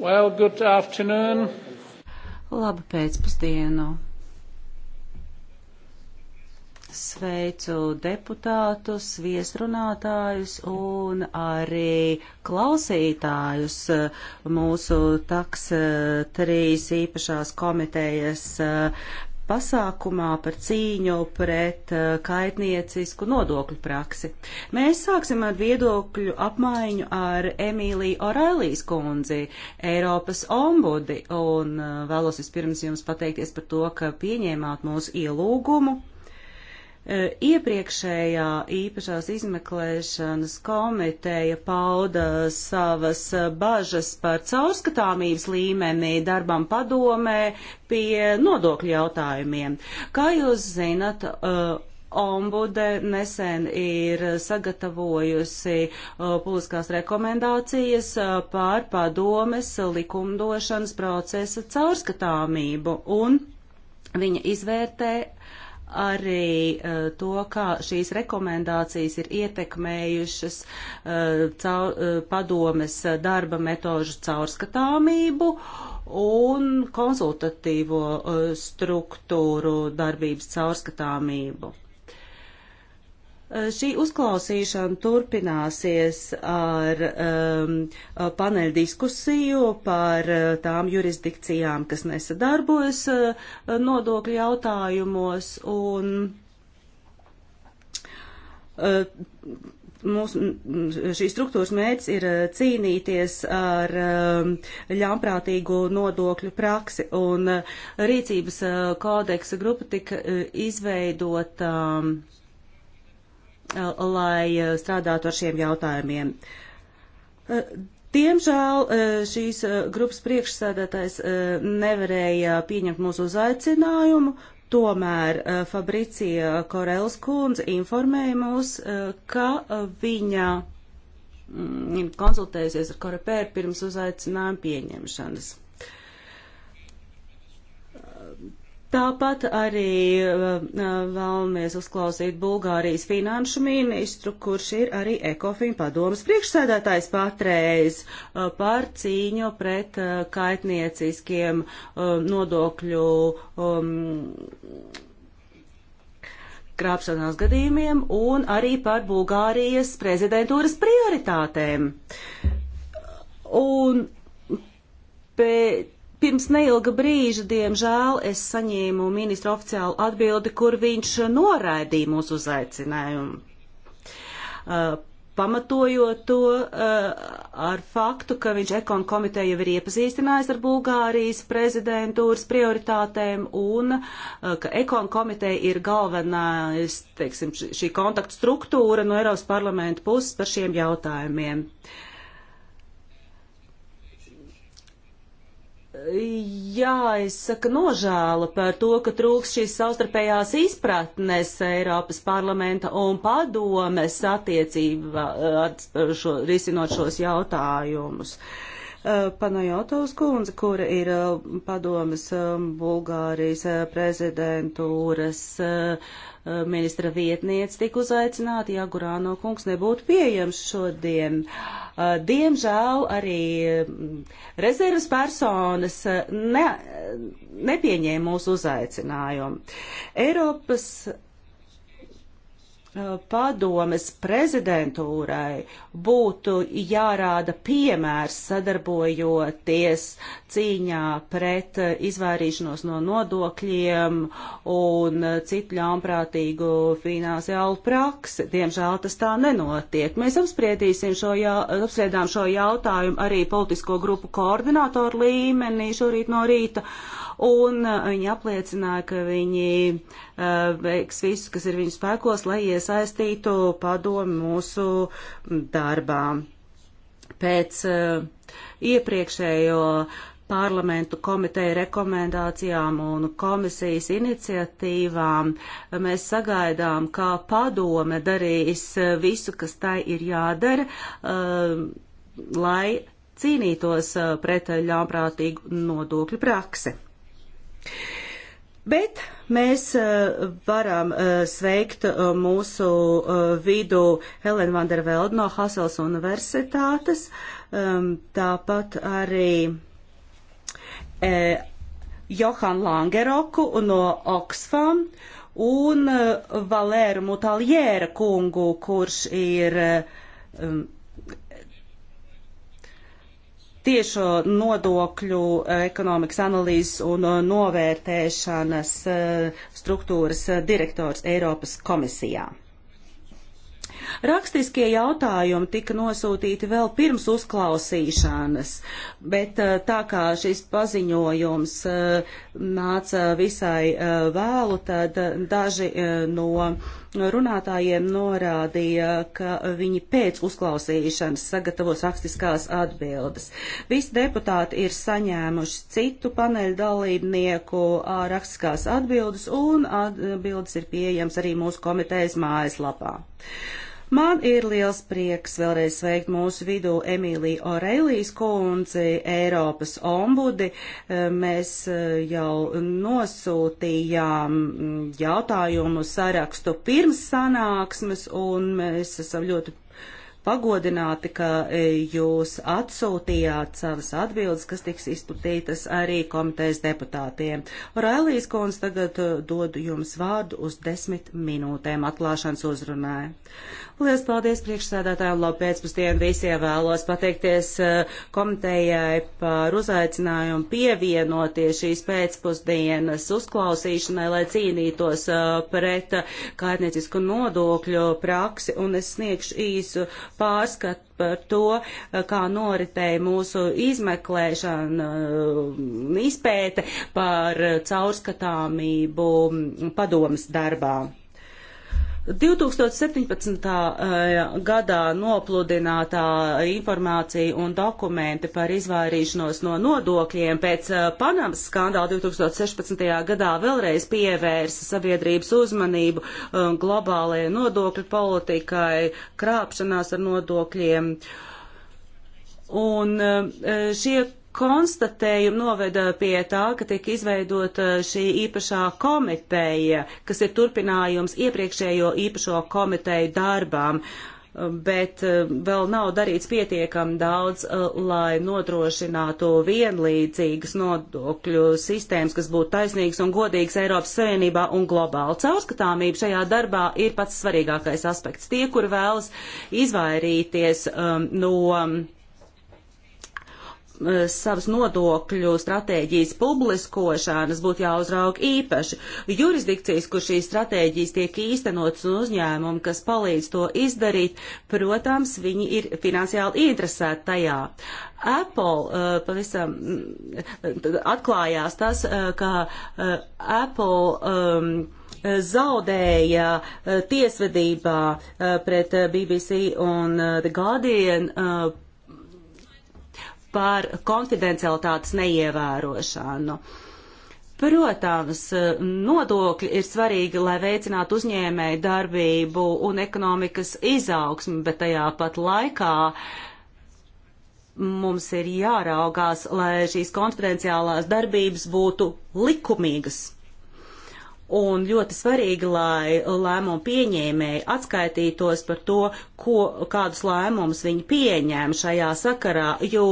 Well, good afternoon. Labu pēcpusdienu. Sveicu deputātus, viesrunātājus un arī klausītājus mūsu taks eh, trīs īpašās komitejas eh, pasākumā par cīņu pret uh, kaitniecisku nodokļu praksi. Mēs sāksim ar viedokļu apmaiņu ar Emīliju Orailijas kundzi, Eiropas ombudi, un uh, vēlos vispirms jums pateikties par to, ka pieņēmāt mūsu ielūgumu. E, iepriekšējā īpašās izmeklēšanas komiteja pauda savas bažas par caurskatāmības līmenī darbam padomē pie nodokļu jautājumiem. Kā jūs zinat, e, ombude nesen ir sagatavojusi e, publiskās rekomendācijas par padomes likumdošanas procesa caurskatāmību un Viņa izvērtē arī uh, to, kā šīs rekomendācijas ir ietekmējušas uh, eh, caur, uh, eh, padomes darba metožu caurskatāmību un konsultatīvo struktūru darbības caurskatāmību. Eh, šī uzklausīšana turpināsies ar um, eh, paneļu diskusiju par eh, tām jurisdikcijām, kas nesadarbojas uh, nodokļu jautājumos, un uh, mūsu, šīs struktūras mērķis ir cīnīties ar ļaunprātīgu nodokļu praksi, un rīcības kodeksa grupa tika izveidota. Um, lai eh, strādātu ar šiem jautājumiem. Eh, diemžēl eh, šīs grupas priekšsēdētājs nevarēja pieņemt mūsu uzaicinājumu, tomēr Fabricija Korels kundze informēja mūs, ka viņa mm, konsultējusies ar Korepēru pirms uzaicinājuma pieņemšanas. Tāpat arī eh, eh, vēlamies uzklausīt Bulgārijas finanšu ministru, kurš ir arī Ekofin padomas priekšsēdētājs patreiz eh, par cīņu pret kaitnieciskiem nodokļu um, krāpšanās gadījumiem un arī par Bulgārijas prezidentūras prioritātēm. Un pēc Pirms neilga brīža, diemžēl, es saņēmu ministra oficiālu atbildi, kur viņš noraidīja mūsu uzaicinājumu. Uh, pamatojot to uh, ar faktu, ka viņš ekon komiteju jau ir iepazīstinājis ar Bulgārijas prezidentūras prioritātēm un uh, ka ekon komiteja ir galvenā, es, teiksim, šī kontaktu struktūra no Eiropas parlamenta puses par šiem jautājumiem. Uh, jāizsaka nožēla par to, ka trūks šīs savstarpējās izpratnes Eiropas parlamenta un padomes attiecībā at, šo, risinot šos jautājumus. Uh, Eh, Panajotovs kundze, kura ir eh, padomas eh, Bulgārijas prezidentūras ministra vietniece, tika uzaicināta, ja Gurāno kungs nebūtu pieejams šodien. Diemžēl arī mm, rezervas personas ne, nepieņēma mūsu uzaicinājumu. Eiropas Eh, padomes prezidentūrai būtu jārāda piemērs sadarbojoties cīņā pret eh, izvairīšanos no nodokļiem un eh, citu ļaunprātīgu finansiālu praksi. Diemžēl tas tā nenotiek. Mēs apspriedīsim šo, jā, apspriedām šo jautājumu arī politisko grupu koordinātoru līmenī šorīt no rīta. Uh, un uh, viņi apliecināja, ka viņi uh, veiks visu, kas ir viņu spēkos, lai iesaistītu padomu mūsu darbā. Pēc uh, iepriekšējo parlamentu komiteja rekomendācijām un komisijas iniciatīvām mēs sagaidām, ka padome darīs visu, kas tai ir jādara, lai cīnītos pret ļaunprātīgu nodokļu praksi. Bet mēs eh, varam eh, sveikt eh, mūsu vidu Helenu Vanderveldu no Hasels universitātes, ehm, tāpat arī Johan Langeroku no Oxfam un Valēru Mutaljiera kungu, kurš ir ehm, tiešo nodokļu eh, ekonomikas analīzes un eh, novērtēšanas eh, struktūras direktors Eiropas komisijā. Rakstiskie jautājumi tika nosūtīti vēl pirms uzklausīšanas, bet eh, tā kā šis paziņojums eh, nāca visai eh, vēlu, tad daži no runātājiem norādīja, ka viņi pēc uzklausīšanas sagatavos rakstiskās atbildes. Visi deputāti ir saņēmuši citu paneļu dalībnieku rakstiskās atbildes, un atbildes ir pieejams arī mūsu komitejas mājaslapā. Man ir liels prieks vēlreiz sveikt mūsu vidū Emīliju Orelijas kundzi, Eiropas ombudi. Eh, mēs eh, jau nosūtījām mm, jautājumu sarakstu pirms sanāksmes, un mēs esam ļoti pagodināti, ka e, jūs atsūtījāt savas atbildes, kas tiks izplatītas arī komitejas deputātiem. Railijas kons tagad e, dodu jums vārdu uz desmit minūtēm atklāšanas uzrunē. Lielas paldies priekšsēdētājiem, labu pēcpusdienu visiem vēlos pateikties e, komitejai par uzaicinājumu pievienoties šīs pēcpusdienas uzklausīšanai, lai cīnītos pret kaitniecisku nodokļu praksi, un es sniegšu īsu pārskatu par to, kā noritēja mūsu izmeklēšana, izpēte par caurskatāmību padomas darbā. 2017. Eh, gadā nopludinātā informācija un dokumenti par izvairīšanos no nodokļiem pēc eh, Panamas skandāla 2016. gadā vēlreiz pievērsa sabiedrības uzmanību eh, globālajai nodokļu politikai, krāpšanās ar nodokļiem. Un šie konstatējumi noveda pie tā, ka tika izveidota eh, šī īpašā komiteja, kas ir turpinājums iepriekšējo īpašo komiteju darbām, eh, bet eh, vēl nav darīts pietiekam daudz, lai nodrošinātu vienlīdzīgas nodokļu sistēmas, kas būtu taisnīgas un godīgas Eiropas Savienībā un globāli. Caurskatāmība šajā darbā ir pats svarīgākais aspekts. Tie, kur vēlas izvairīties um, no Eh, savas nodokļu stratēģijas publiskošanas būtu jāuzrauga īpaši. Jurisdikcijas, kur šīs stratēģijas tiek īstenotas un uzņēmumi, kas palīdz to izdarīt, protams, viņi ir finansiāli interesēti tajā. Apple eh, pavisam mm, atklājās tas, eh, ka Apple um, zaudēja tiesvedībā pret BBC un The Guardian par konfidencialitātes neievērošanu. Protams, nodokļi ir svarīgi, lai veicinātu uzņēmēju darbību un ekonomikas izaugsmu, bet tajā pat laikā mums ir jāraugās, lai šīs konfidenciālās darbības būtu likumīgas. Un ļoti svarīgi, lai lēmumu pieņēmēji atskaitītos par to, ko, kādus lēmumus viņi pieņēma šajā sakarā, jo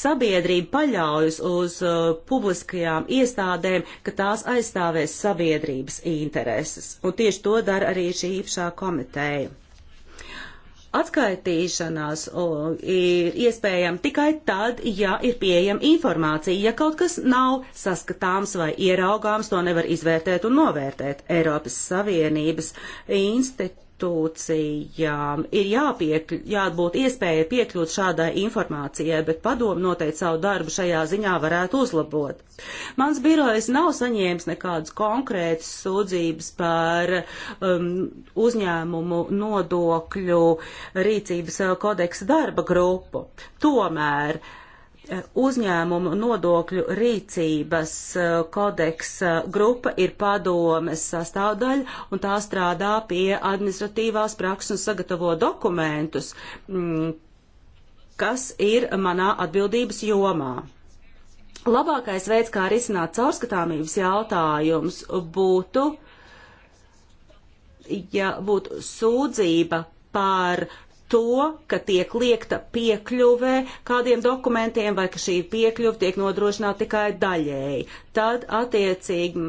sabiedrība paļaujas uz uh, publiskajām iestādēm, ka tās aizstāvēs sabiedrības intereses. Un tieši to dara arī šī īpašā komiteja. Atskaitīšanās ir iespējama tikai tad, ja ir pieejama informācija. Ja kaut kas nav saskatāms vai ieraugāms, to nevar izvērtēt un novērtēt. Eiropas Savienības institūts institūcijām ir jāpiek, jābūt iespēja piekļūt šādai informācijai, bet padomu noteikti savu darbu šajā ziņā varētu uzlabot. Mans birojs nav saņēmis nekādas konkrētas sūdzības par um, uzņēmumu nodokļu rīcības uh, kodeksa darba grupu. Tomēr uh, uzņēmumu nodokļu rīcības eh, kodeksa eh, grupa ir padomes sastāvdaļa, un tā strādā pie administratīvās prakses un sagatavo dokumentus, mm, kas ir manā atbildības jomā. Labākais veids, kā risināt caurskatāmības jautājums, būtu, ja būtu sūdzība par to, ka tiek liekta piekļuvē kādiem dokumentiem vai ka šī piekļuve tiek nodrošināta tikai daļēji. Tad attiecīgi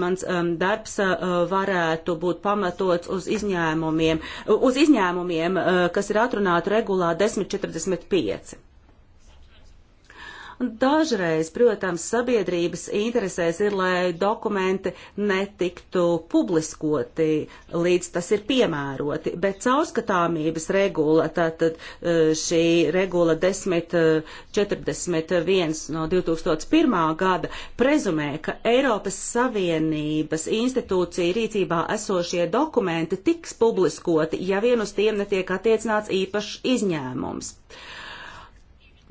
mans um, darbs uh, varētu būt pamatots uz izņēmumiem, uz izņēmumiem, uh, kas ir atrunāti regulā 1045. Dažreiz, protams, sabiedrības interesēs ir, lai dokumenti netiktu publiskoti, līdz tas ir piemēroti, bet caurskatāmības regula, tātad e, šī regula 1041 e, no 2001. gada prezumē, ka Eiropas Savienības institūcija rīcībā esošie dokumenti tiks publiskoti, ja vien uz tiem netiek attiecināts īpašs izņēmums. Uh,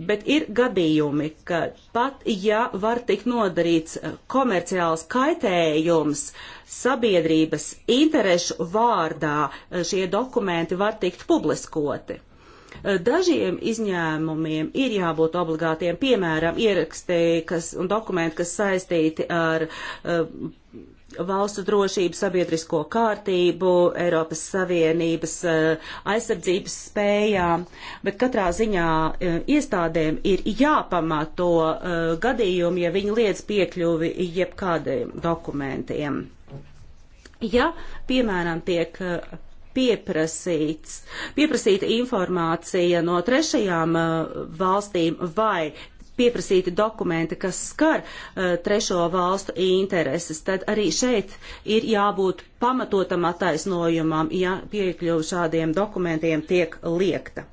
Bet ir gadījumi, ka pat ja var tikt nodarīts eh, komerciāls kaitējums sabiedrības interešu vārdā, eh, šie dokumenti var tikt publiskoti. Eh, dažiem izņēmumiem ir jābūt obligātiem, piemēram, ierakstī kas, un dokumenti, kas saistīti ar uh, valstu drošību, sabiedrisko kārtību, Eiropas Savienības eh, aizsardzības spējām, bet katrā ziņā eh, iestādēm ir jāpamato eh, gadījumi, ja viņi liedz piekļuvi jebkādiem dokumentiem. Ja, piemēram, tiek pieprasīts, pieprasīta informācija no trešajām valstīm vai pieprasīti dokumenti, kas skar uh, trešo valstu intereses, tad arī šeit ir jābūt pamatotam attaisnojumam, ja piekļuvu šādiem dokumentiem tiek liekta.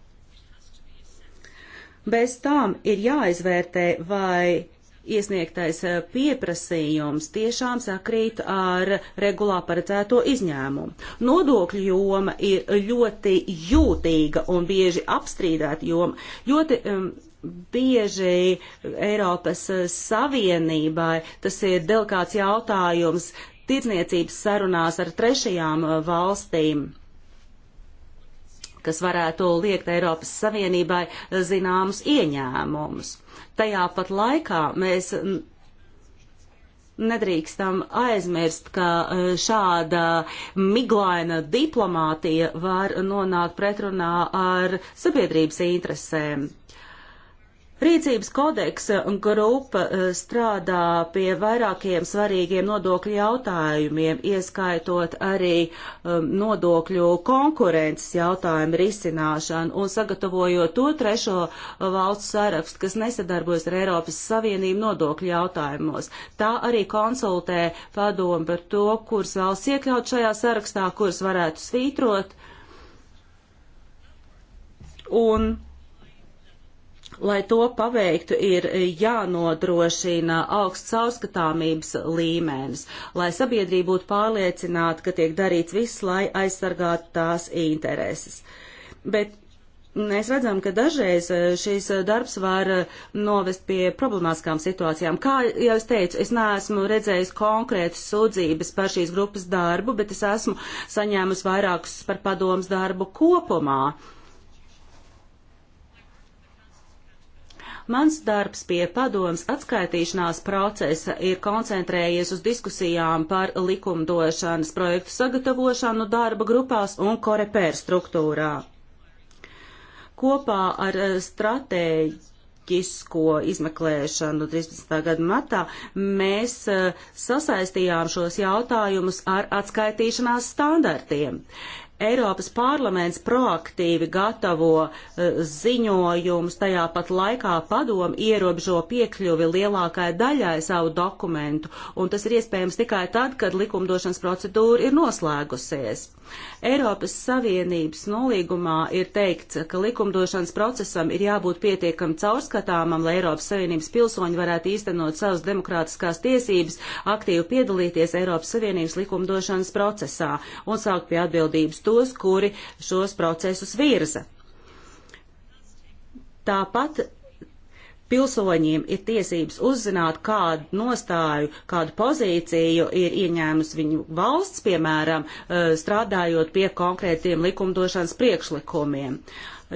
Bez tām ir jāizvērtē, vai iesniegtais eh, pieprasījums tiešām sakrīt ar regulā paredzēto izņēmumu. Nodokļu joma ir ļoti jūtīga un bieži apstrīdēta joma. Ļoti um, bieži Eiropas Savienībai tas ir delikāts jautājums tirdzniecības sarunās ar trešajām valstīm kas varētu liekt Eiropas Savienībai zināmus ieņēmumus. Tajā pat laikā mēs nedrīkstam aizmirst, ka eh, šāda miglaina diplomātija var nonākt pretrunā ar sabiedrības interesēm. Rīcības kodeksa grupa eh, strādā pie vairākiem svarīgiem nodokļu jautājumiem, ieskaitot arī um, nodokļu konkurences jautājumu risināšanu un sagatavojot to trešo eh, valsts sarakstu, kas nesadarbojas ar Eiropas Savienību nodokļu jautājumos. Tā arī konsultē padomu par to, kuras valsts iekļaut šajā sarakstā, kuras varētu svītrot. Un Lai to paveiktu, ir jānodrošina augsts caurskatāmības līmenis, lai sabiedrība būtu pārliecināta, ka tiek darīts viss, lai aizsargātu tās intereses. Bet Mēs redzam, ka dažreiz e, šīs e, darbs var e, novest pie problemātiskām situācijām. Kā jau es teicu, es neesmu redzējis konkrētas sūdzības par šīs grupas darbu, bet es esmu saņēmusi vairākus par padomas darbu kopumā. Uh, Mans darbs pie padomas atskaitīšanās procesa ir koncentrējies uz diskusijām par likumdošanas projektu sagatavošanu darba grupās un korepēr struktūrā. Kopā ar eh, stratēģi ķisko izmeklēšanu 13. gada matā, mēs eh, sasaistījām šos jautājumus ar atskaitīšanās standartiem. Eiropas parlaments proaktīvi gatavo eh, ziņojumus, tajā pat laikā padomu ierobežo piekļuvi lielākai daļai savu dokumentu, un tas ir iespējams tikai tad, kad likumdošanas procedūra ir noslēgusies. Eiropas Savienības nolīgumā ir teikts, ka likumdošanas procesam ir jābūt pietiekam caurskatāmam, lai Eiropas Savienības pilsoņi varētu īstenot savas demokrātiskās tiesības, aktīvi piedalīties Eiropas Savienības likumdošanas procesā un saukt pie atbildības tos, kuri šos procesus virza. Tāpat pilsoņiem ir tiesības uzzināt, kādu nostāju, kādu pozīciju ir ieņēmusi viņu valsts, piemēram, eh, strādājot pie konkrētiem likumdošanas priekšlikumiem.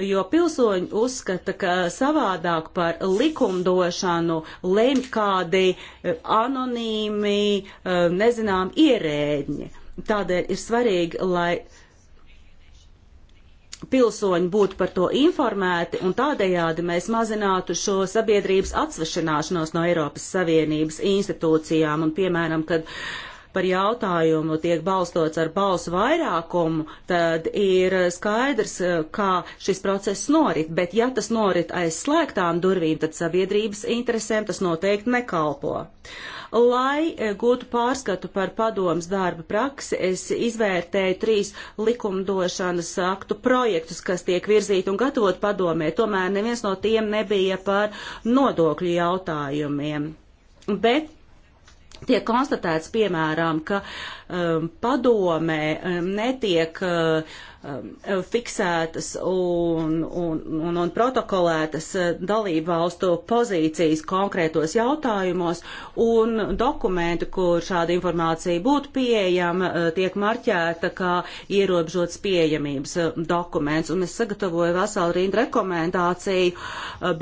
Jo pilsoņi uzskata, ka savādāk par likumdošanu lemj kādi eh, anonīmi, eh, nezinām ierēģi. Tādēļ ir svarīgi, lai pilsoņi būtu par to informēti un tādējādi mēs mazinātu šo sabiedrības atsvešanāšanos no Eiropas Savienības institūcijām un piemēram, kad uh, par jautājumu tiek balstots ar balsu vairākumu, tad ir skaidrs, eh, kā šis process norit. Bet ja tas norit aiz slēgtām durvīm, tad sabiedrības interesēm tas noteikti nekalpo. Lai eh, gūtu pārskatu par padomas darba praksi, es izvērtēju trīs likumdošanas aktu projektus, kas tiek virzīti un gatavot padomē. Tomēr neviens no tiem nebija par nodokļu jautājumiem. Bet Tiek konstatēts, piemēram, ka um, padomē um, netiek uh, Um, fiksētas un, un, un, un protokolētas uh, dalību valstu pozīcijas konkrētos jautājumos, un dokumenti, kur šāda informācija būtu pieejama, uh, tiek marķēta kā ierobežots pieejamības uh, dokuments. Un es sagatavoju veselu rindu rekomendāciju,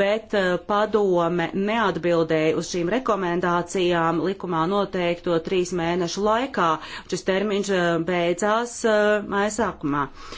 bet padome neatbildēja uz šīm rekomendācijām likumā noteikto trīs mēnešu laikā. Šis termiņš beidzās maija sākumā. Uh,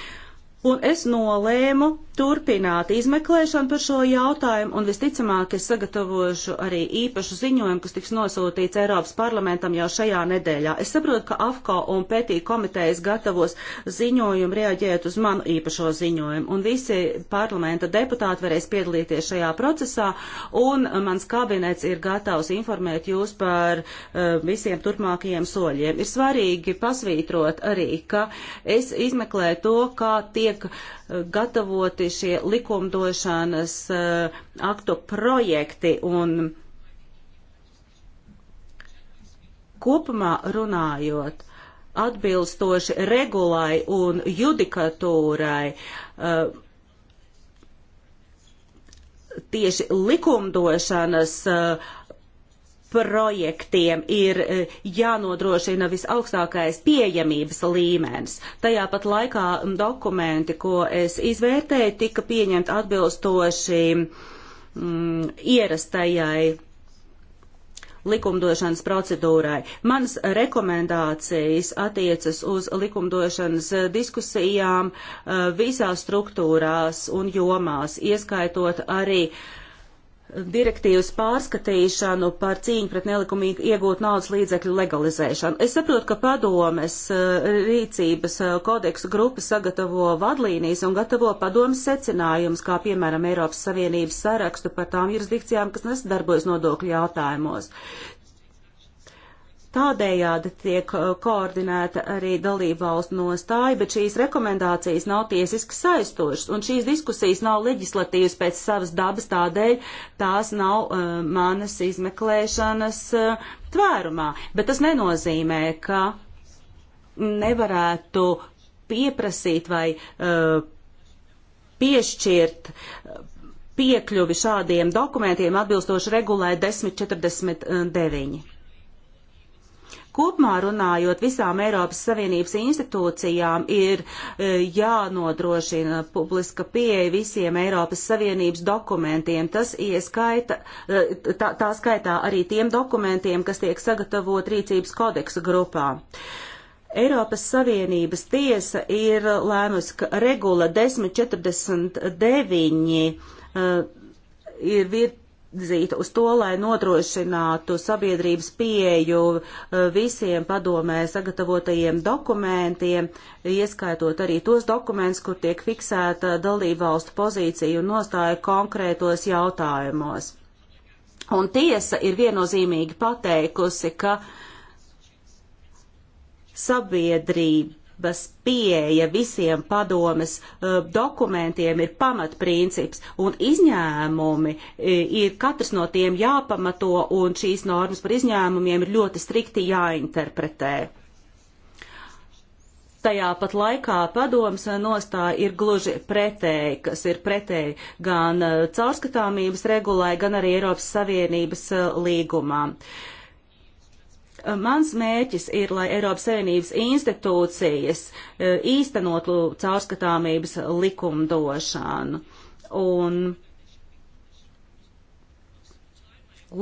un es nolēmu turpināt izmeklēšanu par šo jautājumu, un visticamāk es sagatavošu arī īpašu ziņojumu, kas tiks nosūtīts Eiropas parlamentam jau šajā nedēļā. Es saprotu, ka AFKO un PETī komitejas gatavos ziņojumu reaģēt uz manu īpašo ziņojumu, un visi parlamenta deputāti varēs piedalīties šajā procesā, un mans kabinets ir gatavs informēt jūs par uh, visiem turpmākajiem soļiem. Ir svarīgi pasvītrot arī, ka es izmeklēju to, kā tiek tiek eh, gatavoti šie likumdošanas eh, aktu projekti un kopumā runājot, atbilstoši regulai un judikatūrai, eh, tieši likumdošanas uh, projektiem ir e, jānodrošina visaugstākais pieejamības līmenis. Tajā pat laikā dokumenti, ko es izvērtēju, tika pieņemti atbilstoši mm, ierastajai likumdošanas procedūrai. Manas rekomendācijas attiecas uz likumdošanas diskusijām e, visās struktūrās un jomās, ieskaitot arī uh, direktīvas pārskatīšanu par cīņu pret nelikumīgu iegūt naudas līdzekļu legalizēšanu. Es saprotu, ka padomes eh, rīcības eh, kodeksu grupa sagatavo vadlīnijas un gatavo padomes secinājumus, kā piemēram Eiropas Savienības sarakstu par tām jurisdikcijām, kas nesadarbojas nodokļu jautājumos. Tādējādi tiek uh, koordinēta arī dalību valstu nostāja, bet šīs rekomendācijas nav tiesiski saistošas, un šīs diskusijas nav leģislatīvas pēc savas dabas, tādēļ tās nav uh, manas izmeklēšanas uh, tvērumā. Bet tas nenozīmē, ka nevarētu pieprasīt vai uh, piešķirt uh, piekļuvi šādiem dokumentiem atbilstoši regulē 1049. Kopumā runājot, visām Eiropas Savienības institūcijām ir e, jānodrošina publiska pieeja visiem Eiropas Savienības dokumentiem. Tas ieskaita, e, tā, tā skaitā arī tiem dokumentiem, kas tiek sagatavot rīcības kodeksa grupā. Eiropas Savienības tiesa ir lēmusi, ka regula 1049 uh, e, ir vir, virzīta uz to, lai nodrošinātu sabiedrības pieju eh, visiem padomē sagatavotajiem dokumentiem, ieskaitot arī tos dokumentus, kur tiek fiksēta dalību valstu pozīcija un nostāja konkrētos jautājumos. Un tiesa ir viennozīmīgi pateikusi, ka sabiedrība Bez pieeja visiem padomes eh, dokumentiem ir pamatprincips, un izņēmumi eh, ir katrs no tiem jāpamato, un šīs normas par izņēmumiem ir ļoti strikti jāinterpretē. Tajā pat laikā padoms nostāja ir gluži pretēji, kas ir pretēji gan eh, caurskatāmības regulai, gan arī Eiropas Savienības līgumā. Uh, Mans mērķis ir, lai Eiropas Savienības institūcijas e, īstenotu caurskatāmības likumdošanu. Un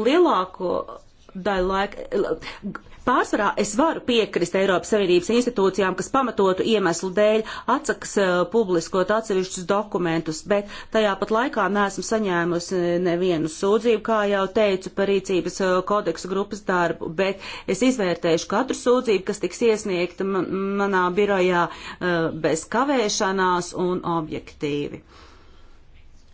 lielāko daļu laika Pārsvarā es varu piekrist Eiropas Savienības institūcijām, kas pamatotu iemeslu dēļ atsakas eh, publiskot atsevišķus dokumentus, bet tajā pat laikā neesmu saņēmusi eh, nevienu sūdzību, kā jau teicu, par rīcības eh, kodeksu grupas darbu, bet es izvērtēšu katru sūdzību, kas tiks iesniegta manā birojā bez kavēšanās un objektīvi.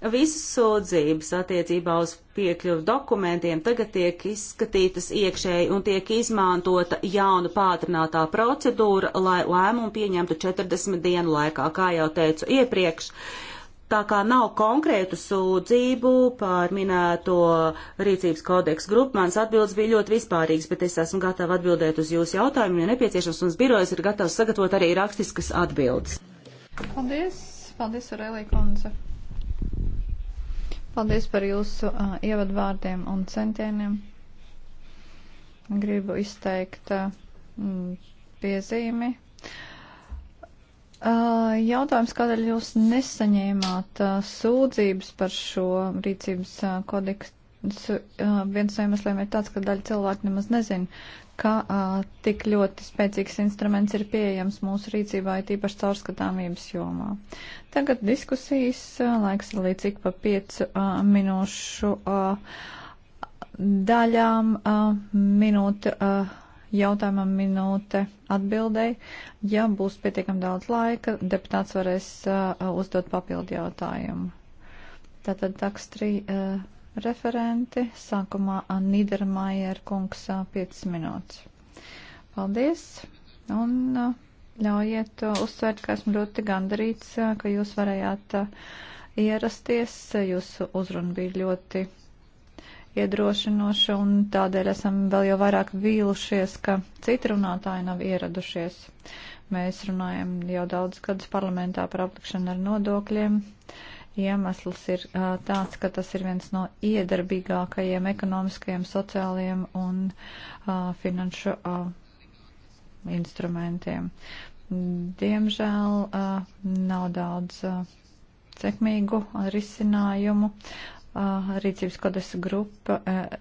Visas sūdzības attiecībā uz piekļuvu dokumentiem tagad tiek izskatītas iekšēji un tiek izmantota jauna pātrinātā procedūra, lai lēmumu pieņemtu 40 dienu laikā, kā jau teicu iepriekš. Tā kā nav konkrētu sūdzību par minēto rīcības kodeksu grupu, mans atbildes bija ļoti vispārīgs, bet es esmu gatava atbildēt uz jūsu jautājumiem, ja nepieciešams, un birojas ir gatavs sagatavot arī rakstiskas atbildes. Paldies! Paldies, Aurelija Konze! Paldies par jūsu uh, ievadvārdiem un centieniem. Gribu izteikt uh, piezīmi. Uh, jautājums, kādēļ jūs nesaņēmāt uh, sūdzības par šo rīcības uh, kodeksu? viens no iemesliem ir tāds, ka daļa cilvēku nemaz nezina, ka uh, tik ļoti spēcīgs instruments ir pieejams mūsu rīcībā, tīpaši caurskatāmības jomā. Tagad diskusijas, laiks ir līdz ik pa piecu uh, minūšu uh, daļām, uh, minūte uh, jautājumam, minūte atbildēji. Ja būs pietiekam daudz laika, deputāts varēs uh, uzdot papildu jautājumu. Tātad takstrī. Uh, referenti. Sākumā Nīdermajer kungs 5 minūtes. Paldies! Un ļaujiet uzsvērt, ka esmu ļoti gandarīts, ka jūs varējāt ierasties. Jūsu uzruna bija ļoti iedrošinoša, un tādēļ esam vēl jau vairāk vīlušies, ka citi runātāji nav ieradušies. Mēs runājam jau daudz gadus parlamentā par aplikšanu ar nodokļiem. Uh, Iemesls ir uh, tāds, ka tas ir viens no iedarbīgākajiem ekonomiskajiem, sociālajiem un uh, finanšu uh, instrumentiem. Diemžēl uh, nav daudz. Uh, sekmīgu risinājumu rīcības kodesa grupa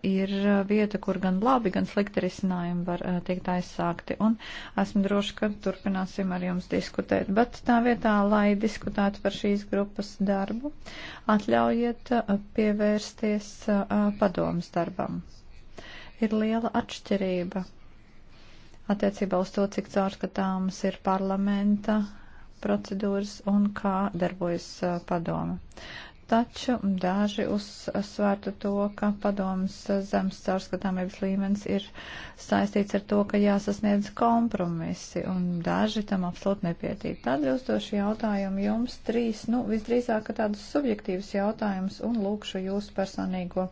ir vieta, kur gan labi, gan slikti risinājumi var tikt aizsākti. Un esmu droši, ka turpināsim ar jums diskutēt. Bet tā vietā, lai diskutētu par šīs grupas darbu, atļaujiet pievērsties padomas darbam. Ir liela atšķirība attiecībā uz to, cik caurskatāmas ir parlamenta procedūras un kā darbojas padoma. Taču daži uzsvērtu to, ka padomas zemes caurskatāmības līmenis ir saistīts ar to, ka jāsasniedz kompromisi, un daži tam absolūti nepietīk. Tad uzdošu jautājumu jums trīs, nu, visdrīzāk, ka tādus subjektīvus jautājumus, un lūkšu jūsu personīgo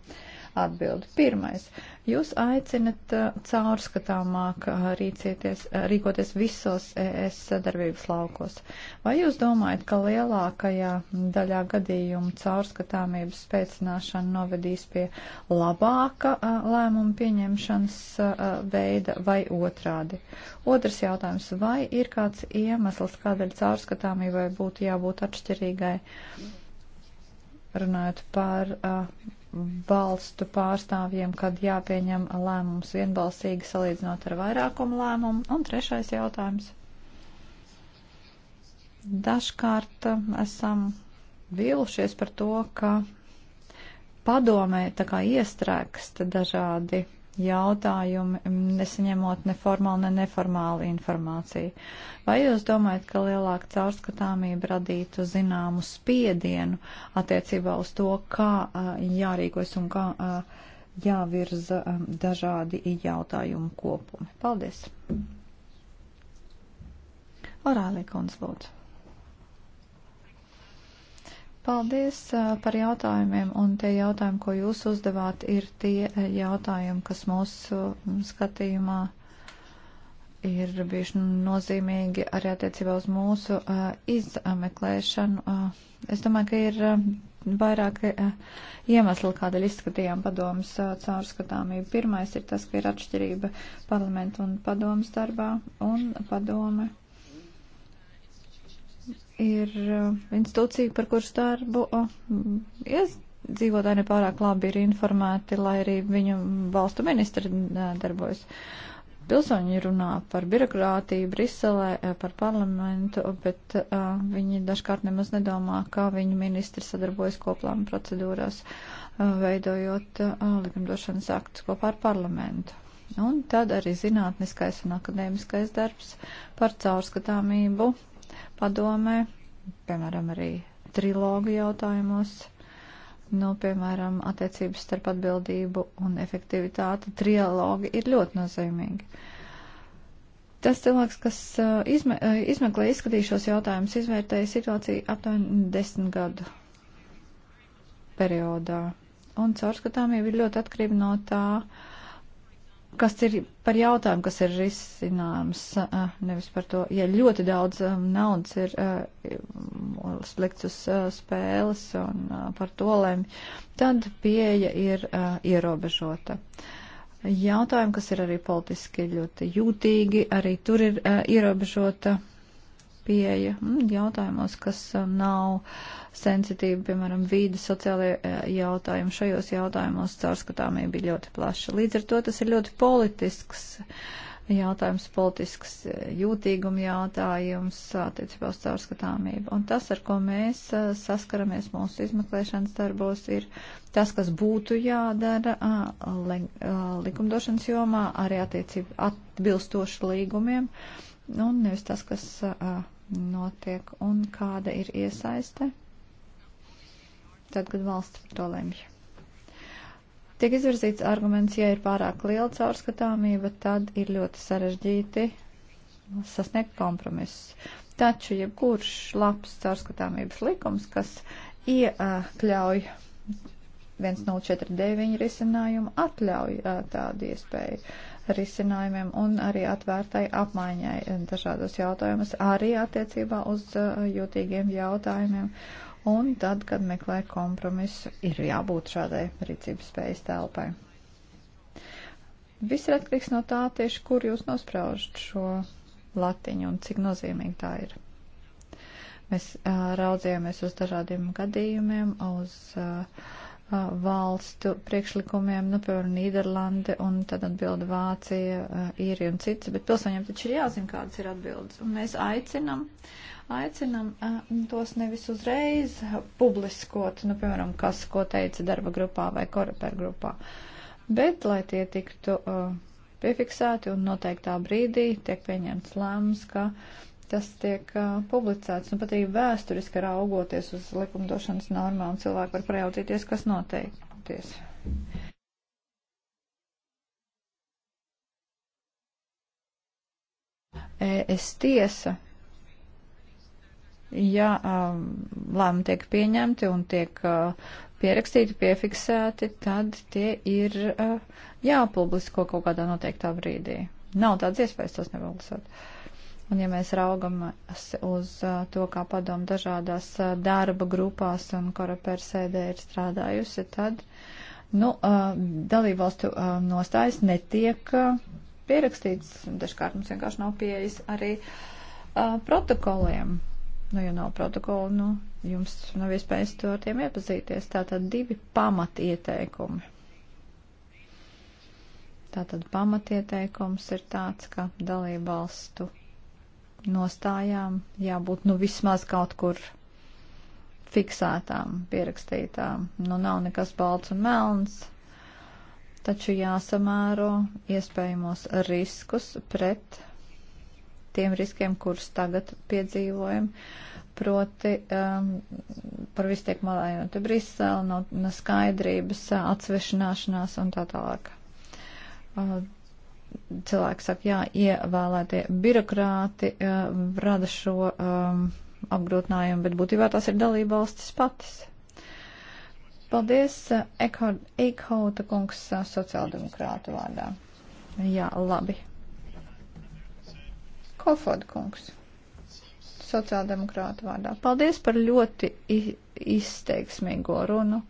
atbildi. Pirmais, jūs aicinat uh, caurskatāmāk uh, uh, rīkoties visos ES sadarbības laukos. Vai jūs domājat, ka lielākajā daļā gadījumu caurskatāmības spēcināšana novedīs pie labāka lēmuma pieņemšanas veida vai otrādi? Otrs jautājums, vai ir kāds iemesls, kādēļ caurskatāmībai būtu jābūt atšķirīgai? runājot par uh, valstu pārstāvjiem, kad jāpieņem lēmums vienbalsīgi salīdzinot ar vairākumu lēmumu. Un trešais jautājums. Dažkārt esam vīlušies par to, ka padomē tā kā iestrēgsta dažādi jautājumi, nesaņemot neformālu, ne neformālu informāciju. Vai jūs domājat, ka lielāka caurskatāmība radītu zināmu spiedienu attiecībā uz to, kā jārīkojas un kā jāvirza dažādi jautājumu kopumi? Paldies! Orālija Konslūdzu. Paldies par jautājumiem, un tie jautājumi, ko jūs uzdevāt, ir tie jautājumi, kas mūsu skatījumā ir bijuši nozīmīgi arī attiecībā uz mūsu izmeklēšanu. Es domāju, ka ir vairāki iemesli, kādēļ izskatījām padomas caurskatāmību. Pirmais ir tas, ka ir atšķirība parlamentu un padomas darbā un padome ir uh, institūcija, par kuras darbu mm, iedzīvotāji nepārāk labi ir informēti, lai arī viņu valstu ministri uh, darbojas. Pilsoņi runā par birokrātiju Briselē, uh, par parlamentu, bet uh, viņi dažkārt nemaz nedomā, kā viņu ministri sadarbojas koplām procedūrās, uh, veidojot uh, likumdošanas aktus kopā ar parlamentu. Un tad arī zinātniskais un akadēmiskais darbs par caurskatāmību, padomē, piemēram, arī trilogu jautājumos. Nu, piemēram, attiecības starp atbildību un efektivitāti trialogi ir ļoti nozīmīgi. Tas cilvēks, kas uh, izme, uh, izmeklē izskatīšos jautājumus, izvērtēja situāciju aptuveni desmit gadu periodā. Un caurskatāmība ir ļoti atkarība no tā, uh, kas ir par jautājumu, kas ir risināms, nevis par to, ja ļoti daudz naudas ir slikts uz spēles un par to lēmj, tad pieeja ir ierobežota. Jautājumi, kas ir arī politiski ļoti jūtīgi, arī tur ir ierobežota pieeja mm, jautājumos, kas um, nav sensitīvi, piemēram, vīdes sociālajie e, jautājumi. Šajos jautājumos caurskatāmība bija ļoti plaša. Līdz ar to tas ir ļoti politisks jautājums, politisks e, jūtīguma jautājums attiecībā uz caurskatāmību. Un tas, ar ko mēs e, saskaramies mūsu izmeklēšanas darbos, ir tas, kas būtu jādara likumdošanas jomā, arī attiecībā atbilstoši līgumiem, un nevis tas, kas. A, notiek un kāda ir iesaiste, tad, kad valsts par to lemj. Tiek izvirzīts arguments, ja ir pārāk liela caurskatāmība, tad ir ļoti sarežģīti sasniegt kompromisus. Taču, jebkurš labs caurskatāmības likums, kas iekļauj 1049 risinājumu, atļauj tādu iespēju risinājumiem un arī atvērtai apmaiņai dažādos jautājumus, arī attiecībā uz uh, jūtīgiem jautājumiem. Un tad, kad meklē kompromisu, ir jābūt šādai rīcības spējas telpai. Viss ir atkarīgs no tā, tieši kur jūs nospraužat šo latiņu un cik nozīmīgi tā ir. Mēs uh, raudzījāmies uz dažādiem gadījumiem, uz uh, valstu priekšlikumiem, nu, piemēram, Nīderlande un tad atbilda Vācija, Īrija un citas, bet pilsoņiem taču ir jāzina, kādas ir atbildes. Un mēs aicinam, aicinam tos nevis uzreiz publiskot, nu, piemēram, kas, ko teica darba grupā vai koreper grupā, bet lai tie tiktu piefiksēti un noteiktā brīdī tiek pieņemts lēmums, ka. Uh, tas tiek uh, publicēts, un pat arī vēsturiski raugoties uz likumdošanas normām, cilvēki var prajautīties, kas noteikties. Es tiesa, ja um, lēmumi tiek pieņemti un tiek uh, pierakstīti, piefiksēti, tad tie ir uh, jāpublisko kaut kādā noteiktā brīdī. Nav tādas iespējas tos nepublicēt. Uh, Un ja mēs raugamies uz to, kā padomu dažādās darba grupās un korapēr sēdē ir strādājusi, tad, nu, dalībvalstu nostājas netiek pierakstīts. Dažkārt mums vienkārši nav pieejas arī protokoliem. Nu, ja nav protokola, nu, jums nav iespējas to ar tiem iepazīties. Tātad divi pamatieteikumi. Tātad pamatieteikums ir tāds, ka dalībvalstu nostājām jābūt nu vismaz kaut kur fiksētām, pierakstītām. Nu nav nekas balts un melns, taču jāsamēro iespējamos riskus pret tiem riskiem, kurus tagad piedzīvojam. Proti um, par visu tiek malējot Brisele, no, no skaidrības, atsvešināšanās un tā tālāk. Uh, cilvēki saka, jā, ievēlētie birokrāti uh, rada šo um, apgrūtinājumu, bet būtībā tās ir dalība valstis patas. Paldies, eh, Eikhauta kungs, eh, sociāldemokrāta vārdā. Jā, labi. Kofod kungs, sociāldemokrāta vārdā. Paldies par ļoti izteiksmīgo runu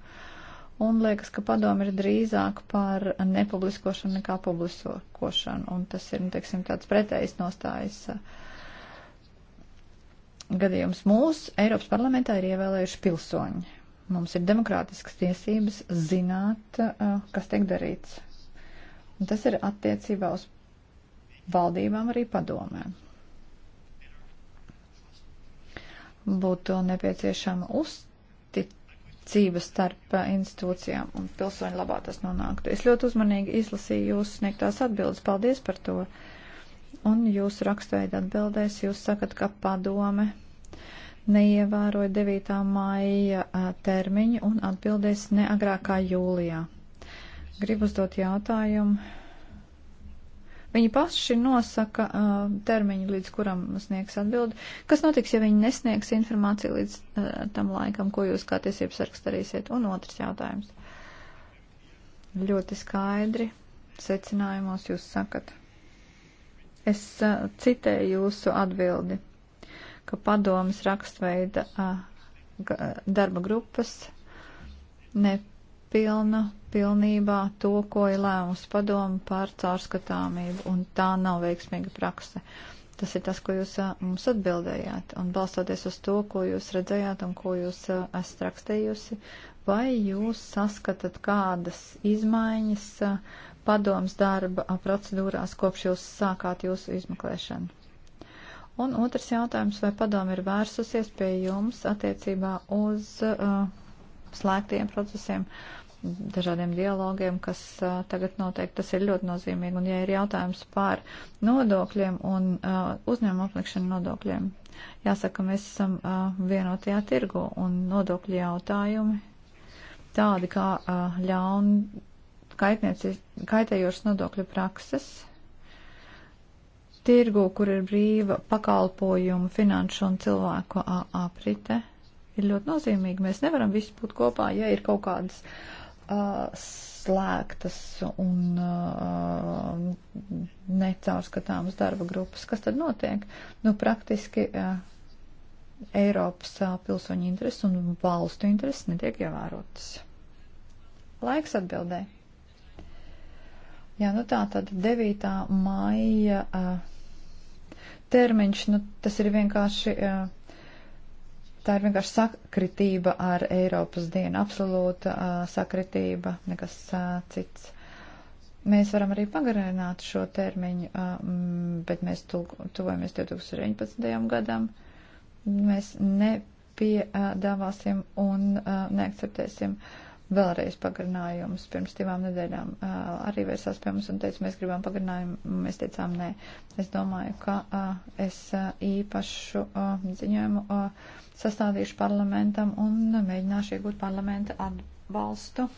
un liekas, ka padomi ir drīzāk par nepubliskošanu nekā publiskošanu, un tas ir, nu, teiksim, tāds pretējs nostājas uh, gadījums. Mūs Eiropas parlamentā ir ievēlējuši pilsoņi. Mums ir demokrātiskas tiesības zināt, uh, kas tiek darīts. Un tas ir attiecībā uz valdībām arī padomēm. Būtu nepieciešama uzticība cība starp eh, institūcijām un pilsoņu labā tas nonāktu. Es ļoti uzmanīgi izlasīju jūsu sniegtās atbildes. Paldies par to. Un jūs rakstveida atbildēs, jūs sakat, ka padome neievēroja 9. maija eh, termiņu un atbildēs neagrākā jūlijā. Gribu uzdot jautājumu Viņi paši nosaka uh, termiņu, līdz kuram sniegs atbildi. Kas notiks, ja viņi nesniegs informāciju līdz uh, tam laikam, ko jūs kā tiesības sargs darīsiet? Un otrs jautājums. Ļoti skaidri secinājumos jūs sakat. Es uh, citēju jūsu atbildi, ka padomas rakstveida uh, darba grupas ne pilna pilnībā to, ko ir lēmums padomu par caurskatāmību, un tā nav veiksmīga prakse. Tas ir tas, ko jūs mums atbildējāt, un balstoties uz to, ko jūs redzējāt un ko jūs esat rakstējusi, vai jūs saskatat kādas izmaiņas padoms darba procedūrās, kopš jūs sākāt jūsu izmeklēšanu? Un otrs jautājums, vai padomi ir vērsusies pie jums attiecībā uz uh, slēgtiem procesiem? Uh, dažādiem dialogiem, kas uh, tagad notiek. Tas ir ļoti nozīmīgi. Un ja ir jautājums par nodokļiem un uh, uzņēmumu aplikšanu nodokļiem, jāsaka, mēs esam uh, vienotajā tirgu un nodokļu jautājumi tādi kā uh, ļaun kaitējošas nodokļu prakses. Tirgu, kur ir brīva pakalpojumu, finanšu un cilvēku aprite, ir ļoti nozīmīgi. Mēs nevaram visi būt kopā, ja ir kaut kādas uh, Uh, slēgtas un uh, necaurskatāmas darba grupas. Kas tad notiek? Nu, praktiski uh, Eiropas uh, pilsoņu intereses un valstu intereses netiek ievērotas. Laiks atbildē. Jā, nu tā tad 9. maija uh, termiņš, nu tas ir vienkārši. Uh, Tā ir vienkārši sakritība ar Eiropas dienu, absolūta uh, sakritība, nekas uh, cits. Mēs varam arī pagarināt šo termiņu, uh, bet mēs tuvojamies 2019. gadam. Mēs nepiedāvāsim un uh, neakceptēsim uh, vēlreiz pagarinājumus pirms divām nedēļām uh, arī vērsās pie mums un teica, mēs gribam pagarinājumu, mēs teicām nē. Es domāju, ka uh, es uh, īpašu uh, ziņojumu uh, sastādīšu parlamentam un uh, mēģināšu iegūt parlamenta atbalstu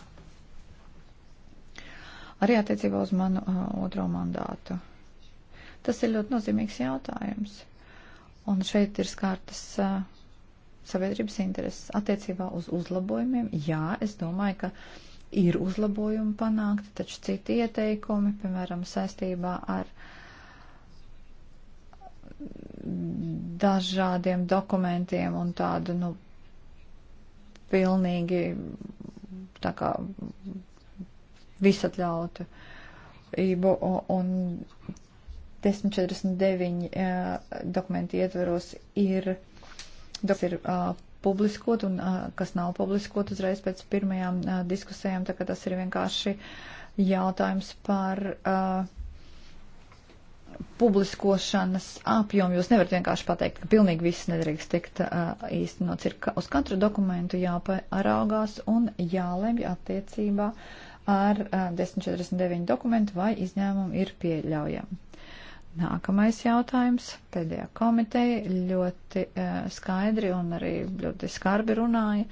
arī attiecībā uz manu uh, otro mandātu. Tas ir ļoti nozīmīgs jautājums. Un šeit ir skārtas. Uh, sabiedrības intereses. Attiecībā uz uzlabojumiem, jā, es domāju, ka ir uzlabojumi panākti, taču citi ieteikumi, piemēram, saistībā ar dažādiem dokumentiem un tādu, nu, pilnīgi tā kā visatļautu ību un 1049 eh, dokumenti ietveros ir kas ir uh, publiskot un uh, kas nav publiskot uzreiz pēc pirmajām uh, diskusijām, tā ka tas ir vienkārši jautājums par uh, publiskošanas apjomu. Jūs nevarat vienkārši pateikt, ka pilnīgi viss nedrīkst tikt uh, īstenots. Ir ka uz katru dokumentu jāparaugās un jālemj attiecībā ar uh, 1049 dokumentu vai izņēmumu ir pieļaujama. Nākamais jautājums. Pēdējā komiteja ļoti uh, skaidri un arī ļoti skarbi runāja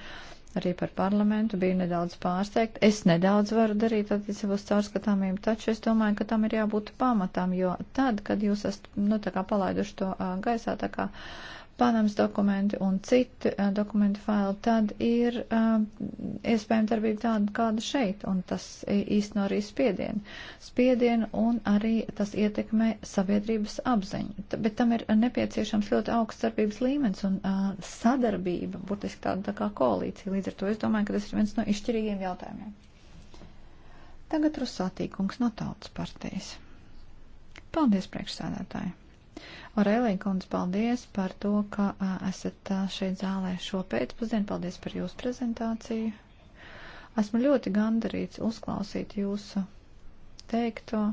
arī par parlamentu, biju nedaudz pārsteigta. Es nedaudz varu darīt attiecībā uz caurskatāmību, taču es domāju, ka tam ir jābūt pamatām, jo tad, kad jūs esat, nu, tā kā palaiduši to uh, gaisā, tā kā uh, Panamas dokumenti un citi uh, eh, dokumenti faili, tad ir uh, iespējama darbība tāda, kāda šeit, un tas īsteno arī spiedienu. Spiedienu un arī tas ietekmē sabiedrības apziņu. T bet tam ir nepieciešams ļoti augsts darbības līmenis un uh, sadarbība, burtiski tāda tā kā koalīcija. Līdz ar to es domāju, ka tas ir viens no izšķirīgiem jautājumiem. Tagad Rusātīkungs no tautas partijas. Paldies, priekšsēdētāji! Morēlī kundze, paldies par to, ka esat šeit zālē šo pēcpusdienu. Paldies par jūsu prezentāciju. Esmu ļoti gandarīts uzklausīt jūsu teikto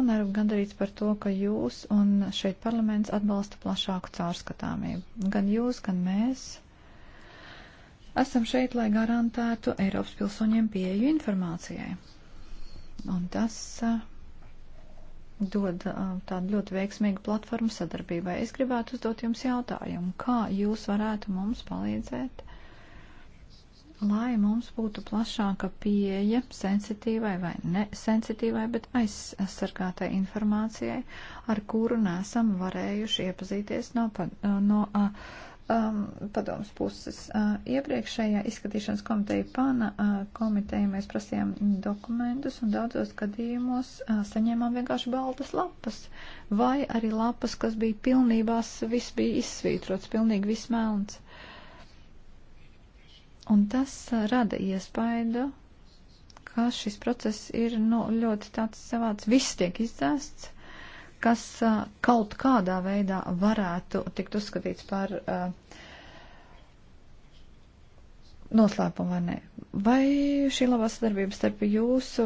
un arī gandarīts par to, ka jūs un šeit parlaments atbalsta plašāku caurskatāmību. Gan jūs, gan mēs esam šeit, lai garantētu Eiropas pilsoņiem pieeju informācijai. Un tas uh, dod tādu ļoti veiksmīgu platformu sadarbībai. Es gribētu uzdot jums jautājumu, kā jūs varētu mums palīdzēt, lai mums būtu plašāka pieeja sensitīvai vai nesensitīvai, bet aizsargātai informācijai, ar kuru nesam varējuši iepazīties no, no, no um, padomas puses. Uh, iepriekšējā izskatīšanas komiteja pana uh, komiteja mēs prasījām dokumentus un daudzos gadījumos uh, saņēmām vienkārši baltas lapas vai arī lapas, kas bija pilnībās, viss bija izsvītrots, pilnīgi viss melns. Un tas uh, rada iespaidu, ka šis process ir nu, ļoti tāds savāds, viss tiek izdzēsts kas kaut kādā veidā varētu tikt uzskatīts par noslēpumu vai nē. Vai šī labā sadarbība starp jūsu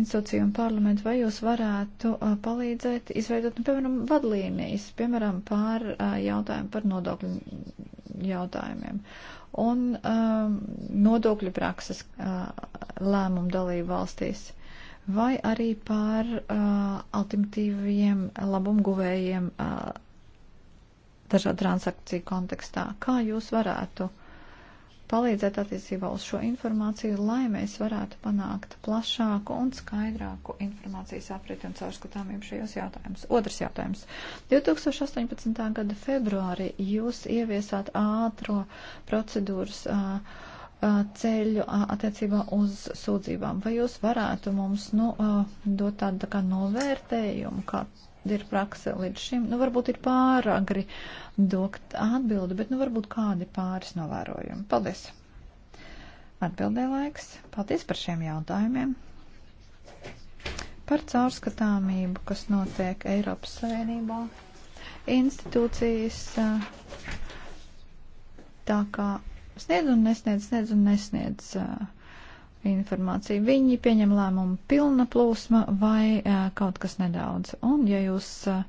institūciju un parlamentu, vai jūs varētu palīdzēt izveidot, nu, piemēram, vadlīnijas, piemēram, pār jautājumu par nodokļu jautājumiem un nodokļu prakses lēmumu dalību valstīs? vai arī par uh, alternatīviem labumguvējiem uh, dažādu transakciju kontekstā. Kā jūs varētu palīdzēt attiecībā uz šo informāciju, lai mēs varētu panākt plašāku un skaidrāku informācijas apriti un caurskatāmību šajos jautājumus? Otrs jautājums. 2018. gada februārī jūs ieviesāt ātro procedūras. Uh, ceļu attiecībā uz sūdzībām. Vai jūs varētu mums nu, dot tādu tā kā novērtējumu, kāda ir praksa līdz šim? Nu, varbūt ir pāragri dokt atbildi, bet nu, varbūt kādi pāris novērojumi. Paldies! Atbildē laiks. Paldies par šiem jautājumiem. Par caurskatāmību, kas notiek Eiropas Savienībā, institūcijas tā kā sniedz un nesniedz, sniedz un nesniedz uh, informāciju. Viņi pieņem lēmumu pilna plūsma vai uh, kaut kas nedaudz. Un ja jūs uh,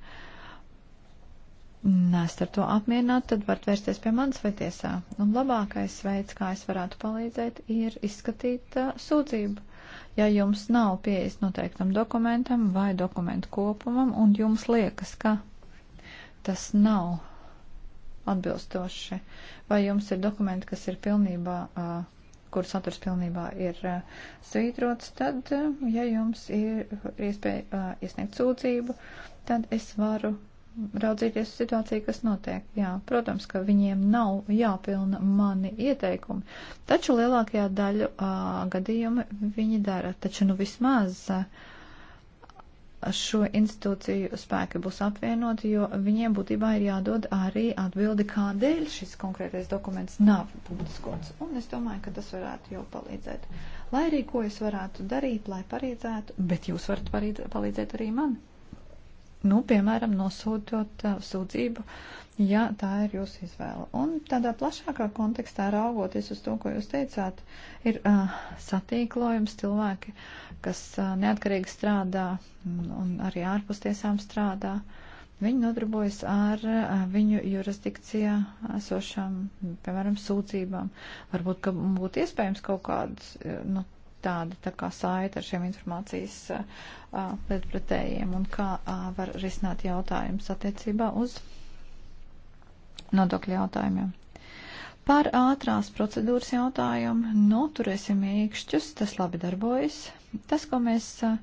nesat ar to apmierināt, tad varat vērsties pie manis vai tiesā. Un labākais veids, kā es varētu palīdzēt, ir izskatīt uh, sūdzību. Ja jums nav pieejas noteiktam dokumentam vai dokumentu kopumam un jums liekas, ka tas nav atbilstoši Vai jums ir dokumenti, kas ir pilnībā, kur saturs pilnībā ir svītrots, tad, ja jums ir iespēja iesniegt sūdzību, tad es varu raudzīties uz situāciju, kas notiek. Jā, protams, ka viņiem nav jāpilna mani ieteikumi, taču lielākajā daļu gadījumu viņi dara. Taču nu vismaz. A, šo institūciju spēki būs apvienoti, jo viņiem būtībā ir jādod arī atbildi, kādēļ šis konkrētais dokuments nav publiskots. Un es domāju, ka tas varētu jau palīdzēt. Lai arī ko es varētu darīt, lai palīdzētu, bet jūs varat palīdzēt arī man nu, piemēram, nosūtot uh, sūdzību, ja tā ir jūsu izvēle. Un tādā plašākā kontekstā raugoties uz to, ko jūs teicāt, ir uh, satīklojums cilvēki, kas uh, neatkarīgi strādā un, un arī ārpus tiesām strādā. Viņi nodarbojas ar uh, viņu jurisdikcijā esošām, piemēram, sūdzībām. Varbūt, ka būtu iespējams kaut kādas, uh, nu, tāda tā kā saita ar šiem informācijas pretpretējiem un kā a, var risināt jautājumus attiecībā uz nodokļu jautājumiem. Par ātrās procedūras jautājumu noturēsim iekšķus, tas labi darbojas. Tas, ko mēs a,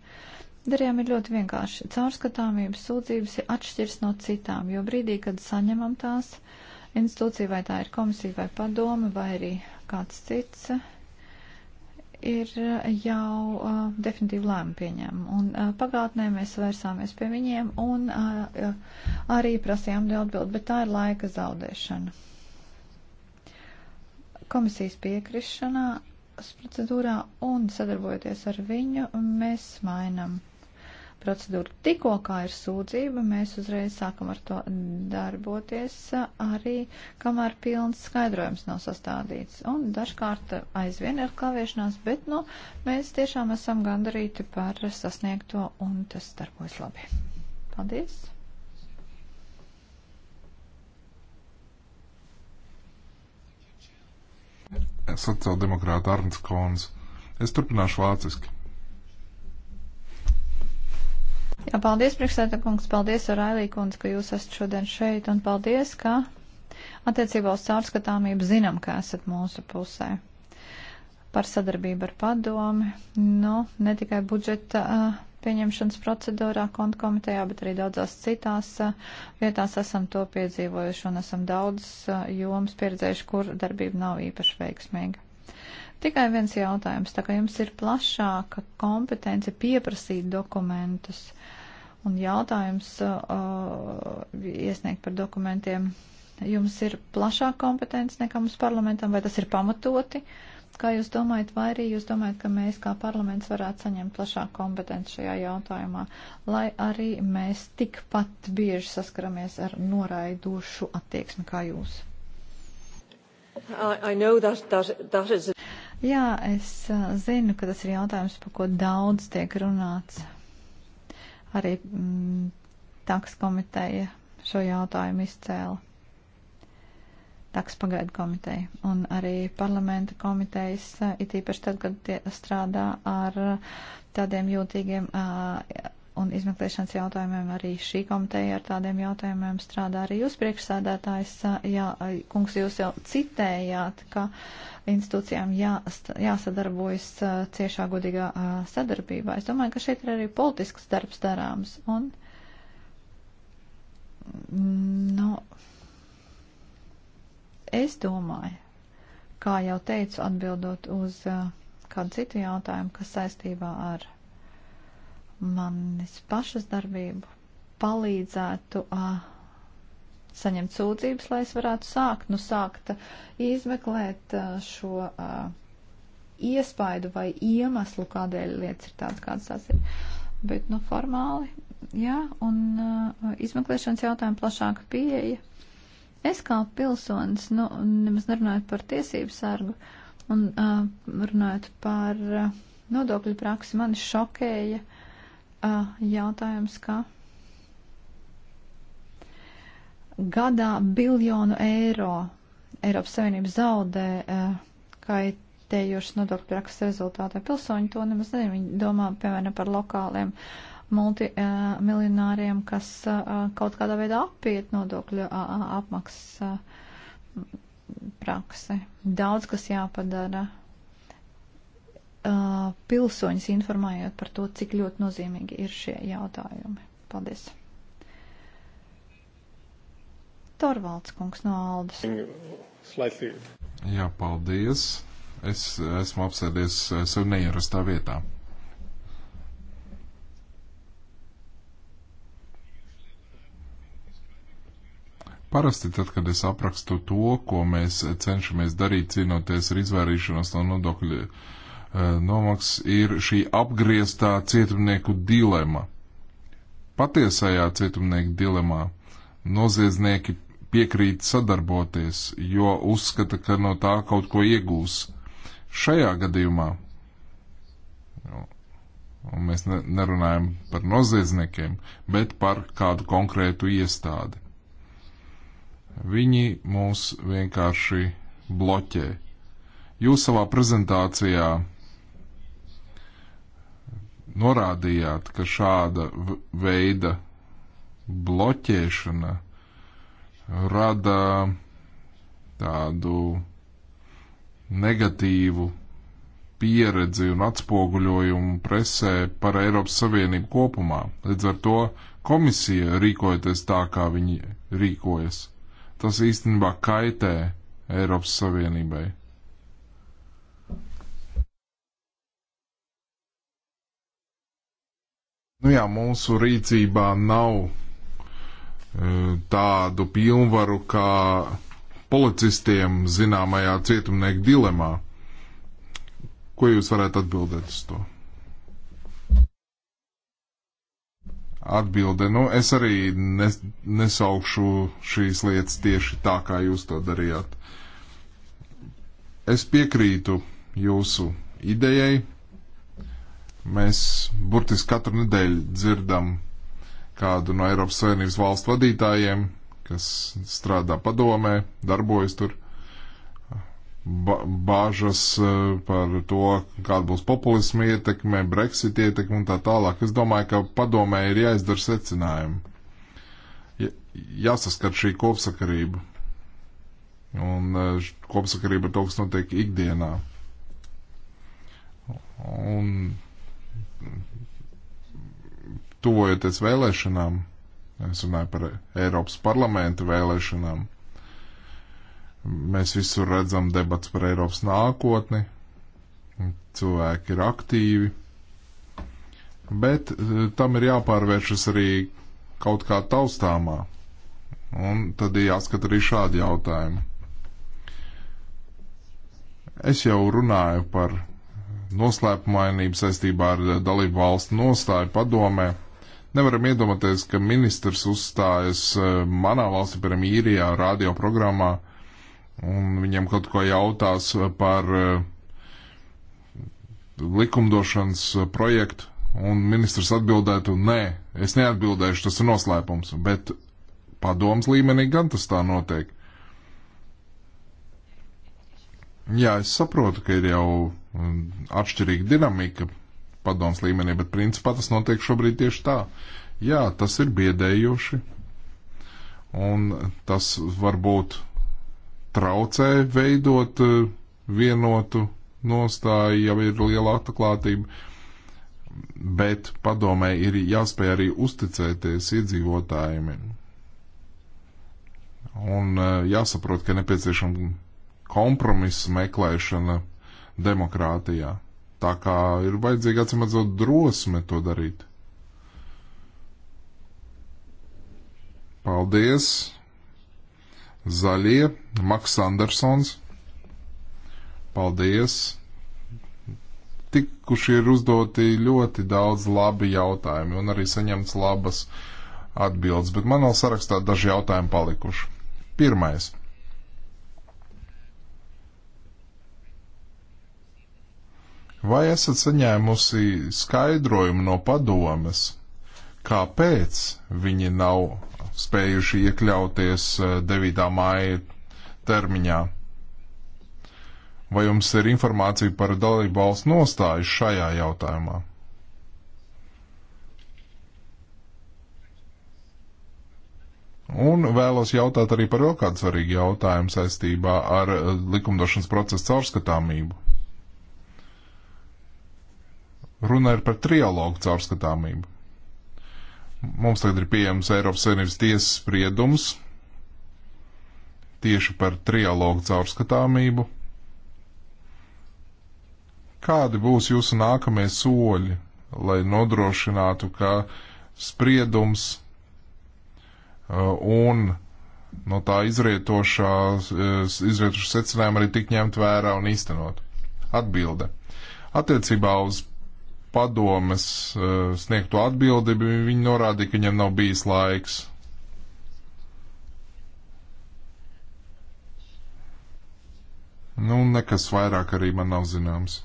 darījām, ir ļoti vienkārši. Caurskatāmības sūdzības ir atšķirs no citām, jo brīdī, kad saņemam tās, institūcija vai tā ir komisija vai padome vai arī kāds cits, ir eh, jau uh, eh, definitīvi lēma pieņēma. Un uh, pagātnē mēs vērsāmies pie viņiem un uh, arī prasījām atbildi, bet tā ir laika zaudēšana. Komisijas piekrišanā procedūrā un sadarbojoties ar viņu, mēs mainam procedūru. Tikko kā ir sūdzība, mēs uzreiz sākam ar to darboties, arī kamēr pilns skaidrojums nav sastādīts. Un dažkārt aizvien ir klaviešanās, bet nu, mēs tiešām esam gandarīti par sasniegto un tas darbojas labi. Paldies! Sociāldemokrāta Arnsts Kons. Es turpināšu vāciski. Jā, paldies, priekšsēta kungs, paldies, Orailī kungs, ka jūs esat šodien šeit, un paldies, ka attiecībā uz caurskatāmību zinām, ka esat mūsu pusē. Par sadarbību ar padomi, nu, ne tikai budžeta uh, pieņemšanas procedūrā konta komitejā, bet arī daudzās citās uh, vietās esam to piedzīvojuši un esam daudz uh, jomas pieredzējuši, kur darbība nav īpaši veiksmīga. Tikai viens jautājums, tā kā jums ir plašāka kompetence pieprasīt dokumentus, Un jautājums uh, iesniegt par dokumentiem. Jums ir plašāka kompetence nekā mums parlamentam, vai tas ir pamatoti? Kā jūs domājat, vai arī jūs domājat, ka mēs kā parlaments varētu saņemt plašāku kompetenci šajā jautājumā, lai arī mēs tikpat bieži saskaramies ar noraidošu attieksmi kā jūs? I, I that, that, that is... Jā, es uh, zinu, ka tas ir jautājums, par ko daudz tiek runāts Arī mm, taks komiteja šo jautājumu izcēla. Taks pagaidu komiteja un arī parlamenta komitejas, it īpaši tad, kad tie strādā ar tādiem jūtīgiem uh, un izmeklēšanas jautājumiem arī šī komiteja ar tādiem jautājumiem strādā. Arī jūs priekšsēdētājs, jā, kungs, jūs jau citējāt, ka institūcijām jā, jāsadarbojas ciešā godīgā sadarbībā. Es domāju, ka šeit ir arī politisks darbs darāms. Un, mm, nu, es domāju, kā jau teicu, atbildot uz kādu citu jautājumu, kas saistībā ar manis pašas darbību palīdzētu uh, saņemt sūdzības, lai es varētu sākt, nu sākt uh, izmeklēt uh, šo uh, iespaidu vai iemeslu, kādēļ lietas ir tādas, kādas tās ir. Bet, nu, formāli, jā, un uh, izmeklēšanas jautājuma plašāka pieeja. Es kā pilsonis, nu, nemaz nerunājot par tiesību sargu un uh, runājot par uh, nodokļu praksi, mani šokēja uh, jautājums, ka gadā biljonu eiro Eiropas Savienība zaudē kaitējušas nodokļu prakses rezultātā. Pilsoņi to nemaz nezina. Viņi domā, piemēram, par lokāliem multimiljonāriem, kas kaut kādā veidā apiet nodokļu apmaksas praksi. Daudz, kas jāpadara uh, pilsoņus informējot par to, cik ļoti nozīmīgi ir šie jautājumi. Paldies! Torvalds kungs no Aldas. Jā, paldies. Es esmu apsēdies sev neierastā vietā. Parasti tad, kad es aprakstu to, ko mēs cenšamies darīt cīnoties ar izvairīšanos no nodokļu uh, Eh, nomaks ir šī apgrieztā cietumnieku dilema. Patiesajā cietumnieku dilemā noziedznieki piekrīt sadarboties, jo uzskata, ka no tā kaut ko iegūs. Šajā gadījumā un mēs nerunājam par noziedzniekiem, bet par kādu konkrētu iestādi. Viņi mūs vienkārši bloķē. Jūs savā prezentācijā norādījāt, ka šāda veida bloķēšana rada tādu negatīvu pieredzi un atspoguļojumu presē par Eiropas Savienību kopumā. Līdz ar to komisija rīkojoties tā, kā viņi rīkojas, tas īstenībā kaitē Eiropas Savienībai. Nu jā, mūsu rīcībā nav e, tādu pilnvaru kā policistiem zināmajā cietumnieku dilemā. Ko jūs varētu atbildēt uz to? Atbilde, nu es arī nes, nesaukšu šīs lietas tieši tā, kā jūs to darījāt. Es piekrītu jūsu idejai, Mēs burtiski katru nedēļu dzirdam kādu no Eiropas Savienības valstu vadītājiem, kas strādā padomē, darbojas tur, ba bāžas e, par to, kāda būs populisma ietekme, Brexit ietekme un tā tālāk. Es domāju, ka padomē ir jāizdara secinājumi. Ja, jāsaskat šī kopsakarība. Un e, kopsakarība ar to, kas notiek ikdienā. Un tuvojoties vēlēšanām, es runāju par Eiropas parlamenta vēlēšanām, mēs visur redzam debats par Eiropas nākotni, cilvēki ir aktīvi, bet eh, tam ir jāpārvēršas arī kaut kā taustāmā. Un tad ir jāskat arī šādi jautājumi. Es jau runāju par noslēpumainību saistībā ar eh, dalību valstu nostāju padomē. Nevaram iedomāties, ka ministrs uzstājas eh, manā valstī, piemēram, īrijā, radioprogrammā, un viņam kaut ko jautās par eh, likumdošanas projektu, un ministrs atbildētu, nē, es neatbildēšu, tas ir noslēpums, bet padoms līmenī gan tas tā notiek. Jā, es saprotu, ka ir jau mm, atšķirīga dinamika padoms līmenī, bet principā tas notiek šobrīd tieši tā. Jā, tas ir biedējoši, un tas varbūt traucē veidot eh, vienotu nostāju, ja ir liela atklātība, bet padomē ir jāspēj arī uzticēties iedzīvotājiem. Un eh, jāsaprot, ka nepieciešama kompromisa meklēšana demokrātijā. Tā kā ir vajadzīga atsimedzot drosme to darīt. Paldies! Zaļie, Maks Andersons. Paldies! Tikuši ir uzdoti ļoti daudz labi jautājumi un arī saņemts labas atbildes, bet man vēl sarakstā daži jautājumi palikuši. Pirmais Vai esat saņēmusi skaidrojumu no padomes, kāpēc viņi nav spējuši iekļauties 9. Eh, māja termiņā? Vai jums ir informācija par dalību valsts nostāju šajā jautājumā? Un vēlos jautāt arī par vēl kādu svarīgu jautājumu saistībā ar eh, likumdošanas procesu caurskatāmību. Runa ir par trialogu caurskatāmību. Mums tagad ir pieejams Eiropas Savienības tiesas spriedums tieši par trialogu caurskatāmību. Kādi būs jūsu nākamie soļi, lai nodrošinātu, ka spriedums uh, un no tā izrietošā, uh, izrietošā secinājuma arī tik ņemt vērā un īstenot? Atbilde. Attiecībā uz padomes eh, sniegto atbildi, viņi norādīja, ka viņam nav bijis laiks. Nu, nekas vairāk arī man nav zināms.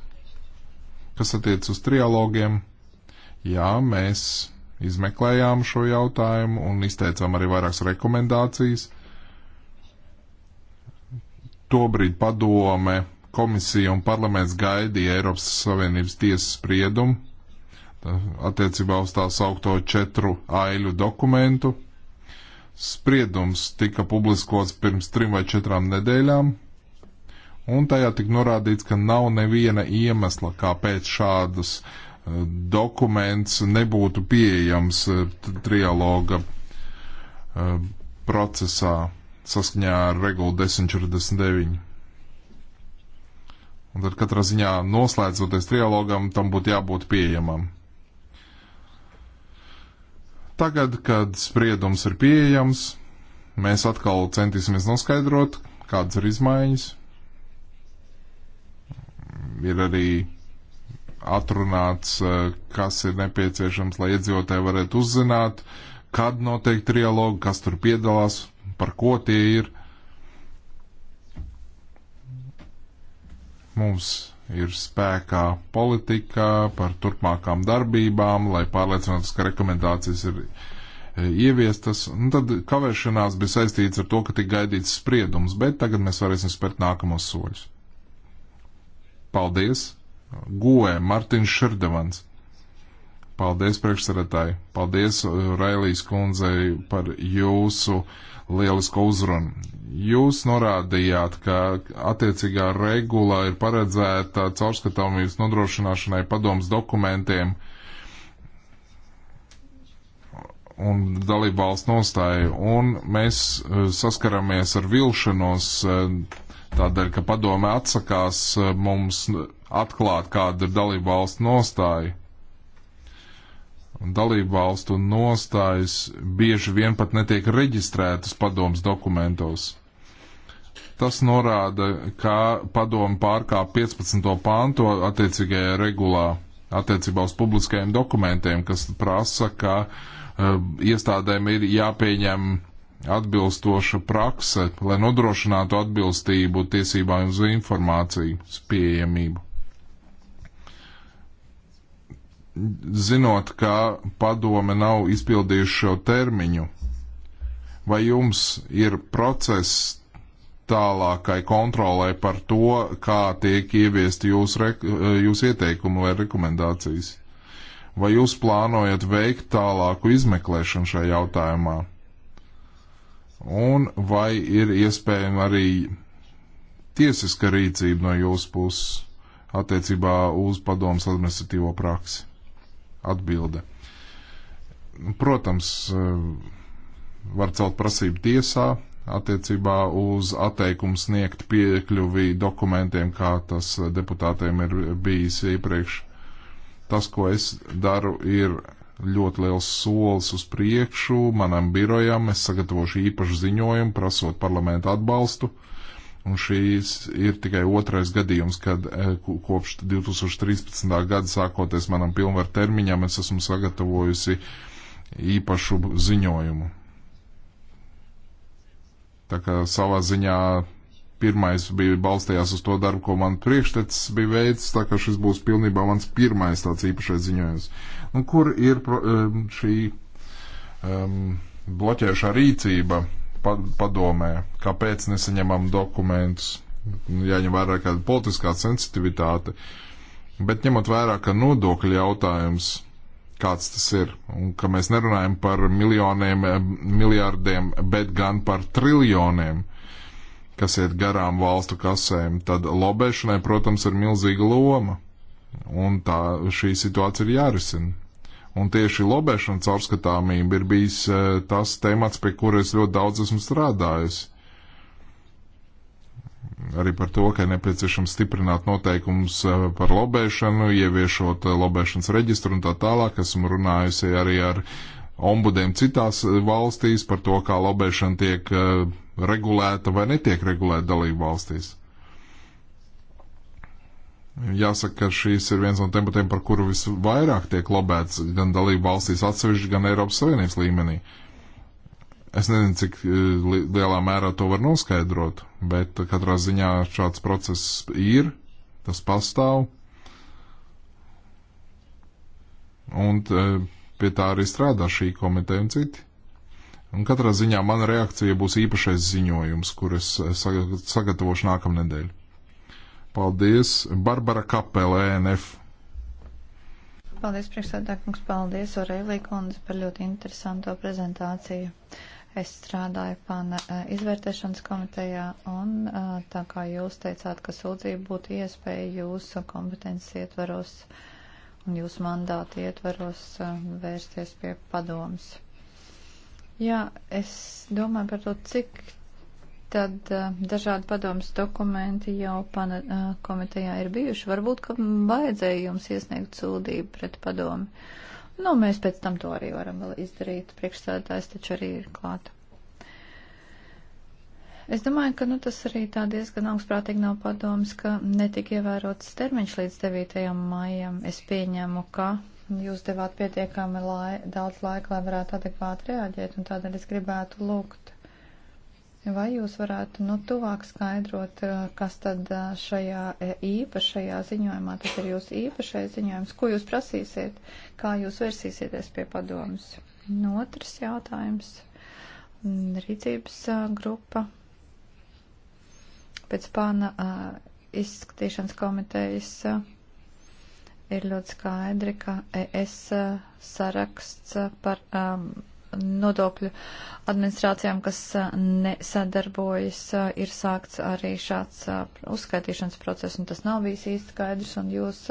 Kas attiec uz trialogiem, jā, mēs izmeklējām šo jautājumu un izteicām arī vairākas rekomendācijas. Tobrīd padome komisija un parlaments gaidīja Eiropas Savienības tiesas spriedumu attiecībā uz tās augto četru aiļu dokumentu. Spriedums tika publiskots pirms trim vai četrām nedēļām, un tajā tika norādīts, ka nav neviena iemesla, kāpēc šādas eh, dokuments nebūtu pieejams eh, trialoga eh, procesā saskaņā ar regulu 1049. Un tad katrā ziņā noslēdzoties trialogam, tam būtu jābūt pieejamam. Tagad, kad spriedums ir pieejams, mēs atkal centīsimies noskaidrot, kādas ir izmaiņas. Ir arī atrunāts, eh, kas ir nepieciešams, lai iedzīvotāji varētu uzzināt, kad notiek trialogi, kas tur piedalās, par ko tie ir. Mums ir spēkā politika par turpmākām darbībām, lai pārliecinātos, ka rekomendācijas ir e, ieviestas. Un tad kavēšanās bija saistīts ar to, ka tika gaidīts spriedums, bet tagad mēs varēsim spērt nākamos soļus. Paldies! Goe, Martins Šerdevans. Paldies priekšsarētāji, paldies e, Railijas kundzei par jūsu lielisko uzrunu. Jūs norādījāt, ka attiecīgā regula ir paredzēta caurskatāmības nodrošināšanai padomus dokumentiem un dalību valsts nostāju, un mēs eh, saskaramies ar vilšanos eh, tādēļ, ka padome atsakās eh, mums atklāt, kāda ir dalību valsts nostāja un dalību valstu nostājas bieži vien pat netiek reģistrētas padomas dokumentos. Tas norāda, ka padoma pārkāp 15. pānto attiecīgajā regulā attiecībā uz publiskajiem dokumentiem, kas prasa, ka uh, iestādēm ir jāpieņem atbilstoša prakse, lai nodrošinātu atbilstību tiesībām uz informāciju, pieejamību zinot, ka padome nav izpildījuši šo termiņu, vai jums ir process tālākai kontrolē par to, kā tiek ieviesti jūsu jūs ieteikumi vai rekomendācijas? Vai jūs plānojat veikt tālāku izmeklēšanu šajā jautājumā? Un vai ir iespējama arī tiesiska rīcība no jūsu puses attiecībā uz padomus administratīvo praksi? Atbilde. Nu, protams, e, var celt prasību tiesā attiecībā uz atteikumu sniegt piekļuvi dokumentiem, kā tas deputātiem ir bijis iepriekš. Tas, ko es daru, ir ļoti liels solis uz priekšu manam birojam. Es sagatavošu īpašu ziņojumu, prasot parlamentu atbalstu. Uh, Un šīs ir tikai otrais gadījums, kad e, kopš 2013. gada sākoties manam pilnvaru termiņam es esmu sagatavojusi īpašu ziņojumu. Tā kā savā ziņā pirmais bija balstījās uz to darbu, ko man priekštecis bija veids, tā kā šis būs pilnībā mans pirmais tāds īpašais ziņojums. Un nu, kur ir e, šī um, bloķēšā rīcība? padomē, kāpēc nesaņemam dokumentus, jāņem vērā kāda politiskā sensitivitāte, bet ņemot vērā, ka nodokļu jautājums, kāds tas ir, un ka mēs nerunājam par miljoniem, eh, miljārdiem, bet gan par triljoniem, kas iet garām valstu kasēm, tad lobēšanai, protams, ir milzīga loma, un tā šī situācija ir jārisina. Un tieši lobēšana caurskatāmība ir bijis eh, tas temats, pie kura es ļoti daudz esmu strādājis. Arī par to, ka ir nepieciešams stiprināt noteikumus eh, par lobēšanu, ieviešot eh, lobēšanas reģistru un tā tālāk. Esmu runājusi arī ar ombudiem citās valstīs par to, kā lobēšana tiek regulēta vai netiek regulēta dalību valstīs. Jāsaka, ka šīs ir viens no tematiem, par kuru visvairāk tiek lobēts gan dalību valstīs atsevišķi, gan Eiropas Savienības līmenī. Es nezinu, cik e, lielā mērā to var noskaidrot, bet katrā ziņā šāds process ir, tas pastāv. Un e, pie tā arī strādā šī komiteja un citi. Un katrā ziņā mana reakcija būs īpašais ziņojums, kuras e, sagatavošu nākamnedēļ. Paldies, Barbara Kapela, ENF. Paldies, priekšsēdētājs, paldies Aurēlī kundze par ļoti interesanto prezentāciju. Es strādāju pana eh, izvērtēšanas komitejā un eh, tā kā jūs teicāt, ka sūdzība būtu iespēja jūsu kompetences ietvaros un jūsu mandāti ietvaros eh, vērsties pie padomas. Jā, es domāju par to, cik Tad dažādi padomas dokumenti jau pana, komitejā ir bijuši. Varbūt, ka vajadzēja jums iesniegt sūdību pret padomu. Nu, mēs pēc tam to arī varam vēl izdarīt. Priekšsēdētājs taču arī ir klāta. Es domāju, ka nu, tas arī tā diezgan augstprātīgi nav padoms, ka netika ievērots termiņš līdz 9. maijam. Es pieņemu, ka jūs devāt pietiekami lai, daudz laika, lai varētu adekvāti reaģēt, un tādēļ es gribētu lūgt Vai jūs varētu nu, tuvāk skaidrot, eh, kas tad eh, šajā eh, īpašajā ziņojumā, tas ir jūsu īpašais ziņojums, ko jūs prasīsiet, kā jūs versīsieties pie padomus? Nu, otrs jautājums mm, - rīcības grupa pēc pāna izskatīšanas komitejas ir ļoti skaidri, ka es saraksts par. Um, nodokļu administrācijām, kas nesadarbojas, ir sākts arī šāds uzskaitīšanas process, un tas nav bijis īsti skaidrs, un jūs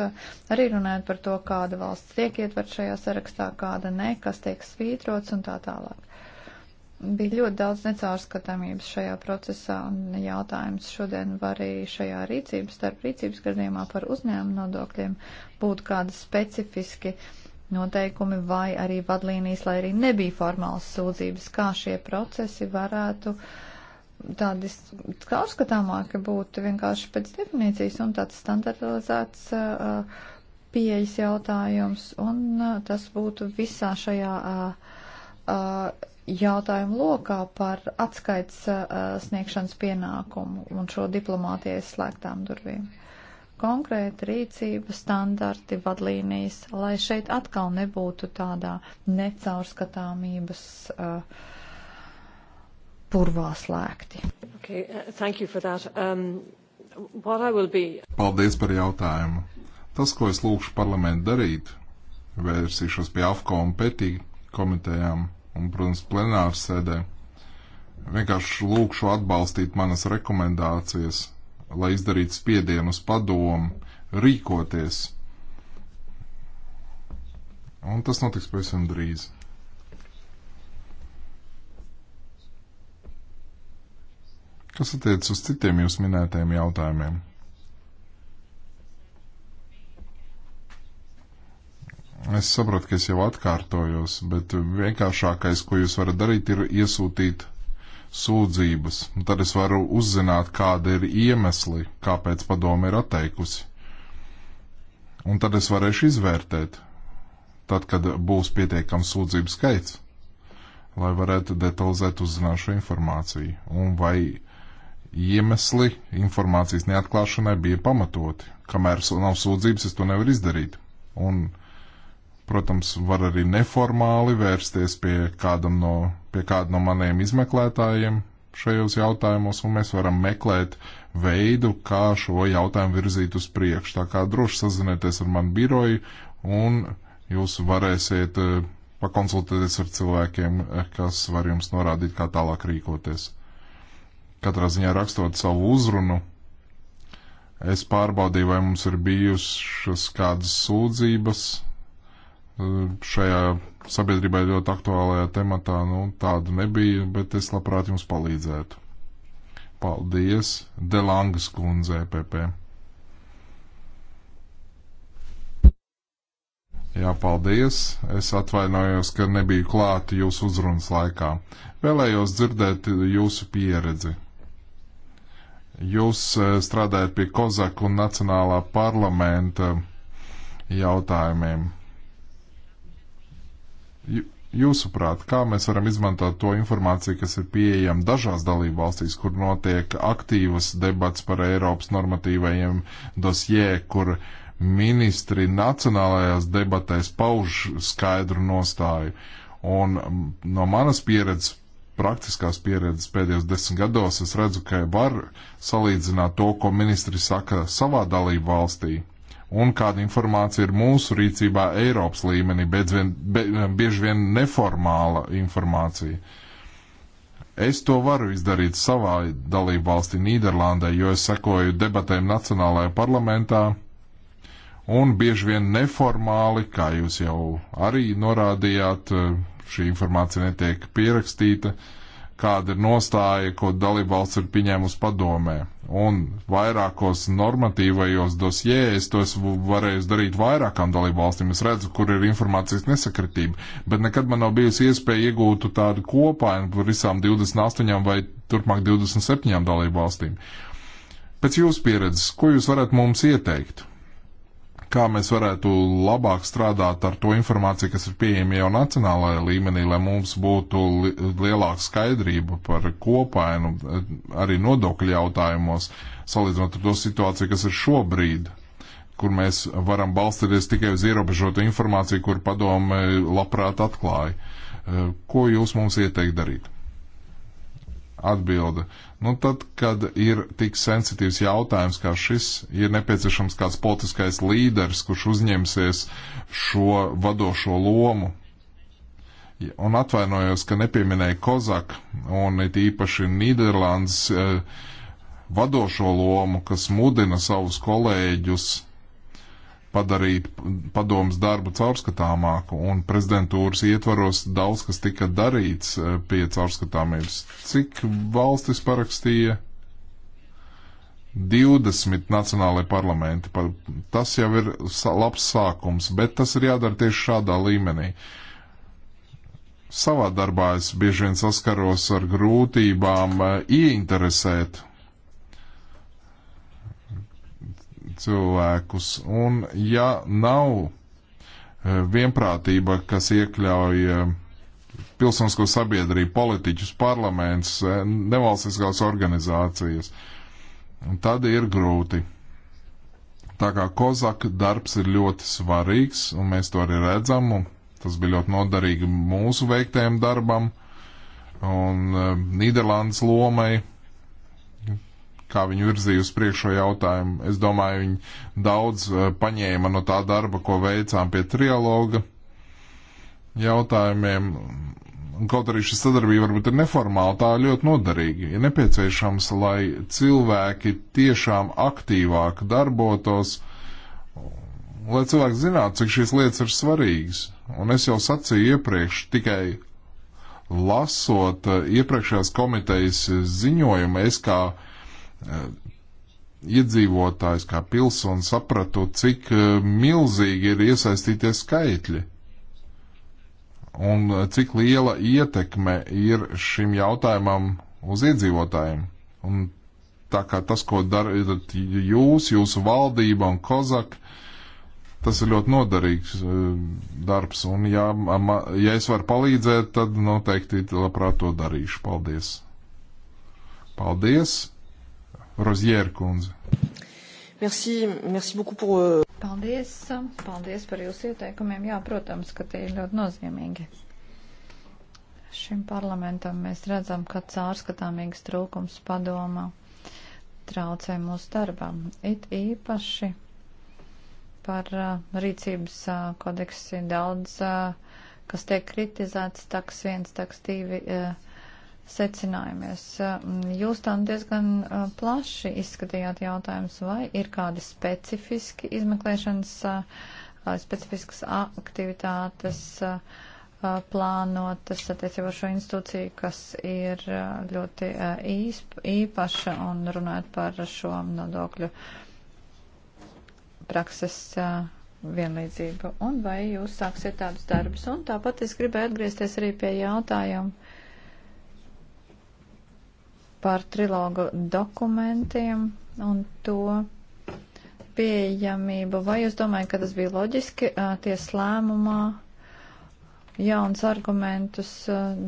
arī runājat par to, kāda valsts tiek ietvert šajā sarakstā, kāda ne, kas tiek svītrots un tā tālāk. Bija ļoti daudz necārskatāmības šajā procesā, un jautājums šodien var arī šajā rīcības, starp rīcības gadījumā par uzņēmumu nodokļiem būt kāda specifiski uh, noteikumi vai arī vadlīnijas, lai arī nebija formāls sūdzības, kā šie procesi varētu tādi caurskatāmāki būt vienkārši pēc definīcijas un tāds standartizēts uh, pieejas jautājums, un uh, tas būtu visā šajā uh, jautājumu lokā par atskaits sniegšanas pienākumu un šo diplomātijas slēgtām durvīm konkrēta rīcība, standarti, vadlīnijas, lai šeit atkal nebūtu tādā necaurskatāmības uh, purvā slēgti. Okay, uh, um, be... Paldies par jautājumu. Tas, ko es lūkšu parlamentu darīt, vērsīšos pie AFCO un PETI komitejām un, protams, plenāru sēdē. Vienkārši lūkšu atbalstīt manas rekomendācijas lai izdarītu spiedienu uz padomu rīkoties. Un tas notiks pavisam drīz. Kas attiec uz citiem jūs minētajiem jautājumiem? Es saprotu, ka es jau atkārtojos, bet vienkāršākais, ko jūs varat darīt, ir iesūtīt sūdzības. Un tad es varu uzzināt, kāda ir iemesli, kāpēc padome ir atteikusi. Un tad es varēšu izvērtēt, tad, kad būs pietiekams sūdzību skaits, lai varētu detalizēt uzzināt šo informāciju. Un vai iemesli informācijas neatklāšanai bija pamatoti. Kamēr nav sūdzības, es to nevaru izdarīt. Un Protams, var arī neformāli vērsties pie, kādam no, pie kāda no maniem izmeklētājiem šajos jautājumos, un mēs varam meklēt veidu, kā šo jautājumu virzīt uz priekšu. Tā kā droši sazinieties ar manu biroju, un jūs varēsiet eh, pakonsultēties ar cilvēkiem, eh, kas var jums norādīt, kā tālāk rīkoties. Katrā ziņā rakstot savu uzrunu, es pārbaudīju, vai mums ir bijušas kādas sūdzības šajā sabiedrībai ļoti aktuālajā tematā, nu, tāda nebija, bet es labprāt jums palīdzētu. Paldies, Delangas kundze, PP. E Jā, paldies. Es atvainojos, ka nebiju klāta jūsu uzrunas laikā. Vēlējos dzirdēt jūsu pieredzi. Jūs e, strādājat pie Kozaka un Nacionālā parlamenta jautājumiem. Jūsuprāt, kā mēs varam izmantot to informāciju, kas ir pieejama dažās dalību valstīs, kur notiek aktīvas debats par Eiropas normatīvajiem dosjē, kur ministri nacionālajās debatēs pauž skaidru nostāju. Un no manas pieredzes praktiskās pieredzes pēdējos desmit gados, es redzu, ka var salīdzināt to, ko ministri saka savā dalību valstī un kāda informācija ir mūsu rīcībā Eiropas līmenī, bet vien, be, bieži vien neformāla informācija. Es to varu izdarīt savā dalību valstī Nīderlandē, jo es sekoju debatēm Nacionālajā parlamentā, un bieži vien neformāli, kā jūs jau arī norādījāt, šī informācija netiek pierakstīta, kāda ir nostāja, ko dalību valsts ir pieņēmusi padomē Un vairākos normatīvajos dosjē es to esmu varējis darīt vairākām dalību valstīm. Es redzu, kur ir informācijas nesakritība, bet nekad man nav bijusi iespēja iegūt tādu kopā par visām 28 vai turpmāk 27 dalību valstīm. Pēc jūsu pieredzes, ko jūs varat mums ieteikt? kā mēs varētu labāk strādāt ar to informāciju, kas ir pieejama jau nacionālajā līmenī, lai mums būtu li lielāka skaidrība par kopainu arī nodokļu jautājumos, salīdzinot ar to situāciju, kas ir šobrīd, kur mēs varam balstīties tikai uz ierobežotu informāciju, kur padome labprāt atklāja. Ko jūs mums ieteikt darīt? Atbilde. Nu, tad, kad ir tik sensitīvs jautājums kā šis, ir nepieciešams kāds politiskais līderis, kurš uzņemsies šo vadošo lomu. Un atvainojos, ka nepieminēju Kozak un it īpaši Nīderlandes eh, vadošo lomu, kas mudina savus kolēģus padarīt padomus darbu caurskatāmāku, un prezidentūras ietvaros daudz kas tika darīts e, pie caurskatāmības. Cik valstis parakstīja? 20 nacionālajie parlamenti. Tas jau ir labs sākums, bet tas ir jādara tieši šādā līmenī. Savā darbā es bieži vien saskaros ar grūtībām e, ieinteresēt cilvēkus. Un ja nav eh, vienprātība, kas iekļauj eh, pilsonisko sabiedrību, politiķus, parlaments, eh, nevalstiskās organizācijas, tad ir grūti. Tā kā Kozaka darbs ir ļoti svarīgs, un mēs to arī redzam, un tas bija ļoti noderīgi mūsu veiktajam darbam un Nīderlandes lomai kā viņi virzīja uz priekšo jautājumu. Es domāju, viņi daudz eh, paņēma no tā darba, ko veicām pie trialoga jautājumiem. Kaut arī šī sadarbība varbūt ir neformāla, tā ļoti noderīga. Ir nepieciešams, lai cilvēki tiešām aktīvāk darbotos, lai cilvēki zinātu, cik šīs lietas ir svarīgas. Un es jau sacīju iepriekš, tikai lasot eh, iepriekšējās komitejas ziņojumu, es kā Eh, iedzīvotājs, kā pilsonis sapratu, cik eh, milzīgi ir iesaistītie skaitļi un eh, cik liela ietekme ir šim jautājumam uz iedzīvotājiem. Un tā kā tas, ko darat jūs, jūsu valdība un kozak, tas ir ļoti noderīgs darbs. Un ja, ja es varu palīdzēt, tad noteikti labprāt to darīšu. Paldies! Paldies! Rozjēra kundze. Merci, merci beaucoup pour. Euh, paldies, paldies par jūsu ieteikumiem. Jā, protams, ka tie ir ļoti nozīmīgi. Šim parlamentam mēs redzam, ka cārskatāmīgs trūkums padomā traucē mūsu darbam. It īpaši par uh, rīcības uh, kodeksi daudz, uh, kas tiek kritizēts, taks viens, taks divi. Uh, secinājumies. Mm, jūs tam diezgan plaši izskatījāt jautājumus, vai ir kādi specifiski izmeklēšanas, specifiskas aktivitātes plānotas attiecībā ar šo institūciju, kas ir ļoti īpaša un runājot par šo nodokļu prakses vienlīdzību. Un vai jūs sāksiet tādus darbus? Un tāpat es gribēju atgriezties arī pie jautājumu par trilogu dokumentiem un to pieejamību. Vai jūs domājat, ka tas bija loģiski tiesa lēmumā jauns argumentus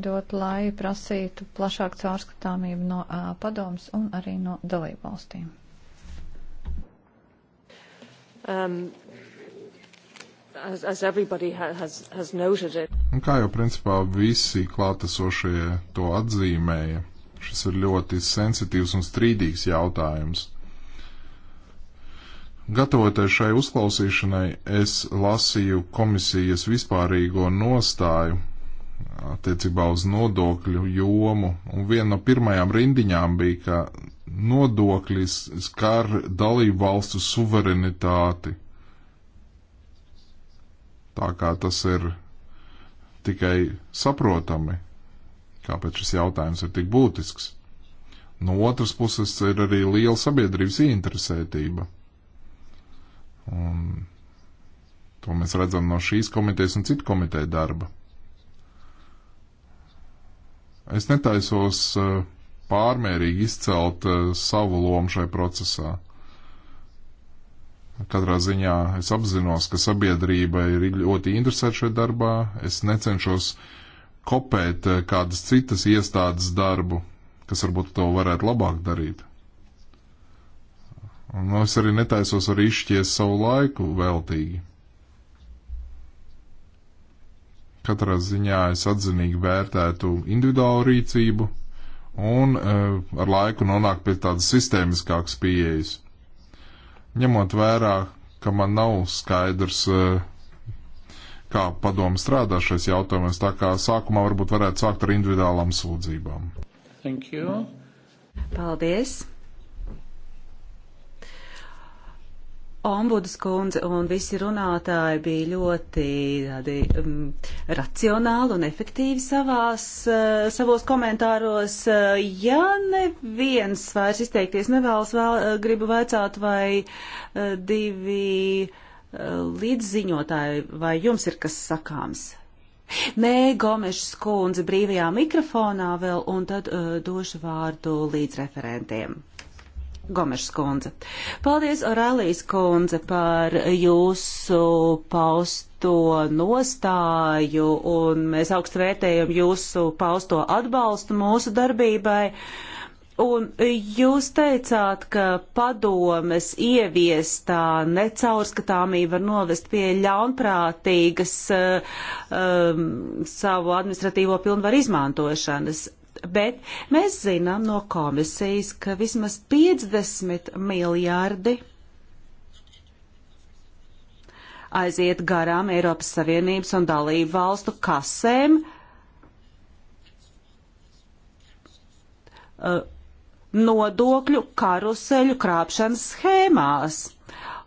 dot, lai prasītu plašāku caurskatāmību no padomas un arī no dalību valstīm? Um, as, as everybody has, has noted it. Un kā jau principā visi klātesošie to atzīmēja, Šis ir ļoti sensitīvs un strīdīgs jautājums. Gatavoties šai uzklausīšanai, es lasīju komisijas vispārīgo nostāju attiecībā uz nodokļu jomu, un viena no pirmajām rindiņām bija, ka nodokļi skar dalību valstu suverenitāti. Tā kā tas ir tikai saprotami kāpēc šis jautājums ir tik būtisks. No otras puses ir arī liela sabiedrības ieinteresētība. Un to mēs redzam no šīs komitejas un citu komiteju darba. Es netaisos eh, pārmērīgi izcelt eh, savu lomu šai procesā. Katrā ziņā es apzinos, ka sabiedrība ir ļoti interesēta šajā darbā. Es necenšos uh, kopēt eh, kādas citas iestādes darbu, kas varbūt to varētu labāk darīt. Un es arī netaisos arī izšķies savu laiku veltīgi. Katrā ziņā es atzinīgi vērtētu individuālu rīcību un e, ar laiku nonāk pie tādas sistēmiskākas pieejas. Ņemot vērā, ka man nav skaidrs e, kā padomu strādā šais jautājums, tā kā sākumā varbūt varētu sākt ar individuālām sūdzībām. Thank you. Paldies. Ombudas kundze un visi runātāji bija ļoti tādi, um, racionāli un efektīvi savās, uh, savos komentāros. Uh, ja neviens vairs izteikties nevēlas, vēl, uh, gribu vecāt, vai uh, divi. Uh, līdziņotāji, vai jums ir kas sakāms? Nē, Gomešs kundze brīvajā mikrofonā vēl, un tad uh, došu vārdu līdz referentiem. Gomešs kundze. Paldies, Orelijas kundze, par jūsu pausto nostāju, un mēs augstu vērtējam jūsu pausto atbalstu mūsu darbībai. Uh, Un jūs teicāt, ka padomes ieviestā necaurskatāmība var novest pie ļaunprātīgas eh, um, savu administratīvo pilnvaru izmantošanas. Bet mēs zinām no komisijas, ka vismaz 50 miljārdi aiziet garām Eiropas Savienības un dalību valstu kasēm. Uh, nodokļu karuseļu krāpšanas schēmās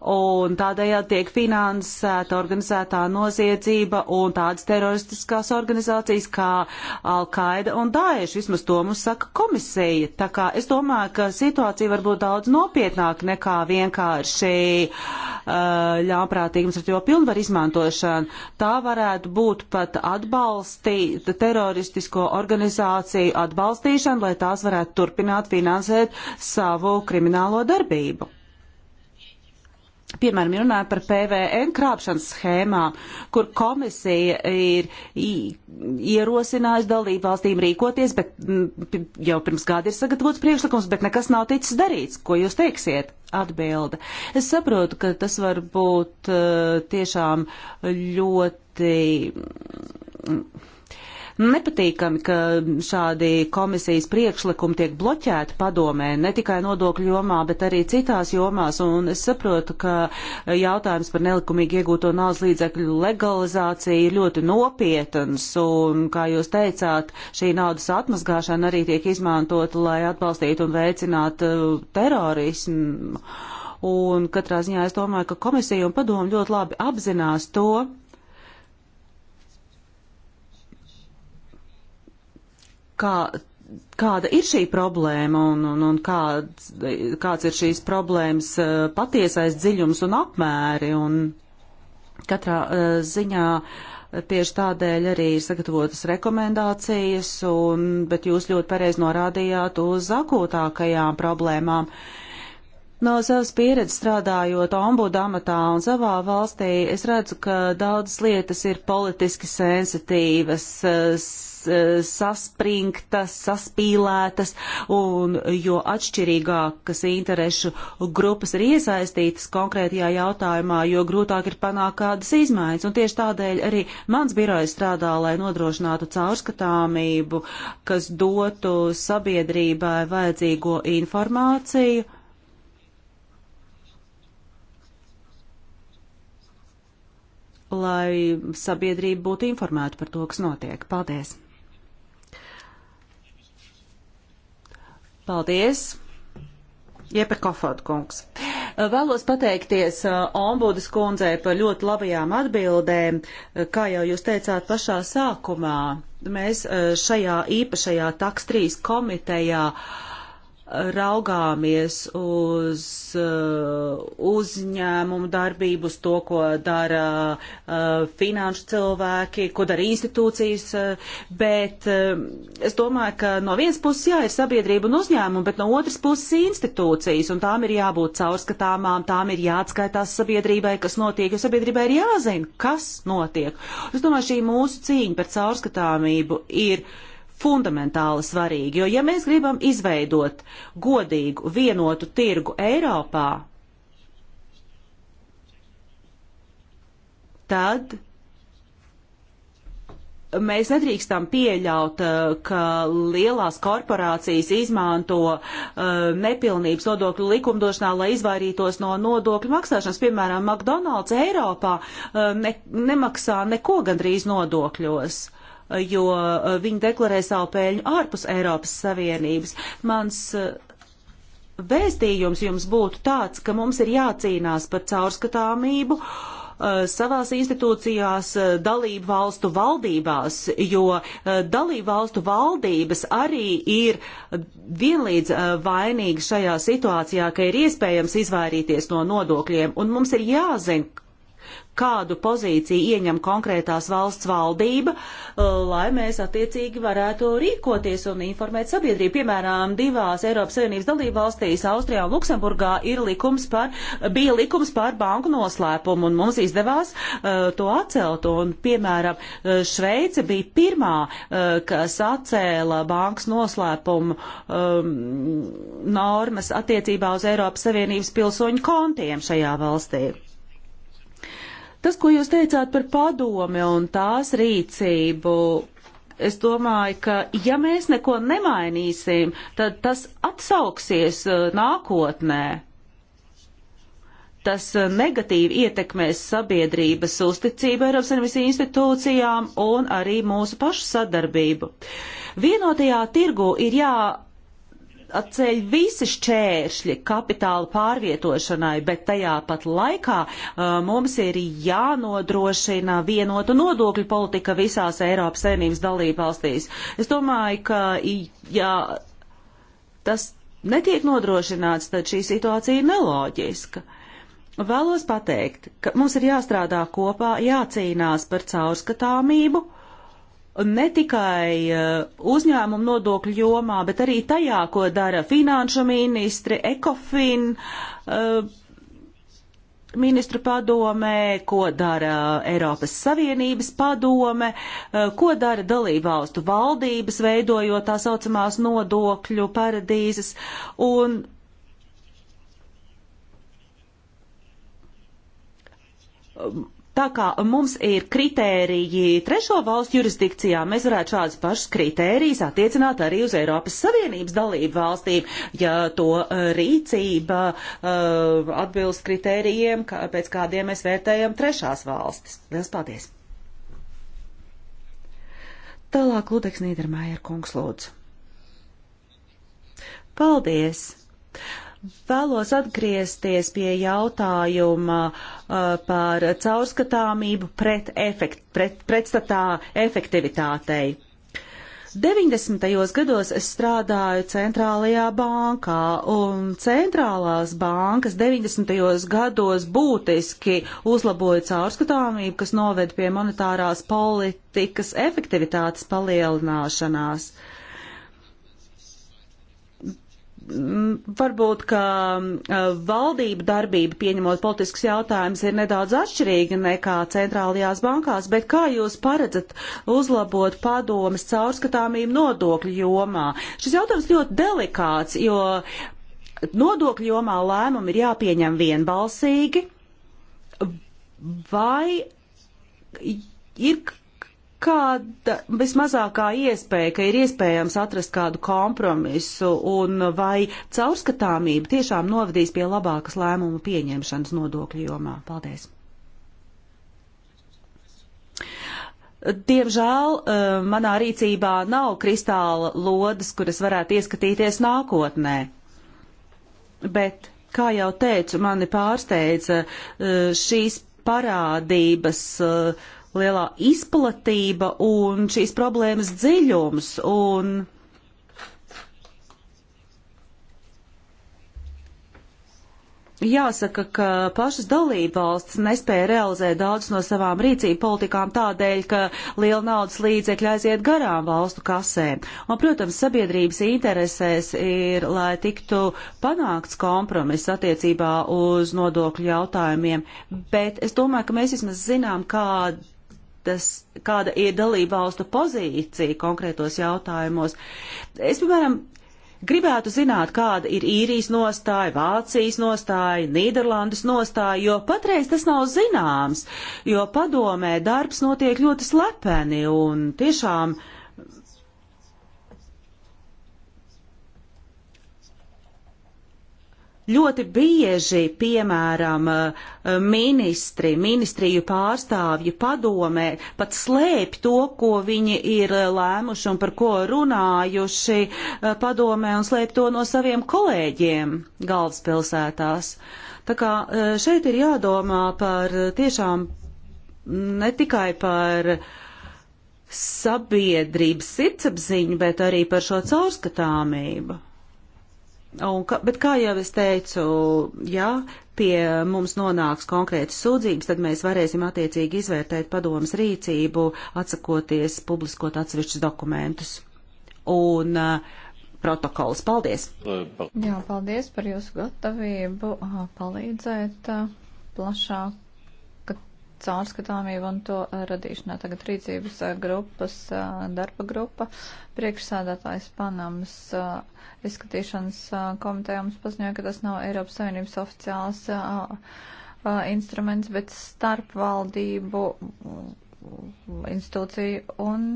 un tādējādi tiek finansēta organizētā noziedzība un tādas teroristiskās organizācijas kā Al-Qaida un Daesh. Vismaz to mums saka komisija. Tā kā es domāju, ka situācija var būt daudz nopietnāka nekā vienkārši uh, ļāprātīgums ar to pilnvaru izmantošanu. Tā varētu būt pat atbalstīt teroristisko organizāciju atbalstīšanu, lai tās varētu turpināt finansēt savu kriminālo darbību. Piemēram, runājot par PVN krāpšanas schēmām, kur komisija ir ierosinājusi dalību valstīm rīkoties, bet jau pirms gada ir sagatavots priekšlikums, bet nekas nav ticis darīts. Ko jūs teiksiet? Atbilde. Es saprotu, ka tas var būt eh, tiešām ļoti nepatīkami, ka šādi komisijas priekšlikumi tiek bloķēti padomē, ne tikai nodokļu jomā, bet arī citās jomās. Un es saprotu, ka jautājums par nelikumīgi iegūto naudas līdzekļu legalizāciju ir ļoti nopietns. Un, kā jūs teicāt, šī naudas atmazgāšana arī tiek izmantota, lai atbalstītu un veicinātu uh, terorismu. Un katrā ziņā es domāju, ka komisija un padomu ļoti labi apzinās to, kā, kāda ir šī problēma un, un, un kāds, kāds ir šīs problēmas eh, patiesais dziļums un apmēri. Un katrā eh, ziņā eh, tieši tādēļ arī ir sagatavotas rekomendācijas, un, bet jūs ļoti pareizi norādījāt uz akūtākajām problēmām. No savas pieredzes strādājot ombudu amatā un savā valstī, es redzu, ka daudzas lietas ir politiski sensitīvas, Eh, saspringtas, saspīlētas, un jo atšķirīgākas interešu grupas ir iesaistītas konkrētajā jautājumā, jo grūtāk ir panākt kādas izmaiņas. Un tieši tādēļ arī mans birojs strādā, lai nodrošinātu caurskatāmību, kas dotu sabiedrībai vajadzīgo informāciju. lai sabiedrība būtu informēta par to, kas notiek. Paldies! Paldies! Iepe Kofod kungs. Vēlos pateikties uh, ombudas kundzei par ļoti labajām atbildēm, uh, kā jau jūs teicāt pašā sākumā. Mēs uh, šajā īpašajā taks trīs komitejā uh, raugāmies uz uh, uzņēmumu darbību, uz to, ko dara uh, finanšu cilvēki, ko dara institūcijas, uh, bet es domāju, ka no vienas puses jā, ir sabiedrība un uzņēmumi, bet no otras puses institūcijas, un tām ir jābūt caurskatāmām, tām ir jāatskaitās sabiedrībai, kas notiek, jo sabiedrībai ir jāzina, kas notiek. Es domāju, šī mūsu cīņa par caurskatāmību ir fundamentāli svarīgi, jo ja mēs gribam izveidot godīgu, vienotu tirgu Eiropā, tad mēs nedrīkstam pieļaut, eh, ka lielās korporācijas izmanto uh, nepilnības nodokļu likumdošanā, lai izvairītos no nodokļu maksāšanas. Piemēram, McDonald's Eiropā uh, ne, nemaksā neko gandrīz nodokļos jo eh, viņi deklarē savu pēļņu ārpus Eiropas Savienības. Mans eh, vēstījums jums būtu tāds, ka mums ir jācīnās par caurskatāmību eh, savās institūcijās, dalību valstu valdībās, jo dalību valstu valdības arī ir vienlīdz vainīgas šajā situācijā, ka ir iespējams izvairīties no nodokļiem, un mums ir jāzina, kādu pozīciju ieņem konkrētās valsts valdība, uh, lai mēs attiecīgi varētu rīkoties un informēt sabiedrību. Piemēram, divās Eiropas Savienības dalību valstīs, Austrijā un Luksemburgā, ir likums par, bija likums par banku noslēpumu, un mums izdevās uh, to atcelt. Un, piemēram, uh, Šveice bija pirmā, uh, kas atcēla bankas noslēpumu um, normas attiecībā uz Eiropas Savienības pilsoņu kontiem šajā valstī. Tas, ko jūs teicāt par padomi un tās rīcību, es domāju, ka ja mēs neko nemainīsim, tad tas atsauksies uh, nākotnē. Tas uh, negatīvi ietekmēs sabiedrības uzticību Eiropas Savienības institūcijām un arī mūsu pašu sadarbību. Vienotajā tirgu ir jā jāatceļ visi šķēršļi kapitāla pārvietošanai, bet tajā pat laikā uh, mums ir jānodrošina vienotu nodokļu politika visās Eiropas saimnības dalībvalstīs. Es domāju, ka ja tas netiek nodrošināts, tad šī situācija ir neloģiska. Vēlos pateikt, ka mums ir jāstrādā kopā, jācīnās par caurskatāmību ne tikai eh, uzņēmumu nodokļu jomā, bet arī tajā, ko dara finanšu ministri, ekofin eh, ministru padomē, ko dara Eiropas Savienības padome, eh, ko dara dalībvalstu valdības, veidojot tā saucamās nodokļu paradīzes. Un um, Tā kā mums ir kritēriji trešo valstu jurisdikcijā, mēs varētu šādas pašas kritērijas attiecināt arī uz Eiropas Savienības dalību valstīm, ja to uh, rīcība uh, atbilst kritērijiem, kā, pēc kādiem mēs vērtējam trešās valstis. Lielas paldies! Tālāk Ludeks Nīdermājer kungs lūdzu. Paldies! Vēlos atgriezties pie jautājuma uh, par caurskatāmību pret efekt, pret, pretstatā efektivitātei. 90. gados es strādāju centrālajā bankā, un centrālās bankas 90. gados būtiski uzlaboja caurskatāmību, kas noved pie monetārās politikas efektivitātes palielināšanās. Uh, Mm, varbūt, ka mm, valdība darbība pieņemot politiskus jautājumus ir nedaudz atšķirīga nekā centrālajās bankās, bet kā jūs paredzat uzlabot padomas caurskatāmību nodokļu jomā? Šis jautājums ļoti delikāts, jo nodokļu jomā lēmumi ir jāpieņem vienbalsīgi vai ir kāda vismazākā iespēja, ka ir iespējams atrast kādu kompromisu un vai caurskatāmība tiešām novadīs pie labākas lēmumu pieņemšanas nodokļu jomā? Paldies! Diemžēl eh, manā rīcībā nav kristāla lodes, kuras varētu ieskatīties nākotnē. Bet, kā jau teicu, mani pārsteidza eh, šīs parādības uh, lielā izplatība un šīs problēmas dziļums. Un Jāsaka, ka pašas dalībvalstis nespēja realizēt daudz no savām rīcību politikām tādēļ, ka liela naudas līdzekļa aiziet garām valstu kasēm. Un, protams, sabiedrības interesēs ir, lai tiktu panākts kompromiss attiecībā uz nodokļu jautājumiem, bet es domāju, ka mēs vismaz zinām, kāda kādas, kāda ir dalība valstu pozīcija konkrētos jautājumos. Es, piemēram, gribētu zināt, kāda ir īrijas nostāja, Vācijas nostāja, Nīderlandes nostāja, jo patreiz tas nav zināms, jo padomē darbs notiek ļoti slepeni un tiešām uh, Ļoti bieži, piemēram, ministri, ministriju pārstāvji padomē pat slēp to, ko viņi ir lēmuši un par ko runājuši eh, padomē un slēp to no saviem kolēģiem galvaspilsētās. Tā kā eh, šeit ir jādomā par eh, tiešām ne tikai par sabiedrības sirdsapziņu, bet arī par šo caurskatāmību. Un, ka, bet kā jau es teicu, ja pie mums nonāks konkrētas sūdzības, tad mēs varēsim attiecīgi izvērtēt padomas rīcību, atsakoties publiskot atsevišķus dokumentus un uh, protokols. Paldies! Jā, paldies par jūsu gatavību uh, palīdzēt uh, plašāk caurskatāmību un to eh, radīšanā. Tagad rīcības eh, grupas, eh, darba grupa, priekšsādātājs Panamas izskatīšanas komiteja mums paziņoja, ka tas nav Eiropas Savienības oficiāls instruments, bet starpvaldību mm, institūciju un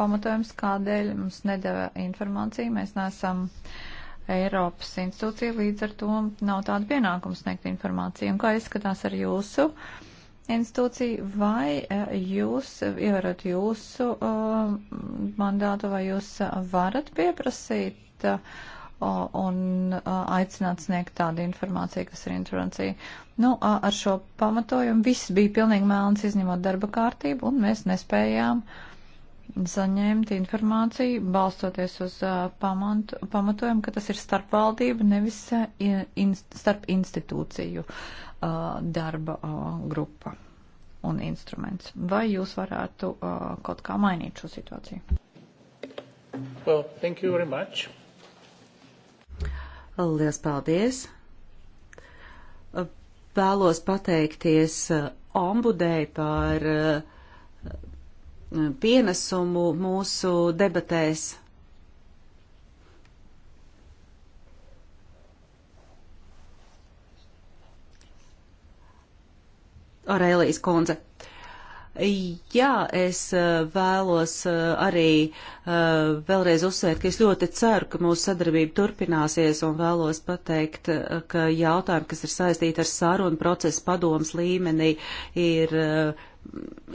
pamatojums, kādēļ mums nedēva informāciju. Mēs neesam. Eiropas institūcija, līdz ar to nav tāda pienākuma sniegt informāciju. Un kā izskatās ar jūsu uh, institūciju, vai eh, jūs ievarat jūsu uh, mandātu, vai jūs eh, varat pieprasīt uh, un uh, aicināt sniegt tādu informāciju, kas ir intervencija. Nu, ar šo pamatojumu viss bija pilnīgi melns, izņemot darba kārtību, un mēs nespējām uh, saņemt informāciju, balstoties uz pamantu, pamatojumu, ka tas ir starpvaldība, nevis in, starp institūciju darba grupa un instruments. Vai jūs varētu kaut kā mainīt šo situāciju? Well, thank you very much. Lielas paldies! Vēlos pateikties ombudēji par uh, pienesumu mūsu debatēs. Aurēlijas kundze. Jā, es eh, vēlos eh, arī eh, vēlreiz uzsvērt, ka es ļoti ceru, ka mūsu sadarbība turpināsies un vēlos pateikt, ka jautājumi, kas ir saistīti ar sarunu procesu padomas līmenī, ir uh,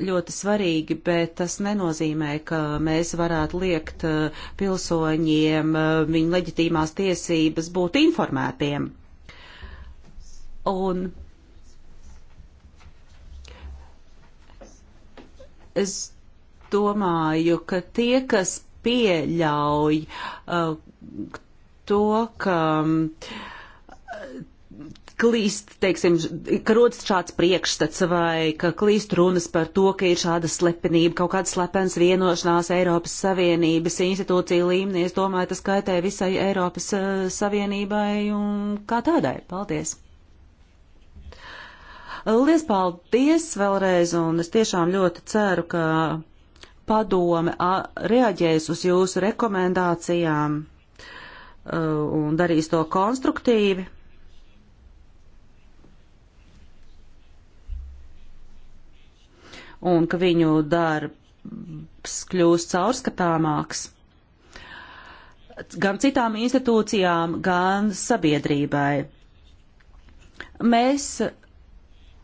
ļoti svarīgi, bet tas nenozīmē, ka mēs varētu liekt uh, pilsoņiem uh, viņu leģitīmās tiesības būt informētiem. Un es domāju, ka tie, kas pieļauj uh, to, ka klīst, teiksim, ka rodas šāds priekšstats vai ka klīst runas par to, ka ir šāda slepenība, kaut kāds slepens vienošanās Eiropas Savienības institūciju līmenī. Es domāju, tas kaitē visai Eiropas uh, Savienībai un kā tādai. Paldies! Lies paldies vēlreiz, un es tiešām ļoti ceru, ka padome reaģēs uz jūsu rekomendācijām uh, un darīs to konstruktīvi. un ka viņu darbs kļūst caurskatāmāks gan citām institūcijām, gan sabiedrībai. Mēs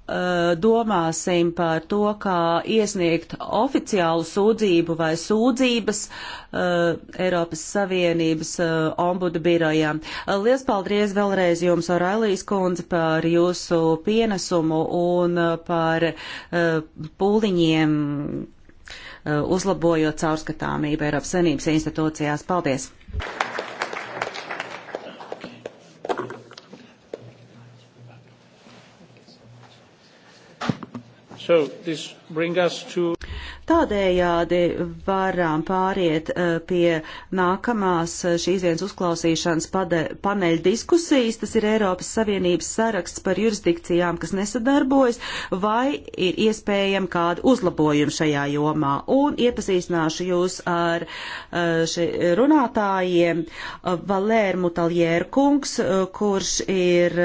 Uh, domāsim par to, kā iesniegt oficiālu sūdzību vai sūdzības uh, Eiropas Savienības uh, ombudu birojām. Uh, Lielas paldies vēlreiz jums, Orailijas kundze, par jūsu pienesumu un uh, par uh, pūliņiem uzlabojot caurskatāmību Eiropas Savienības institūcijās. Paldies! So to... Tādējādi varam pāriet eh, pie nākamās eh, šīs dienas uzklausīšanas paneļa diskusijas. Tas ir Eiropas Savienības saraksts par jurisdikcijām, kas nesadarbojas, vai ir iespējama kāda uzlabojuma šajā jomā. Un iepazīstināšu jūs ar eh, runātājiem Valēru Mutaljēru kungs, kurš ir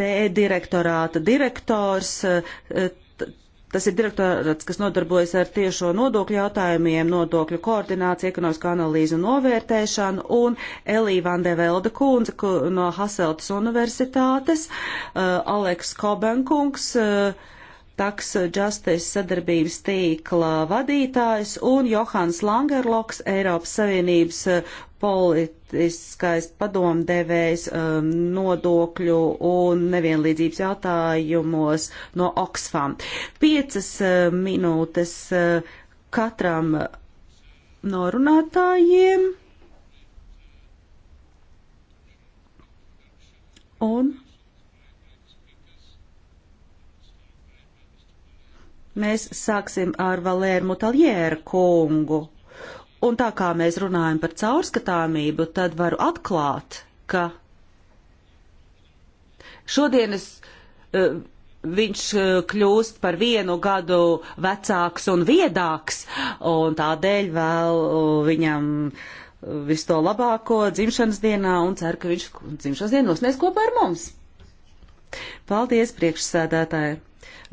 D direktorāta direktors Tas ir direktorāts, kas nodarbojas ar tiešo nodokļu jautājumiem, nodokļu koordināciju, ekonomisko analīzu un novērtēšanu, un Elī Vande Velda kundze no Haseltas universitātes, uh, Aleks Kobenkungs, uh, Tax Justice sadarbības tīkla vadītājs un Johans Langerloks, Eiropas Savienības eh, politiskais padomdevējs um, nodokļu un nevienlīdzības jautājumos no Oxfam. Piecas uh, minūtes uh, katram no runātājiem. Un Mēs sāksim ar Valēru Mutaljeru kungu. Un tā kā mēs runājam par caurskatāmību, tad varu atklāt, ka šodien es, e, viņš e, kļūst par vienu gadu vecāks un viedāks, un tādēļ vēl viņam visu to labāko dzimšanas dienā un ceru, ka viņš dzimšanas dienu nosniedz kopā ar mums. Paldies, priekšsēdētāji!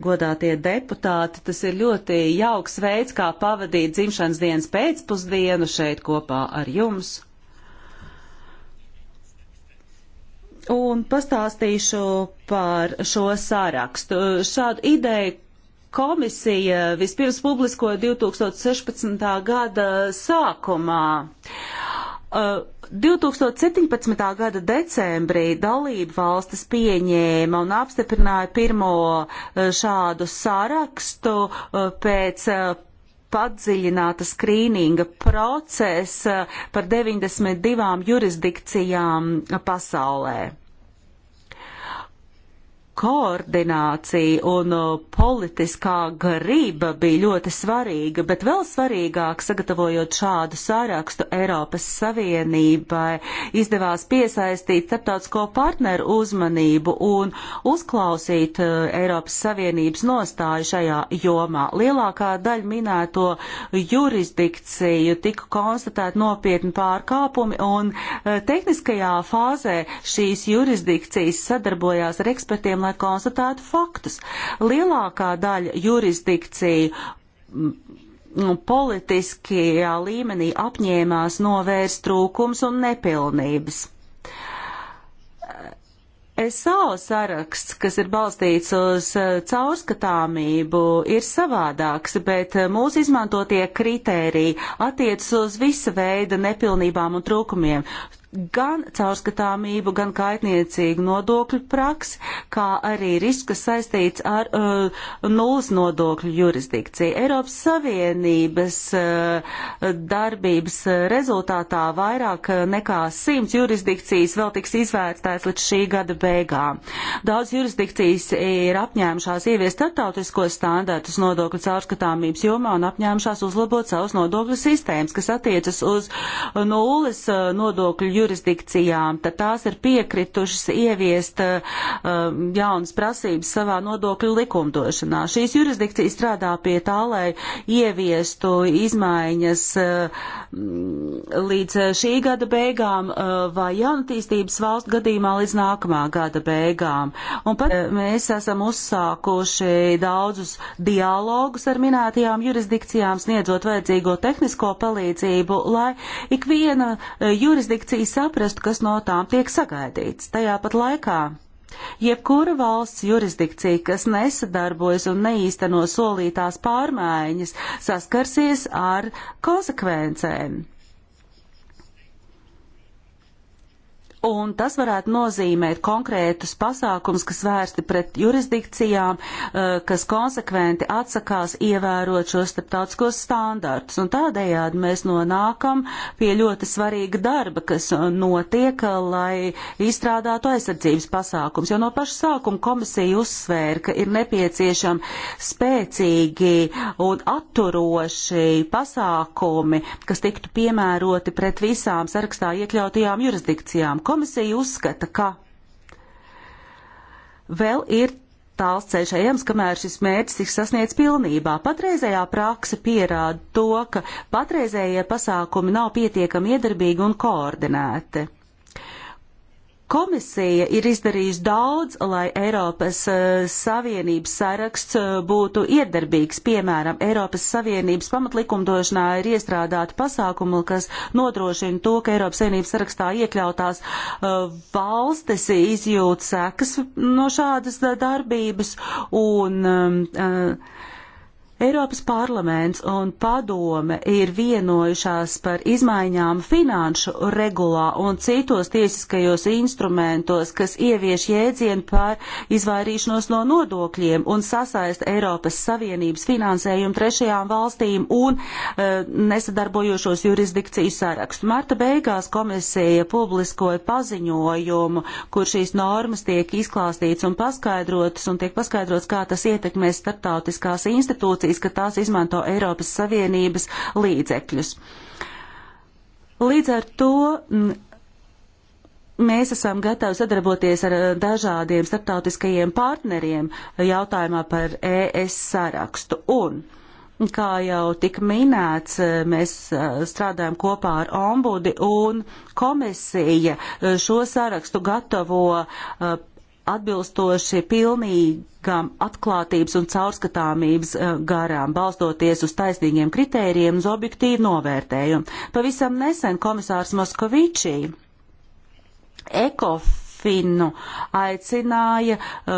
godātie deputāti. Tas ir ļoti jauks veids, kā pavadīt dzimšanas dienas pēcpusdienu šeit kopā ar jums. Un pastāstīšu par šo sārakstu. Šādu ideju komisija vispirms publiskoja 2016. gada sākumā. 2017. Uh, gada decembrī dalību valstis pieņēma un apstiprināja pirmo uh, šādu sarakstu uh, pēc padziļināta skrīninga procesa par 92 jurisdikcijām pasaulē koordinācija un uh, politiskā garība bija ļoti svarīga, bet vēl svarīgāk sagatavojot šādu sārakstu Eiropas Savienībai izdevās piesaistīt starptautisko partneru uzmanību un uzklausīt uh, Eiropas Savienības nostāju šajā jomā. Lielākā daļa minēto jurisdikciju tika konstatēt nopietni pārkāpumi un uh, tehniskajā fāzē šīs jurisdikcijas sadarbojās ar ekspertiem un lai konstatētu faktus. Lielākā daļa jurisdikciju mm, politiskajā līmenī apņēmās novērst trūkums un nepilnības. SAO saraksts, kas ir balstīts uz eh, caurskatāmību, ir savādāks, bet eh, mūsu izmantotie kritēriji attiecas uz visa veida nepilnībām un trūkumiem gan caurskatāmību, gan kaitniecīgu nodokļu praksi, kā arī riska saistīts ar uh, nulles nodokļu jurisdikciju. Eiropas Savienības uh, darbības uh, rezultātā vairāk uh, nekā simts jurisdikcijas vēl tiks izvērtēts līdz šī gada beigām. Daudz jurisdikcijas ir apņēmušās ieviest starptautiskos standartus nodokļu caurskatāmības jomā un apņēmušās uzlabot savus nodokļu sistēmas, kas attiecas uz nulles uh, nodokļu jurisdikciju jurisdikcijām, tad tās ir piekritušas ieviest uh, um, jaunas prasības savā nodokļu likumdošanā. Šīs jurisdikcijas strādā pie tā, lai ieviestu izmaiņas uh, līdz šī gada beigām uh, vai jaunatīstības valstu gadījumā līdz nākamā gada beigām. Un pat mēs esam uzsākuši daudzus dialogus ar minētajām jurisdikcijām, sniedzot vajadzīgo tehnisko palīdzību, lai ikviena jurisdikcija saprastu, kas no tām tiek sagaidīts. Tajā pat laikā Jebkura valsts jurisdikcija, kas nesadarbojas un neīsteno solītās pārmaiņas, saskarsies ar konsekvencēm. un tas varētu nozīmēt konkrētus pasākums, kas vērsti pret jurisdikcijām, eh, kas konsekventi atsakās ievērot šos starptautiskos standartus. Un tādējādi mēs nonākam pie ļoti svarīga darba, kas eh, notiek, eh, lai izstrādātu aizsardzības pasākums. Jo no paša sākuma komisija uzsvēra, ka ir nepieciešami spēcīgi un atturoši pasākumi, kas tiktu piemēroti pret visām sarakstā iekļautajām jurisdikcijām Komisija uzskata, ka vēl ir tāls ceļš ejams, kamēr šis mērķis tiks sasniegts pilnībā. Patreizējā prakse pierāda to, ka patreizējie pasākumi nav pietiekami iedarbīgi un koordinēti. Komisija ir izdarījusi daudz, lai Eiropas eh, Savienības saraksts eh, būtu iedarbīgs. Piemēram, Eiropas Savienības pamatlikumdošanā ir iestrādāti pasākumi, kas nodrošina to, ka Eiropas Savienības sarakstā iekļautās eh, valstis izjūt sekas no šādas darbības. Un, uh, Eiropas parlaments un padome ir vienojušās par izmaiņām finanšu regulā un citos tiesiskajos instrumentos, kas ievieš jēdzienu par izvairīšanos no nodokļiem un sasaista Eiropas Savienības finansējumu trešajām valstīm un e, nesadarbojošos jurisdikciju sarakstu. Marta beigās komisija publiskoja paziņojumu, kur šīs normas tiek izklāstīts un paskaidrotas un tiek paskaidrots, kā tas ietekmēs starptautiskās institūcijas kritērijas, ka tās izmanto Eiropas Savienības līdzekļus. Līdz ar to mēs esam gatavi sadarboties ar eh, dažādiem starptautiskajiem partneriem jautājumā par ES sarakstu. Un, kā jau tika minēts, eh, mēs eh, strādājam kopā ar ombudi un komisija šo sarakstu gatavo atbilstoši pilnīgām atklātības un caurskatāmības eh, garām, balstoties uz taisnīgiem kritērijiem un uz objektīvu novērtējumu. Pavisam nesen komisārs Moskovičī Ekofinu aicināja uh,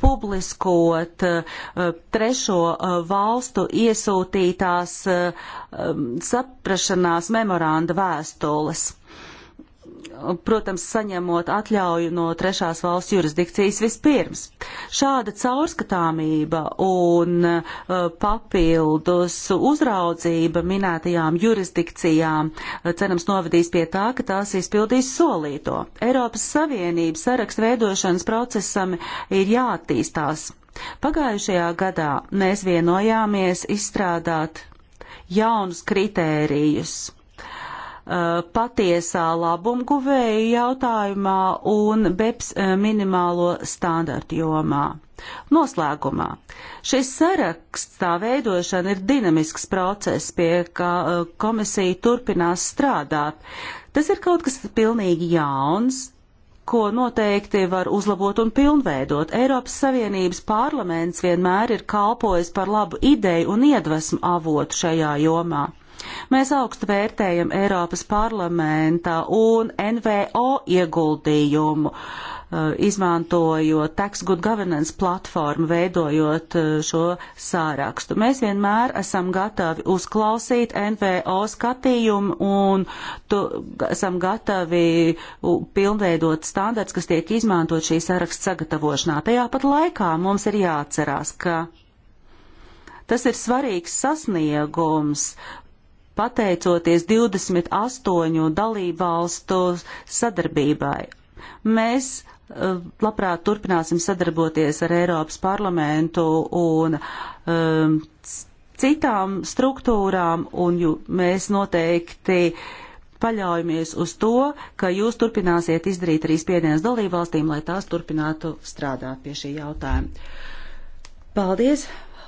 publiskot uh, trešo uh, valstu iesūtītās uh, saprašanās memoranda vēstules. Uh, protams, saņemot atļauju no trešās valsts jurisdikcijas vispirms. Šāda caurskatāmība un uh, papildus uzraudzība minētajām jurisdikcijām uh, cerams novadīs pie tā, ka tās izpildīs solīto. Eiropas Savienības sarakstu veidošanas procesam ir jāattīstās. Pagājušajā gadā mēs vienojāmies izstrādāt jaunus kritērijus Uh, patiesā labumguvēja jautājumā un BEPS uh, minimālo standartu jomā. Noslēgumā. Šis saraksts tā veidošana ir dinamisks process, pie kā uh, komisija turpinās strādāt. Tas ir kaut kas pilnīgi jauns, ko noteikti var uzlabot un pilnveidot. Eiropas Savienības parlaments vienmēr ir kalpojis par labu ideju un iedvesmu avotu šajā jomā. Mēs augstu vērtējam Eiropas parlamenta un NVO ieguldījumu, eh, izmantojot Tax Good Governance platformu, veidojot eh, šo sārakstu. Mēs vienmēr esam gatavi uzklausīt NVO skatījumu un tu, esam gatavi pilnveidot standarts, kas tiek izmantot šī saraksta sagatavošanā. Tajā pat laikā mums ir jāatcerās, ka Tas ir svarīgs sasniegums, pateicoties 28 dalību valstu sadarbībai. Mēs eh, labprāt turpināsim sadarboties ar Eiropas parlamentu un um, citām struktūrām, un jū, mēs noteikti paļaujamies uz to, ka jūs turpināsiet izdarīt arī spiedienas dalībvalstīm, lai tās turpinātu strādāt pie šī jautājuma. Paldies,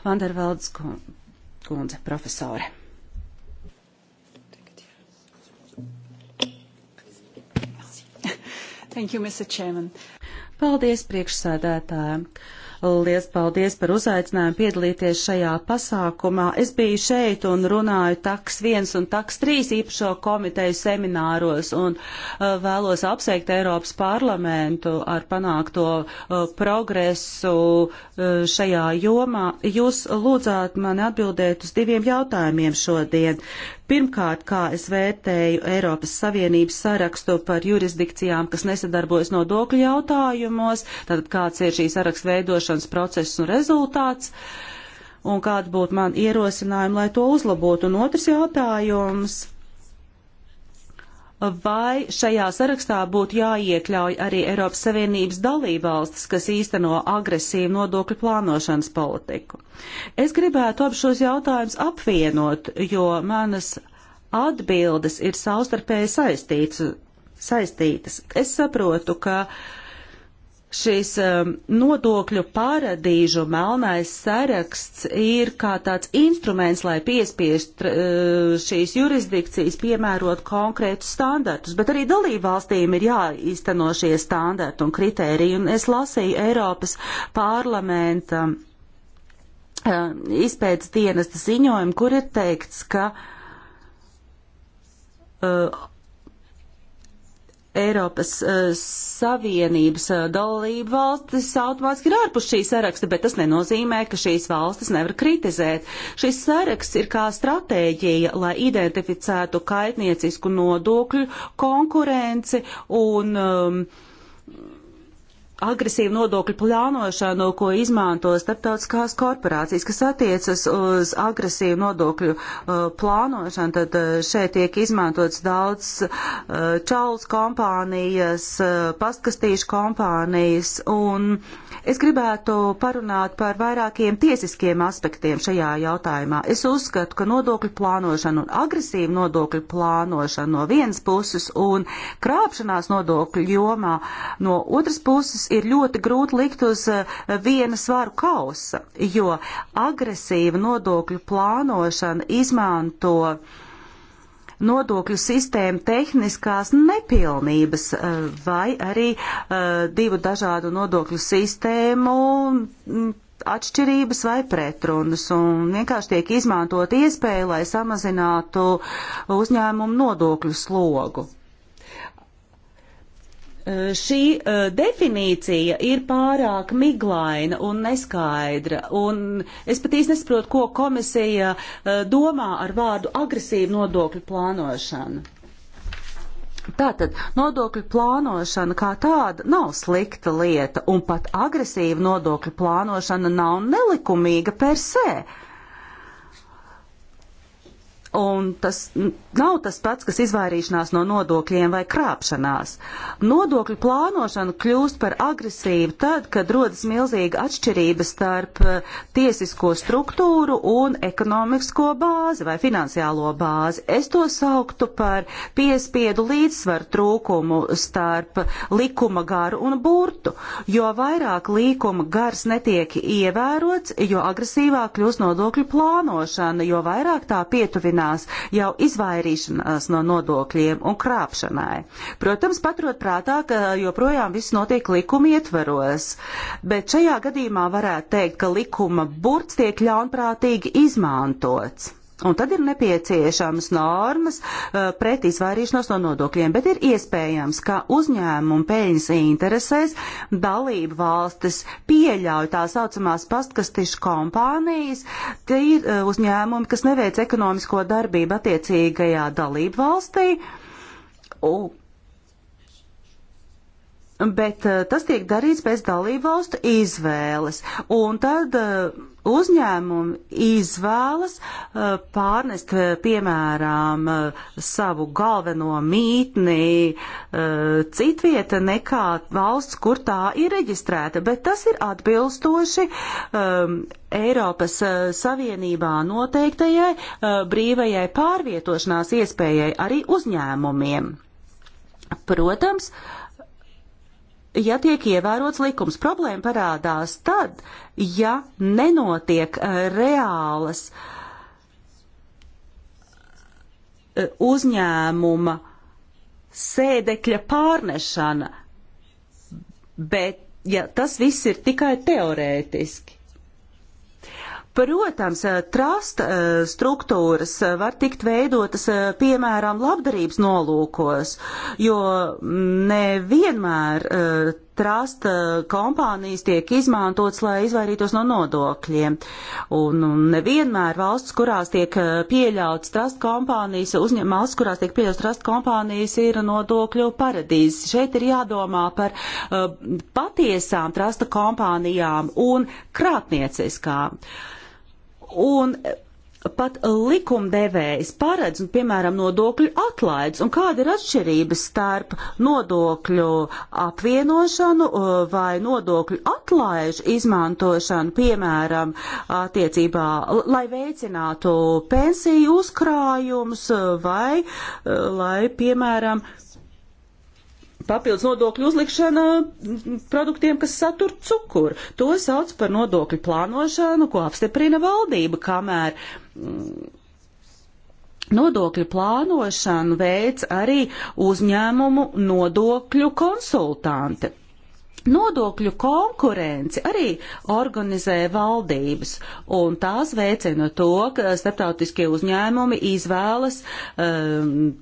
Vandervaldes kundze, profesore. Thank you, Mr. Chairman. Paldies priekšsēdētājiem. Liels paldies par uzaicinājumu piedalīties šajā pasākumā. Es biju šeit un runāju taks viens un taks trīs īpašo komiteju semināros un uh, vēlos apsveikt Eiropas parlamentu ar panākto uh, progresu uh, šajā jomā. Jūs lūdzāt mani atbildēt uz diviem jautājumiem šodien. Pirmkārt, kā es vērtēju Eiropas Savienības sarakstu par jurisdikcijām, kas nesadarbojas nodokļu jautājumos, tad kāds ir šī saraksta veidošana likumdošanas process un rezultāts, un kāda būtu man ierosinājuma, lai to uzlabotu. Un otrs jautājums. Vai šajā sarakstā būtu jāiekļauj arī Eiropas Savienības dalībvalstis, kas īsteno agresīvu nodokļu plānošanas politiku? Es gribētu ap šos jautājumus apvienot, jo manas atbildes ir savstarpēji saistītas. saistītas. Es saprotu, ka uh, šis um, nodokļu paradīžu melnais saraksts ir kā tāds instruments, lai piespiest uh, šīs jurisdikcijas piemērot konkrētus standartus, bet arī dalībvalstīm ir jāīsteno šie standarti un kritēriji. Un es lasīju Eiropas parlamenta uh, izpētes dienesta ziņojumu, kur ir teikts, ka uh, Eiropas uh, Savienības uh, dalību valstis automātiski ir ārpus šī saraksta, bet tas nenozīmē, ka šīs valstis nevar kritizēt. Šis saraksts ir kā stratēģija, lai identificētu kaitniecisku nodokļu konkurenci un um, agresīvu nodokļu plānošanu, ko izmanto starptautiskās korporācijas, kas attiecas uz agresīvu nodokļu uh, plānošanu, tad uh, šeit tiek izmantots daudz uh, čauls kompānijas, uh, pastkastīšu kompānijas un uh, Es gribētu parunāt par vairākiem tiesiskiem aspektiem šajā jautājumā. Es uzskatu, ka nodokļu plānošana un agresīva nodokļu plānošana no vienas puses un krāpšanās nodokļu jomā no otras puses ir ļoti grūti likt uz eh, viena svaru kausa, jo agresīva nodokļu plānošana izmanto uh, nodokļu sistēmu tehniskās nepilnības eh, vai arī eh, divu dažādu nodokļu sistēmu mm, atšķirības vai pretrunas un vienkārši tiek izmantot iespēja, lai samazinātu uzņēmumu nodokļu slogu šī definīcija ir pārāk miglaina un neskaidra, un es pat īsti nesaprotu, ko komisija domā ar vārdu agresīvu nodokļu plānošanu. Tātad nodokļu plānošana kā tāda nav slikta lieta, un pat agresīva nodokļu plānošana nav nelikumīga per se. Uh, Un tas nav tas pats, kas izvairīšanās no nodokļiem vai krāpšanās. Nodokļu plānošana kļūst par agresīvu tad, kad rodas milzīga atšķirība starp eh, tiesisko struktūru un ekonomisko bāzi vai finansiālo bāzi. Es to sauktu par piespiedu līdzsvaru trūkumu starp likuma garu un burtu, jo vairāk likuma gars netiek ievērots, jo agresīvāk kļūst nodokļu plānošana, jo vairāk tā pietuvina pielīdzinās jau izvairīšanās no nodokļiem un krāpšanai. Protams, paturot prātā, ka joprojām viss notiek likuma ietveros, bet šajā gadījumā varētu teikt, ka likuma burts tiek ļaunprātīgi izmantots. Un tad ir nepieciešamas normas uh, pret izvairīšanos no nodokļiem, bet ir iespējams, ka uzņēmumu peļņas interesēs dalību valstis pieļauj tā saucamās pastkastišu kompānijas, tie ir uh, uzņēmumi, kas neveic ekonomisko darbību attiecīgajā dalību valstī. Un, bet eh, tas tiek darīts pēc dalībvalstu izvēles. Un tad eh, uzņēmumi izvēlas eh, pārnest, piemēram, savu galveno mītni citvieta nekā valsts, kur tā ir reģistrēta, bet tas ir atbilstoši um, Eiropas Savienībā noteiktajai uh, brīvajai pārvietošanās iespējai arī uzņēmumiem. Protams, uh, ja tiek ievērots likums. Problēma parādās tad, ja nenotiek uh, reālas uh, uzņēmuma sēdekļa pārnešana, bet ja tas viss ir tikai teorētiski. Protams, eh, trust eh, struktūras eh, var tikt veidotas, piemēram, labdarības nolūkos, jo mm, nevienmēr trust kompānijas tiek izmantots, lai izvairītos no nodokļiem. Un nevienmēr valsts, kurās tiek pieļauts trust kompānijas, uzņem, valsts, kurās tiek pieļauts trust kompānijas, ir nodokļu paradīzes. Šeit ir jādomā par uh, patiesām trusta kompānijām un krāpnieciskām. Uh, Un e, pat likumdevējs paredz, piemēram, nodokļu atlaides, un kāda ir atšķirības starp nodokļu apvienošanu e, vai nodokļu atlaižu izmantošanu, piemēram, attiecībā, lai veicinātu pensiju uzkrājumus e, vai, lai, piemēram, papildus nodokļu uzlikšana produktiem, kas satur cukuru. To sauc par nodokļu plānošanu, ko apstiprina valdība, kamēr. Mm, Nodokļu plānošanu veids arī uzņēmumu nodokļu konsultanti. Nodokļu konkurenci arī organizē valdības, un tās veicina to, ka starptautiskie uzņēmumi izvēlas um,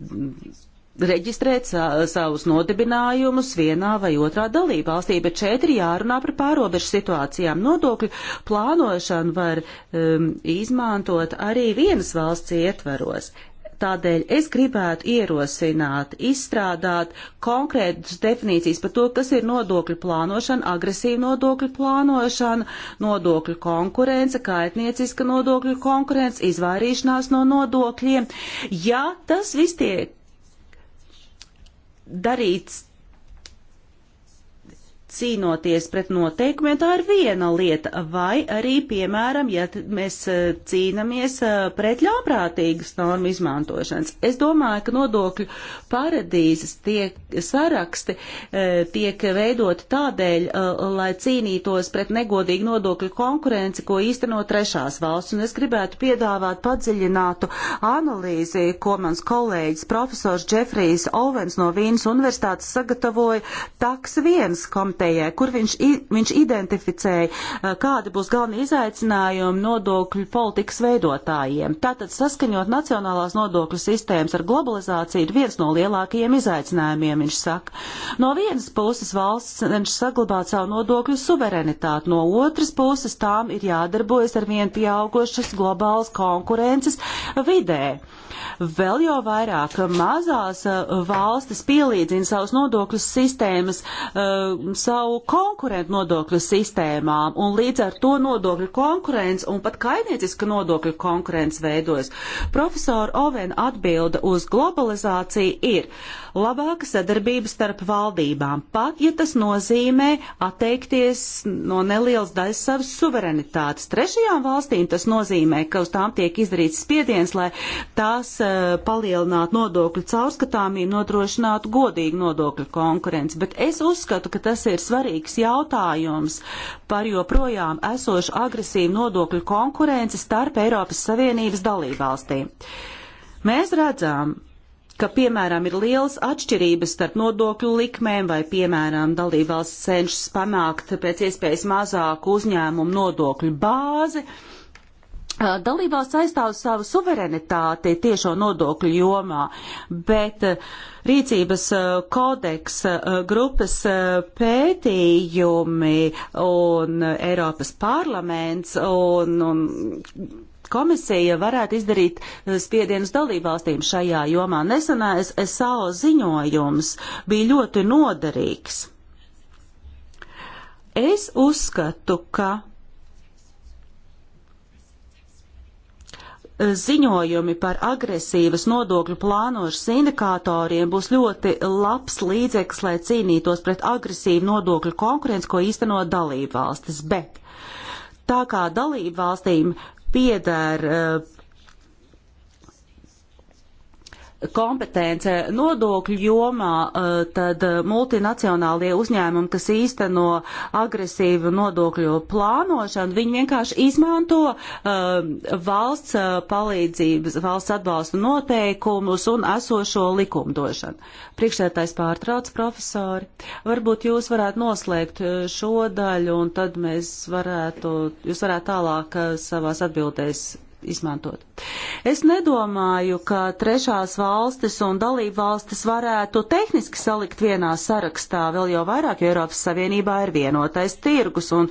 reģistrēt sa savus nodibinājumus vienā vai otrā dalībvalstī, bet šeit ir jārunā par pārobežu situācijām. Nodokļu plānošanu var um, izmantot arī vienas valsts ietvaros. Tādēļ es gribētu ierosināt, izstrādāt konkrētas definīcijas par to, kas ir nodokļu plānošana, agresīva nodokļu plānošana, nodokļu konkurence, kaitnieciska nodokļu konkurence, izvairīšanās no nodokļiem. Ja tas viss tiek darīts cīnoties pret noteikumiem, tā ir viena lieta, vai arī, piemēram, ja mēs eh, cīnamies eh, pret ļāprātīgas normu izmantošanas. Es domāju, ka nodokļu paradīzes tiek saraksti eh, tiek veidoti tādēļ, lai cīnītos pret negodīgu nodokļu konkurenci, ko īsteno trešās valsts, un es gribētu piedāvāt padziļinātu analīzi, ko mans kolēģis profesors Džefrijs Olvens no Vīnas universitātes sagatavoja taks viens komiteja komitejai, kur viņš, viņš identificēja, kādi būs galvenie izaicinājumi nodokļu politikas veidotājiem. Tātad saskaņot nacionālās nodokļu sistēmas ar globalizāciju ir viens no lielākajiem izaicinājumiem, viņš saka. No vienas puses valsts cenšas saglabāt savu nodokļu suverenitāti, no otras puses tām ir jādarbojas ar vien pieaugušas globālas konkurences vidē. Vēl jau vairāk mazās eh, valstis pielīdzina savus nodokļu sistēmas eh, savu konkurentu nodokļu sistēmām, un līdz ar to nodokļu konkurence un pat kainieciska nodokļu konkurence veidojas. Profesora Ovena atbilda uz globalizāciju ir. Uh, labāka sadarbība starp valdībām, pat ja tas nozīmē atteikties no nelielas daļas savas suverenitātes. Trešajām valstīm tas nozīmē, ka uz tām tiek izdarīts spiediens, lai tās uh, palielinātu nodokļu caurskatāmību, nodrošinātu godīgu nodokļu konkurenci. Bet es uzskatu, ka tas ir svarīgs jautājums par joprojām esošu agresīvu nodokļu konkurenci starp Eiropas Savienības dalībvalstīm. Mēs redzam, ka, piemēram, ir lielas atšķirības starp nodokļu likmēm vai, piemēram, dalībvalsts cenšas panākt pēc iespējas mazāku uzņēmumu nodokļu bāzi. Dalībās aizstāv savu suverenitāti tiešo nodokļu jomā, bet rīcības kodeks grupas pētījumi un Eiropas parlaments un, un komisija varētu izdarīt eh, spiedienus dalībvalstīm šajā jomā. Nesenais SAO ziņojums bija ļoti noderīgs. Es uzskatu, ka eh, ziņojumi par agresīvas nodokļu plānošas indikatoriem būs ļoti labs līdzeklis, lai cīnītos pret agresīvu nodokļu konkurenci, ko īstenot dalību valstis. Bet tā kā dalību valstīm pieder kompetence nodokļu jomā, e, tad multinacionālie uzņēmumi, kas īsteno agresīvu nodokļu plānošanu, viņi vienkārši izmanto e, valsts e, palīdzības, valsts atbalsta noteikumus un esošo likumdošanu. Priekšētājs pārtrauc profesori. Varbūt jūs varētu noslēgt šo daļu un tad mēs varētu, jūs varētu tālāk savās atbildēs izmantot. Es nedomāju, ka trešās valstis un dalību valstis varētu tehniski salikt vienā sarakstā, vēl jau vairāk, jo Eiropas Savienībā ir vienotais tirgus un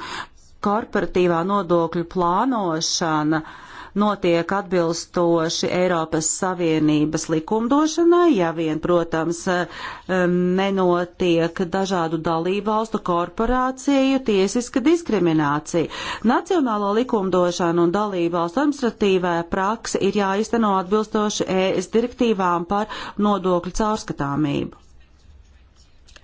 korporatīvā nodokļu plānošana uh, notiek atbilstoši Eiropas Savienības likumdošanai, ja vien, protams, um, nenotiek dažādu dalību valstu korporāciju tiesiska diskriminācija. Nacionālo likumdošanu un dalību valstu administratīvā praksa ir jāizteno atbilstoši ES direktīvām par nodokļu caurskatāmību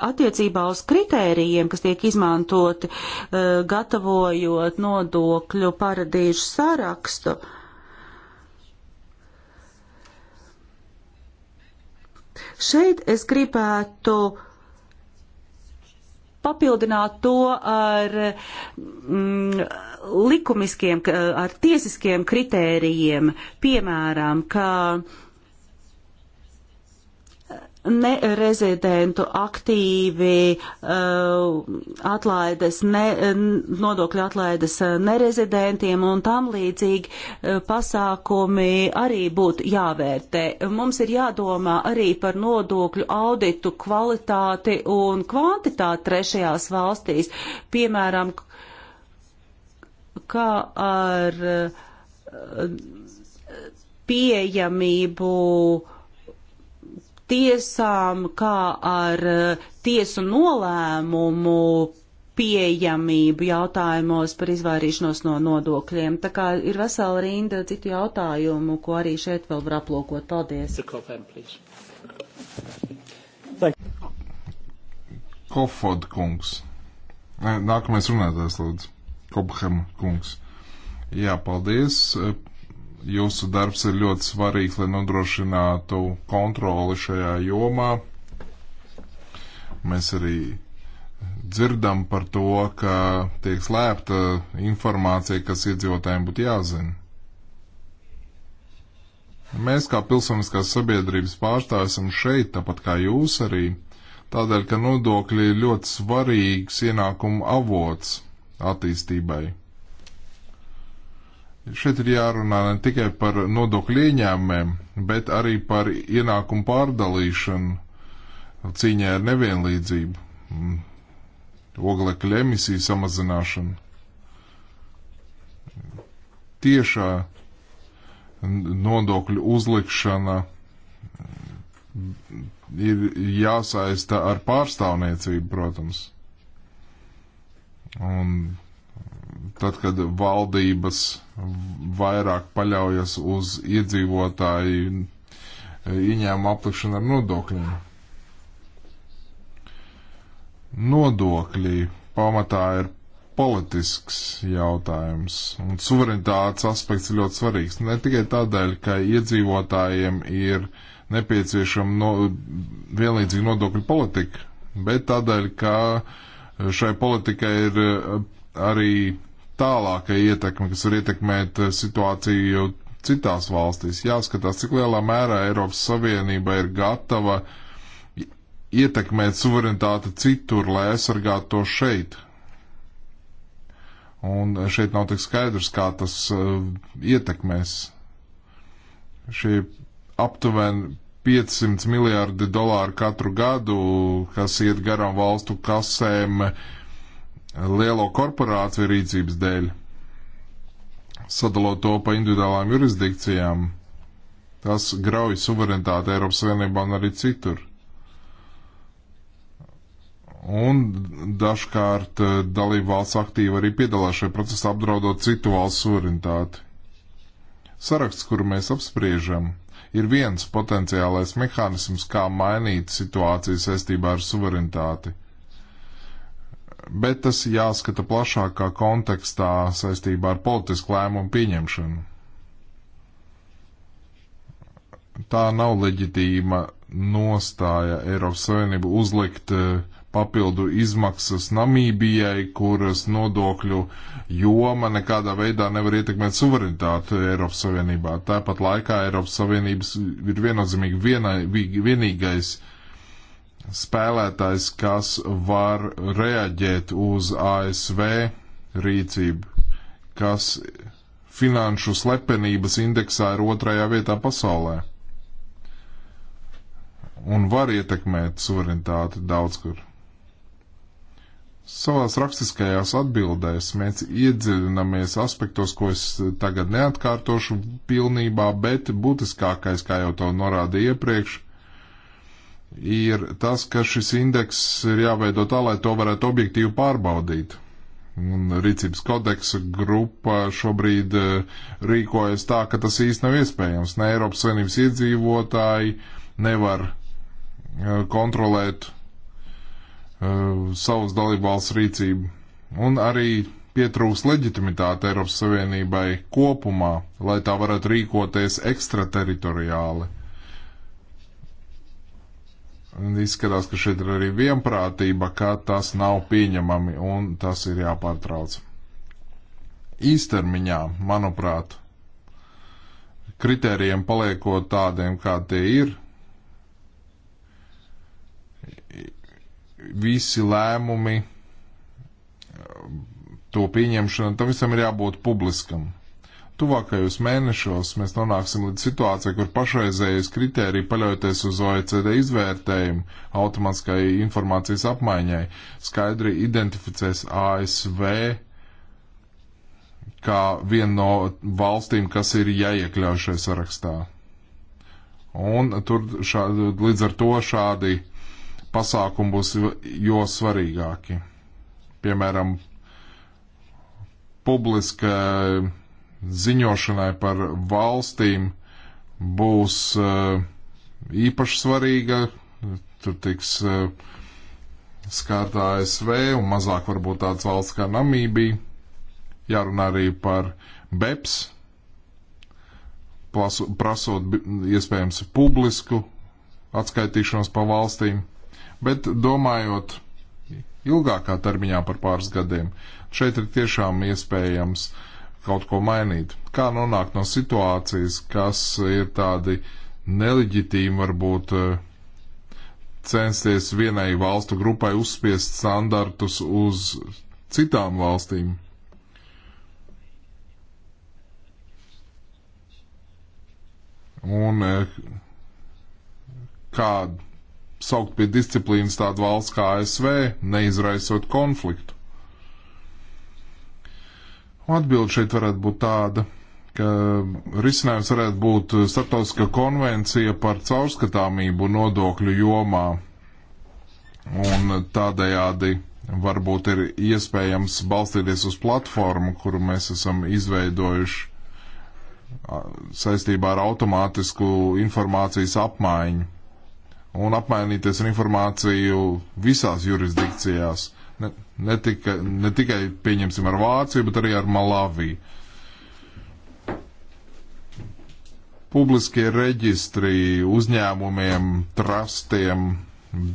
attiecībā uz kritērijiem, kas tiek izmantoti, uh, gatavojot nodokļu paradīžu sarakstu. Uh, Šeit es gribētu papildināt to ar mm, likumiskiem, ar tiesiskiem kritērijiem, piemēram, ka uh, nerezidentu aktīvi uh, atlaides, ne, nodokļu atlaides eh, nerezidentiem un tam līdzīgi uh, pasākumi arī būtu jāvērtē. Mums ir jādomā arī par nodokļu auditu kvalitāti un kvantitāti trešajās valstīs, piemēram, kā ar uh, pieejamību uh, tiesām, kā ar eh, tiesu nolēmumu pieejamību jautājumos par izvairīšanos no nodokļiem. Tā kā ir vesela rinda citu jautājumu, ko arī šeit vēl var aplūkot. Paldies! Kofod kungs. Nākamais runātājs, lūdzu. Kobhem kungs. Jā, paldies. Jūsu darbs ir ļoti svarīgs, lai nodrošinātu kontroli šajā jomā. Mēs arī dzirdam par to, ka tiek slēpta informācija, kas iedzīvotājiem būtu jāzina. Mēs kā pilsoniskās sabiedrības pārstāvji esam šeit, tāpat kā jūs arī, tādēļ, ka nodokļi ir ļoti svarīgs ienākumu avots attīstībai. Šeit ir jārunā ne tikai par nodokļu ieņēmumiem, bet arī par ienākumu pārdalīšanu cīņā ar nevienlīdzību, mm, oglekļa emisiju samazināšanu. Tiešā nodokļu uzlikšana mm, ir jāsaista ar pārstāvniecību, protams. Un tad, kad valdības vairāk paļaujas uz iedzīvotāju ieņēmumu aplikšanu ar nodokļiem. Nodokļi pamatā ir politisks jautājums, un suverenitātes aspekts ir ļoti svarīgs. Ne tikai tādēļ, ka iedzīvotājiem ir nepieciešama no, vienlīdzīga nodokļu politika, bet tādēļ, ka šai politikai ir eh, arī tālāka ietekme, kas var ietekmēt eh, situāciju citās valstīs. Jāskatās, cik lielā mērā Eiropas Savienība ir gatava ietekmēt suverenitāti citur, lai aizsargātu to šeit. Un šeit nav tik skaidrs, kā tas uh, ietekmēs. Šie aptuveni 500 miljārdi dolāru katru gadu, kas iet garām valstu kasēm, uh, lielo korporāciju rīcības dēļ, sadalot to pa individuālām jurisdikcijām, tas grauj suverenitāti Eiropas Savienībā un arī citur. Un dažkārt eh, dalību valsts aktīvi arī piedalās šajā procesā, apdraudot citu valstu suverenitāti. Saraksts, kuru mēs apspriežam, ir viens potenciālais mehānisms, kā mainīt situāciju saistībā ar suverenitāti bet tas jāskata plašākā kontekstā saistībā ar politisku lēmumu pieņemšanu. Tā nav leģitīma nostāja Eiropas Savienību uzlikt eh, papildu izmaksas Namībijai, kuras nodokļu joma nekādā veidā nevar ietekmēt suverenitāti Eiropas Savienībā. Tāpat laikā Eiropas Savienības ir viennozīmīgi vienai, vienīgais uh, spēlētājs, kas var reaģēt uz ASV rīcību, kas finanšu slepenības indeksā ir otrajā vietā pasaulē un var ietekmēt suverenitāti daudz kur. Savās rakstiskajās atbildēs mēs iedziļināmies aspektos, ko es tagad neatkārtošu pilnībā, bet būtiskākais, kā jau to norādīju iepriekš, ir ir tas, ka šis indeks ir jāveido tā, lai to varētu objektīvi pārbaudīt. Un rīcības kodeksa grupa šobrīd eh, rīkojas tā, ka tas īsti nav iespējams. Ne Eiropas Savienības iedzīvotāji nevar eh, kontrolēt uh, eh, savus dalībvalsts rīcību. Un arī pietrūks leģitimitāte Eiropas Savienībai kopumā, lai tā varētu rīkoties ekstrateritoriāli. Izskatās, ka šeit ir arī vienprātība, ka tas nav pieņemami un tas ir jāpārtrauc. Īstermiņā, manuprāt, kritērijiem paliekot tādiem, kādi tie ir, visi lēmumi, to pieņemšana, tam visam ir jābūt publiskam tuvākajos mēnešos mēs nonāksim līdz situācijai, kur pašreizējais kriterija paļaujoties uz OECD izvērtējumu automātiskai informācijas apmaiņai skaidri identificēs ASV kā vienu no valstīm, kas ir jāiekļauj šajā sarakstā. Un tur šā, līdz ar to šādi pasākumi būs jo svarīgāki. Piemēram, publiska ziņošanai par valstīm būs eh, īpaši svarīga. Tur tiks eh, skārtā ASV un mazāk varbūt tāds valsts kā Namībija. Jārunā arī par BEPS, prasot iespējams publisku atskaitīšanos pa valstīm, bet domājot ilgākā termiņā par pāris gadiem, šeit ir tiešām iespējams uh, kaut ko mainīt. Kā nonākt no situācijas, kas ir tādi neleģitīmi, varbūt eh, censties vienai valstu grupai uzspiest standartus uz citām valstīm? Un eh, kā saukt pie disciplīnas tādu valsts kā ASV, neizraisot konfliktu? Atbilde šeit varētu būt tāda, ka risinājums varētu būt starptautiska konvencija par caurskatāmību nodokļu jomā. Un tādējādi varbūt ir iespējams balstīties uz platformu, kuru mēs esam izveidojuši saistībā ar automātisku informācijas apmaiņu un apmainīties ar informāciju visās jurisdikcijās Ne, ne, tika, ne tikai pieņemsim ar Vāciju, bet arī ar Malaviju. Publiskie reģistri uzņēmumiem, trustiem,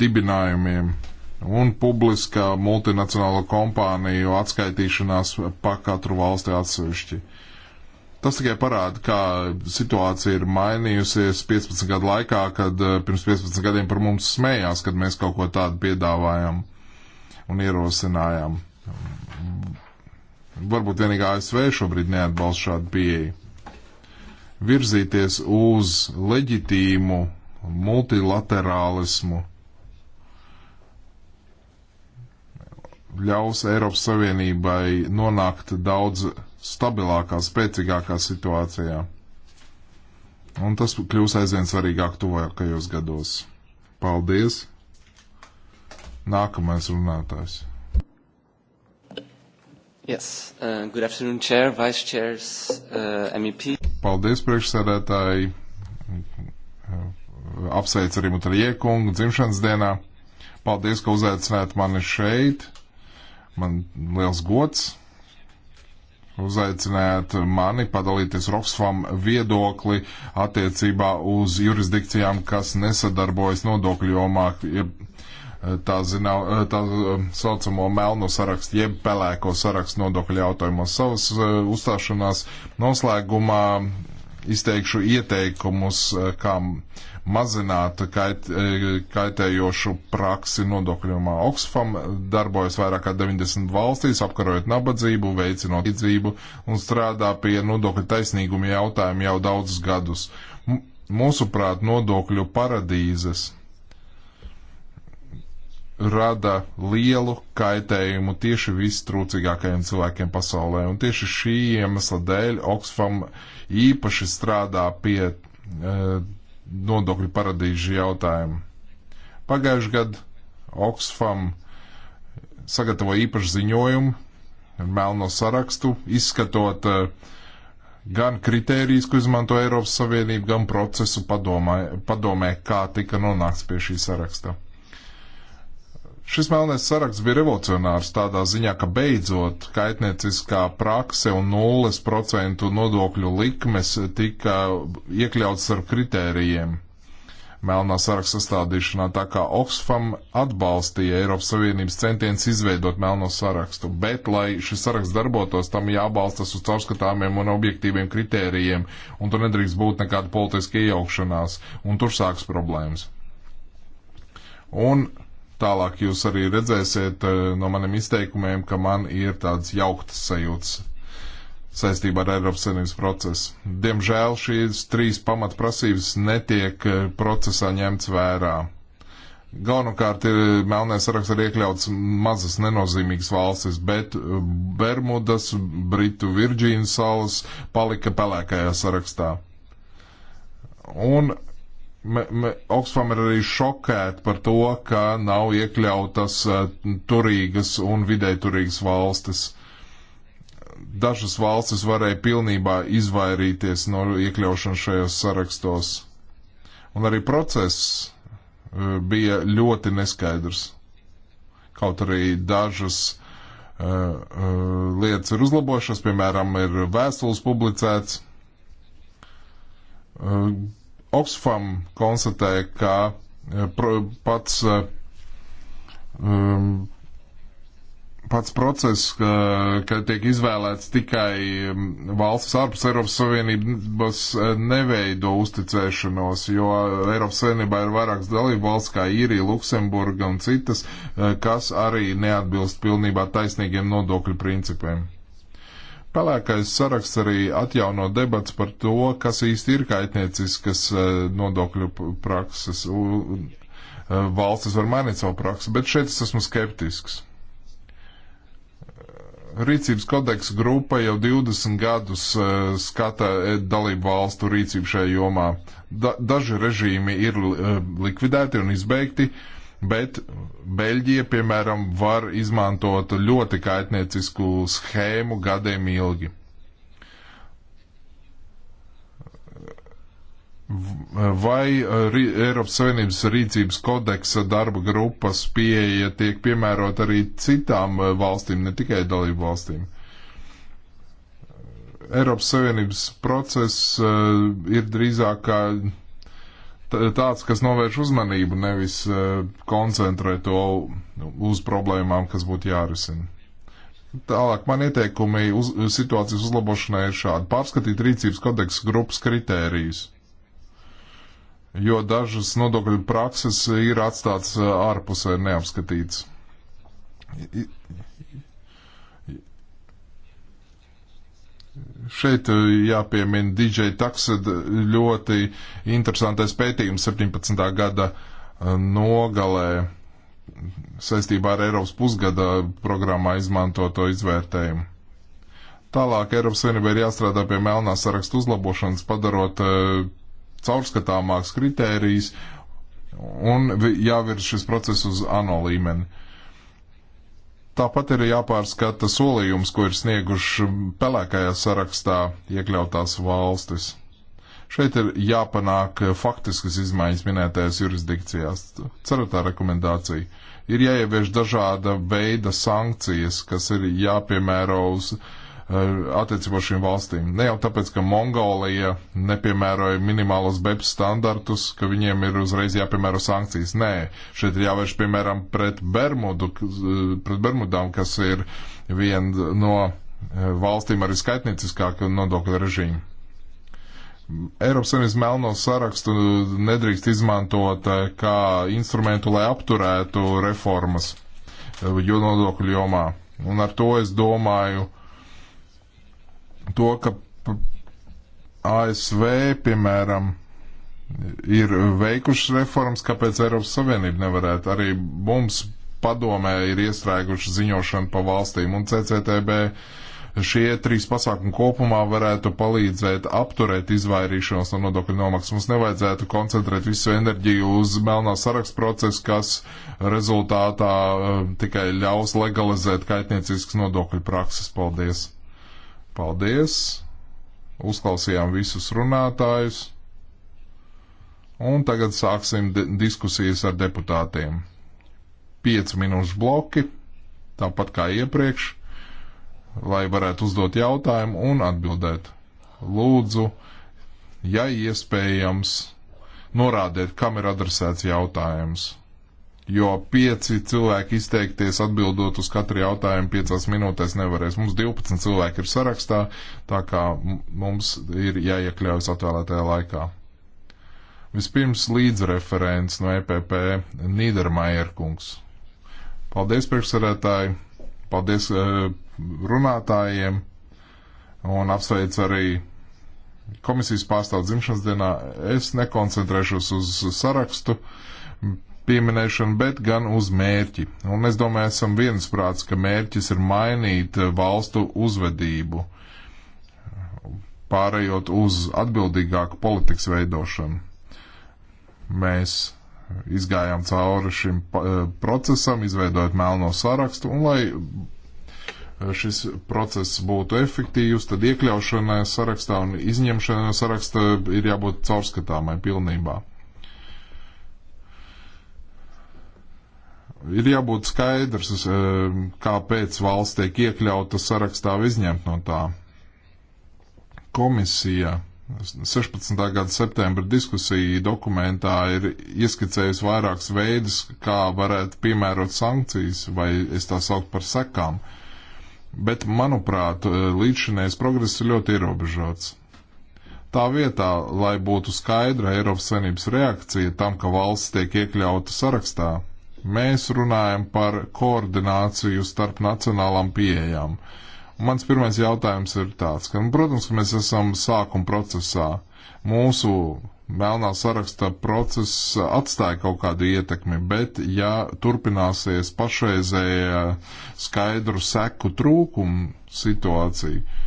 dibinājumiem un publiskā multinacionāla kompāniju atskaitīšanās pa katru valsti atsevišķi. Tas tikai parāda, kā situācija ir mainījusies 15 gadu laikā, kad eh, pirms 15 gadiem par mums smējās, kad mēs kaut ko tādu piedāvājam un ierosinājām. Um, varbūt vienīgā ASV šobrīd neatbalsta šādu pieeju. Virzīties uz leģitīmu multilaterālismu ļaus Eiropas Savienībai nonākt daudz stabilākā, spēcīgākā situācijā. Un tas kļūs aizvien svarīgāk tuvākajos gados. Paldies! Nākamais runātājs. Yes. Uh, good afternoon, Chair, Vice Chairs, uh, MEP. Paldies, priekšsēdētāji. Apsveic arī Mutarjē kungu dzimšanas dienā. Paldies, ka uzaicināt mani šeit. Man liels gods. Uzaicināt mani padalīties Roksfam viedokli attiecībā uz jurisdikcijām, kas nesadarbojas nodokļu jomā, tā, zinā, eh, tā eh, saucamo melno sarakstu, jeb pelēko sarakstu nodokļu jautājumos. Savas eh, uzstāšanās noslēgumā izteikšu ieteikumus, kā mazināt kait, kaitējošu praksi nodokļumā. Oxfam darbojas vairāk kā 90 valstīs, apkarojot nabadzību, veicinot līdzību un strādā pie nodokļu taisnīguma jautājumu jau daudzus gadus. M mūsuprāt, nodokļu paradīzes rada lielu kaitējumu tieši vistrūcīgākajiem cilvēkiem pasaulē. Un tieši šī iemesla dēļ Oxfam īpaši strādā pie e, nodokļu paradīžu jautājumu. Pagājuši gadu Oxfam sagatavoja īpašu ziņojumu ar melno sarakstu, izskatot e, gan kritērijas, ko izmanto Eiropas Savienība, gan procesu padomē, padomē kā tika nonāks pie šī saraksta. Šis melnais saraksts bija revolucionārs tādā ziņā, ka beidzot kaitnieciskā prakse un 0% nodokļu likmes tika iekļauts ar kritērijiem. Melnā saraksta sastādīšanā tā kā Oxfam atbalstīja Eiropas Savienības centienus izveidot melno sarakstu, bet, lai šis saraksts darbotos, tam jābalstas uz caurskatāmiem un objektīviem kritērijiem, un tur nedrīkst būt nekāda politiska iejaukšanās, un tur sāks problēmas. Un Tālāk jūs arī redzēsiet eh, no maniem izteikumiem, ka man ir tāds jauktas sajūtas saistībā ar Eiropas Savienības procesu. Diemžēl šīs trīs pamatprasības netiek eh, procesā ņemts vērā. Galvenokārt ir melnēs saraksts arī iekļauts mazas nenozīmīgas valstis, bet eh, Bermudas, Britu Virģīnas salas palika pelēkajā sarakstā. Un Oxfam ir arī šokēta par to, ka nav iekļautas eh, turīgas un vidēturīgas valstis. Dažas valstis varēja pilnībā izvairīties no iekļaušanas šajos sarakstos. Un arī process eh, bija ļoti neskaidrs. Kaut arī dažas uh, uh, lietas ir uzlabojušas, piemēram, ir vēstules publicēts Oxfam konstatēja, ka eh, pats, eh, um, pats process, ka, ka tiek izvēlēts tikai um, valsts ārpus Eiropas Savienības, eh, neveido uzticēšanos, jo Eiropas Savienībā ir vairākas dalību valsts, kā Īrija, Luksemburga un citas, kas arī neatbilst pilnībā taisnīgiem nodokļu principiem. Pelēkais saraksts arī atjauno debats par to, kas īsti ir kaitnieciskas eh, nodokļu prakses. Eh, valstis var mainīt savu praksi, bet šeit es esmu skeptisks. Rīcības kodeksa grupa jau 20 gadus uh, skata dalību valstu rīcību šajā jomā. Da, daži režīmi ir uh, likvidēti un izbeigti, uh, bet Beļģija, piemēram, var izmantot ļoti kaitniecisku schēmu gadiem ilgi. Vai eh, Eiropas Savienības rīcības kodeksa darba grupas pieeja tiek piemērot arī citām eh, valstīm, ne tikai dalību valstīm? Eiropas Savienības process eh, ir drīzāk kā tāds, kas novērš uzmanību, nevis e, koncentrē to uz problēmām, kas būtu jārisina. Tālāk man ieteikumi uz, situācijas uzlabošanai ir šādi. Pārskatīt rīcības kodeksa grupas kritērijus, jo dažas nodokļu prakses ir atstātas e, ārpusē neapskatītas Šeit uh, jāpiemina DJ Taksad ļoti interesantais pētījums 17. gada uh, nogalē saistībā ar Eiropas pusgada programmā izmantoto izvērtējumu. Tālāk Eiropas Savienībai ir jāstrādā pie melnā saraksta uzlabošanas, padarot uh, caurskatāmāks kritērijs un jāvirz šis process uz ANO līmeni. Uh, Tāpat ir jāpārskata solījums, ko ir snieguši pelēkajā sarakstā iekļautās valstis. Šeit ir jāpanāk faktiskas izmaiņas minētajās jurisdikcijās. Ceratā rekomendācija. Ir jāievieš dažāda veida sankcijas, kas ir jāpiemēro uz uh, Eh, attiecībā šīm valstīm. Ne jau tāpēc, ka Mongolija nepiemēroja minimālos BEPS standartus, ka viņiem ir uzreiz jāpiemēro sankcijas. Nē, šeit ir jāvērš piemēram pret Bermudu, pret Bermudām, kas ir viena no eh, valstīm ar viskaitnieciskāku nodokļu režīmu. Eiropas Savienības melno sarakstu nedrīkst izmantot eh, kā instrumentu, lai apturētu reformas, jo nodokļu jomā. Un ar to es domāju, to, ka ASV, piemēram, ir veikušas reformas, kāpēc Eiropas Savienība nevarētu. Arī mums padomē ir iestrēguši ziņošana pa valstīm un CCTB. Šie trīs pasākumi kopumā varētu palīdzēt apturēt izvairīšanos no nodokļu nomaksas. Mums nevajadzētu koncentrēt visu enerģiju uz melnā sarakstu procesu, kas rezultātā uh, tikai ļaus legalizēt kaitnieciskas nodokļu prakses. Paldies! Paldies! Uzklausījām visus runātājus. Un tagad sāksim diskusijas ar deputātiem. 5 minūšu bloki, tāpat kā iepriekš, lai varētu uzdot jautājumu un atbildēt. Lūdzu, ja iespējams, norādiet, kam ir adresēts jautājums jo pieci cilvēki izteikties atbildot uz katru jautājumu piecās minūtēs nevarēs. Mums 12 cilvēki ir sarakstā, tā kā mums ir jāiekļaujas atvēlētajā laikā. Vispirms līdzreferents no EPP Nīdermajer kungs. Paldies priekšsarētāji, paldies eh, runātājiem un apsveic arī komisijas pārstāvu dzimšanas dienā. Es nekoncentrēšos uz sarakstu. Uh, pieminēšanu, bet gan uz mērķi. Un es domāju, esam viensprāts, ka mērķis ir mainīt eh, valstu uzvedību, pārējot uz atbildīgāku politikas veidošanu. Mēs izgājām cauri šim eh, procesam, izveidojot melno sarakstu, un lai eh, šis process būtu efektīvs, tad iekļaušanai sarakstā un izņemšanai sarakstā ir jābūt caurskatāmai pilnībā. Ir jābūt skaidrs, ehm, kāpēc valsts tiek iekļauta sarakstā vai izņemta no tā. Komisija 16. gada septembra diskusija dokumentā ir ieskicējusi vairākus veidus, kā varētu piemērot sankcijas, vai es tā saucu par sekām. Bet, manuprāt, eh, līdzšinējais progress ir ļoti ierobežots. Tā vietā, lai būtu skaidra Eiropas Savienības reakcija tam, ka valsts tiek iekļauta sarakstā, Mēs runājam par koordināciju starp nacionālām pieejām. Mans pirmais jautājums ir tāds, ka, nu, protams, ka mēs esam sākuma procesā. Mūsu melnā saraksta process atstāja kaut kādu ietekmi, bet ja turpināsies pašreizējā skaidru seku trūkumu situācija,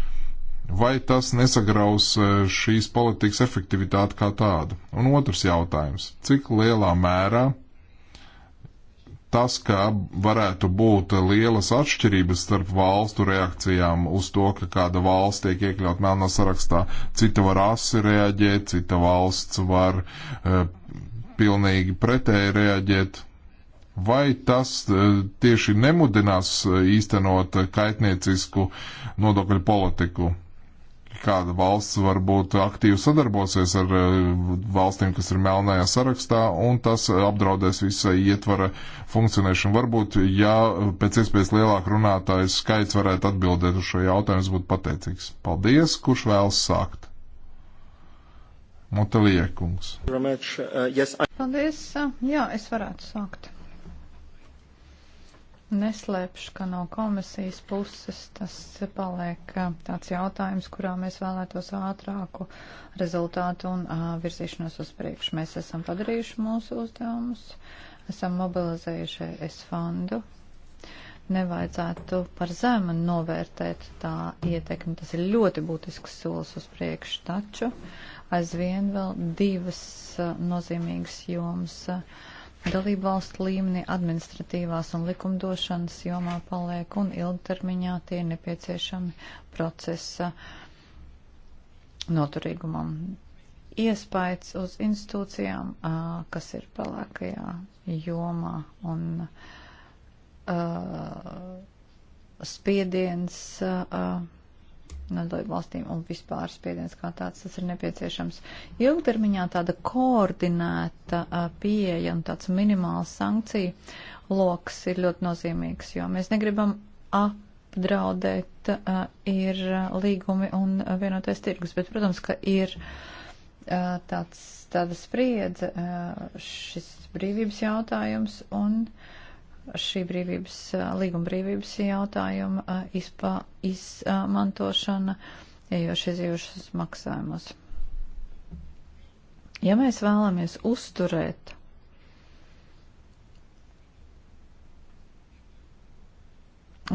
vai tas nesagraus e, šīs politikas efektivitāti kā tādu? Un otrs jautājums - cik lielā mērā tas, ka varētu būt lielas atšķirības starp valstu reakcijām uz to, ka kāda valsts tiek iekļaut melnā sarakstā. Cita var asi reaģēt, cita valsts var uh, pilnīgi pretēji reaģēt. Vai tas uh, tieši nemudinās e, īstenot kaitniecisku nodokļu politiku? kāda valsts varbūt aktīvi sadarbosies ar eh, valstīm, kas ir melnējā sarakstā, un tas apdraudēs visai ietvara funkcionēšanu. Varbūt, ja pēc iespējas lielāk runātājs skaits varētu atbildēt uz šo jautājumu, es būtu pateicīgs. Paldies, kurš vēlas sākt? Moteliekungs. Uh, Paldies, jā, es varētu sākt. Neslēpšu, ka no komisijas puses tas paliek tāds jautājums, kurā mēs vēlētos ātrāku rezultātu un uh, virzīšanos uz priekšu. Mēs esam padarījuši mūsu uzdevumus, esam mobilizējuši es fondu. Nevajadzētu par zemu novērtēt tā ietekmi. Tas ir ļoti būtisks solis uz priekšu, taču aizvien vēl divas uh, nozīmīgas jomas. Uh, dalību valstu līmenī administratīvās un likumdošanas jomā paliek un ilgtermiņā tie ir nepieciešami procesa noturīgumam. Iespējas uz institūcijām, kas ir pelēkajā jomā un uh, spiediens. Uh, no dalību valstīm un vispār spiediens kā tāds, tas ir nepieciešams. Ilgtermiņā tāda koordinēta pieeja un tāds minimāls sankcija loks ir ļoti nozīmīgs, jo mēs negribam apdraudēt ir līgumi un vienotais tirgus, bet, protams, ka ir tāds, tāda spriedze, šis brīvības jautājums un šī brīvības, līguma brīvības jautājuma izpā, izmantošana, ejoši izjūšas maksājumus. Ja mēs vēlamies uzturēt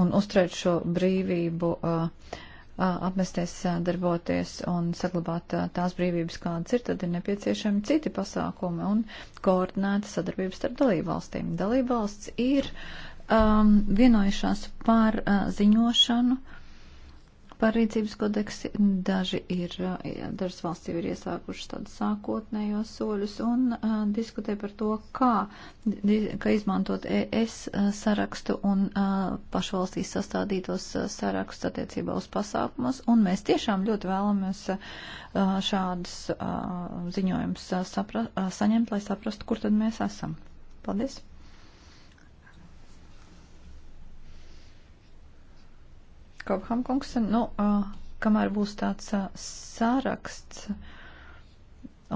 un uzturēt šo brīvību uh, apmesties darboties un saglabāt tās brīvības, kādas ir, tad ir nepieciešami citi pasākumi un koordinēta sadarbības starp dalībvalstīm. Dalībvalsts ir um, vienojušās par uh, ziņošanu Par rīcības kodeksi daži ir, dažas valsts jau ir iesākušas tādus sākotnējos soļus un uh, diskutē par to, kā, di, kā izmantot ES sarakstu un uh, pašvalstīs sastādītos sarakstus attiecībā uz pasākumus. Un mēs tiešām ļoti vēlamies uh, šādus uh, ziņojumus uh, sapra, uh, saņemt, lai saprastu, kur tad mēs esam. Paldies! Kobham kungs, nu, uh, kamēr būs tāds uh, sāraksts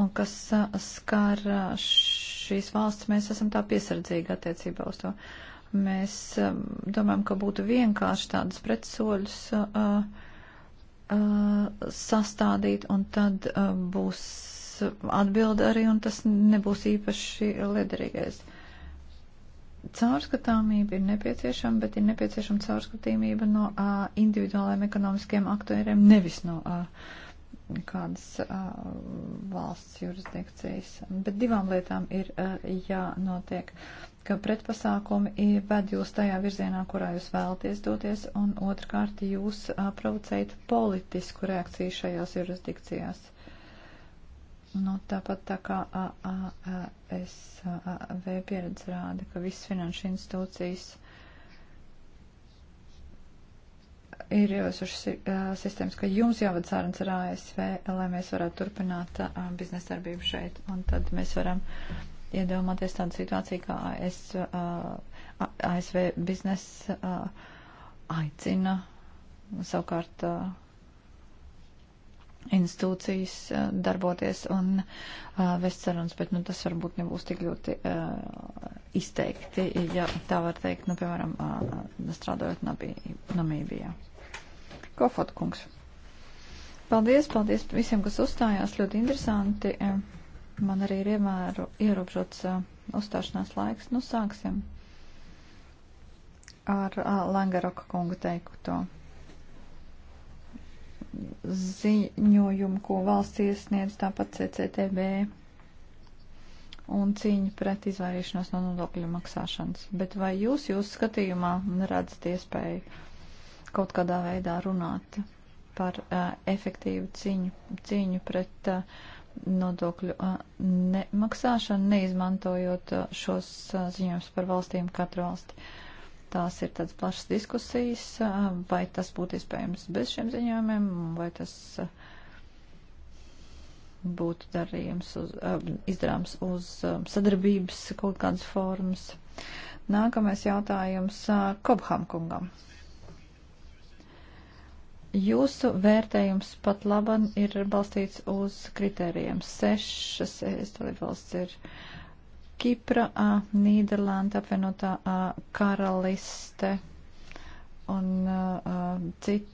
un kas uh, skar uh, šīs valsts, mēs esam tā piesardzīgi attiecībā uz to. Mēs um, domājam, ka būtu vienkārši tādus pretsoļus uh, uh, sastādīt, un tad uh, būs atbilde arī, un tas nebūs īpaši liederīgais. Uh, Caurskatāmība ir nepieciešama, bet ir nepieciešama caurskatāmība no uh, individuāliem ekonomiskiem aktieriem, nevis no uh, kādas uh, valsts jurisdikcijas. Bet divām lietām ir uh, jānotiek, ka pretpasākumi ved jūs tajā virzienā, kurā jūs vēlaties doties, un otrkārt jūs uh, provocējat politisku reakciju šajās jurisdikcijās. Uh, Nu, tāpat tā kā AASV pieredze rāda, ka visas finanšu institūcijas ir ievesušas sistēmas, ka jums jāved sarunas ar ASV, lai mēs varētu turpināt biznesa darbību šeit. Un tad mēs varam iedomāties tādu situāciju, kā AS, ASV biznesa aicina savukārt. A, institūcijas eh, darboties un eh, vest sarunas, bet nu, tas varbūt nebūs tik ļoti uh, izteikti, ja tā var teikt, nu, piemēram, uh, strādājot Namībijā. Kofot kungs. Paldies, paldies visiem, kas uzstājās, ļoti interesanti. Man arī ir iemēru, ierobežots uh, uzstāšanās laiks. Nu, sāksim ar Langaroka kungu teikto. to ziņojumu, ko valsts iesniedz, tāpat CCTB un cīņa pret izvairīšanos no nodokļu maksāšanas. Bet vai jūs, jūs skatījumā redzat iespēju kaut kādā veidā runāt par uh, efektīvu cīņu, cīņu pret uh, nodokļu uh, nemaksāšanu, neizmantojot uh, šos uh, ziņojumus par valstīm katru valsti? Uh, Tās ir tādas plašas diskusijas, vai tas būtu iespējams bez šiem ziņojumiem, vai tas uh, būtu darījums uz, uh, izdarāms uz um, sadarbības kaut kādas formas. Nākamais jautājums uh, Kobham kungam. Jūsu vērtējums pat laban ir balstīts uz kritērijiem. Sešas es dalībvalsts ir uh, Kipra, Nīderlanda, apvienotā karaliste un citi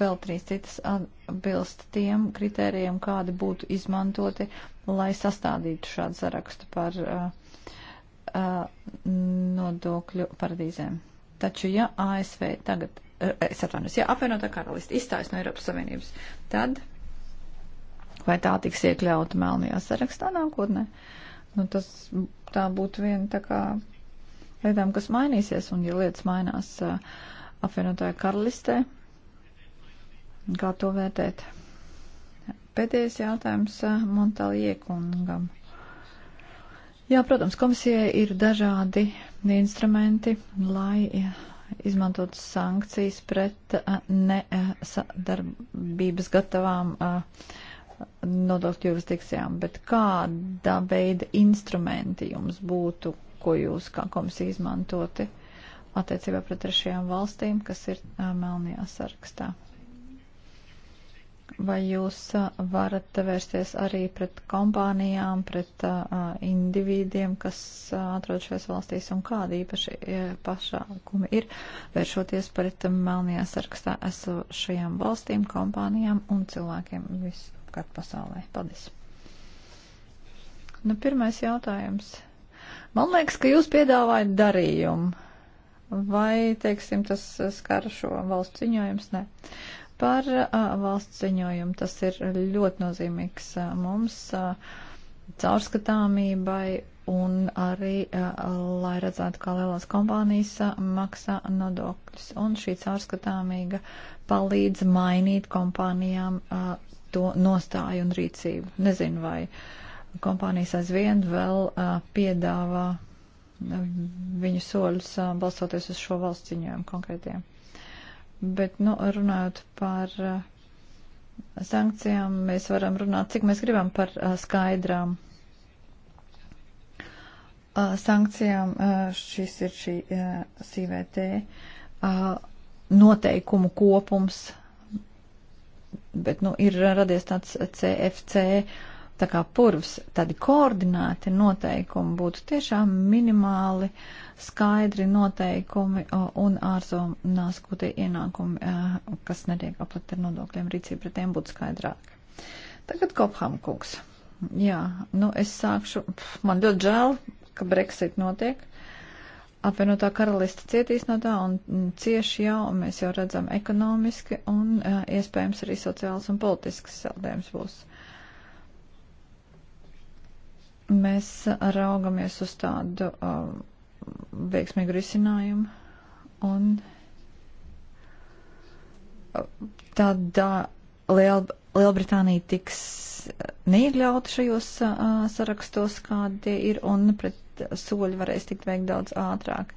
vēl trīs citas atbilst tiem kritērijiem, kādi būtu izmantoti, lai sastādītu šādu sarakstu par uh, uh, nodokļu paradīzēm. Taču, ja ASV tagad, uh, es atvainojos, ja apvienotā karalista izstājas no Eiropas Savienības, tad vai tā tiks iekļauta melnajā sarakstā nākotnē? Uh, Nu, tas tā būtu viena tā kā lietām, kas mainīsies, un ja lietas mainās uh, apvienotāja karalistē, kā to vērtēt? Pēdējais jautājums uh, Montalie kungam. Jā, protams, komisijai ir dažādi instrumenti, lai izmantot sankcijas pret uh, nesadarbības gatavām uh, nodokļu jurisdikcijām, bet kāda veida instrumenti jums būtu, ko jūs kā komisija izmantoti attiecībā pret trešajām valstīm, kas ir melnajā sarakstā? Vai jūs varat vērsties arī pret kompānijām, pret uh, individiem, kas atrodas šajās valstīs un kādi īpaši pašākumi ir, vēršoties pret melnajā sarakstā esošajām valstīm, kompānijām un cilvēkiem visu? apkārt pasaulē. Paldies! Nu, pirmais jautājums. Man liekas, ka jūs piedāvājat darījumu. Vai, teiksim, tas skar šo valsts ziņojumus? Nē. Par uh, valsts ziņojumu tas ir ļoti nozīmīgs uh, mums uh, caurskatāmībai un arī, uh, lai redzētu, kā lielās kompānijas uh, maksā nodokļus. Un šī caurskatāmīga palīdz mainīt kompānijām uh, to nostāju un rīcību. Nezinu, vai kompānijas aizvien vēl uh, piedāvā viņu soļus uh, balstoties uz šo valsts ziņojumu konkrētiem. Bet, nu, runājot par uh, sankcijām, mēs varam runāt, cik mēs gribam par uh, skaidrām uh, sankcijām. Uh, šis ir šī uh, CVT uh, noteikumu kopums bet nu, ir radies tāds CFC tā kā purvs, tādi koordinēti noteikumi būtu tiešām minimāli skaidri noteikumi un ārzonās gūtie ienākumi, kas netiek aplikt ar nodokļiem, rīcība pret tiem būtu skaidrāka. Tagad Kopham kungs. Jā, nu es sākšu, man ļoti žēl, ka Brexit notiek apvienotā karalista cietīs no tā un mm, cieši jau, un mēs jau redzam ekonomiski un iespējams arī sociāls un politisks saldējums būs. Mēs raugamies uz tādu um, veiksmīgu risinājumu un tādā Liel, Lielbritānija tiks neiekļauta šajos uh, sarakstos, kādi ir, un pret soļi varēs tikt veikt daudz ātrāk.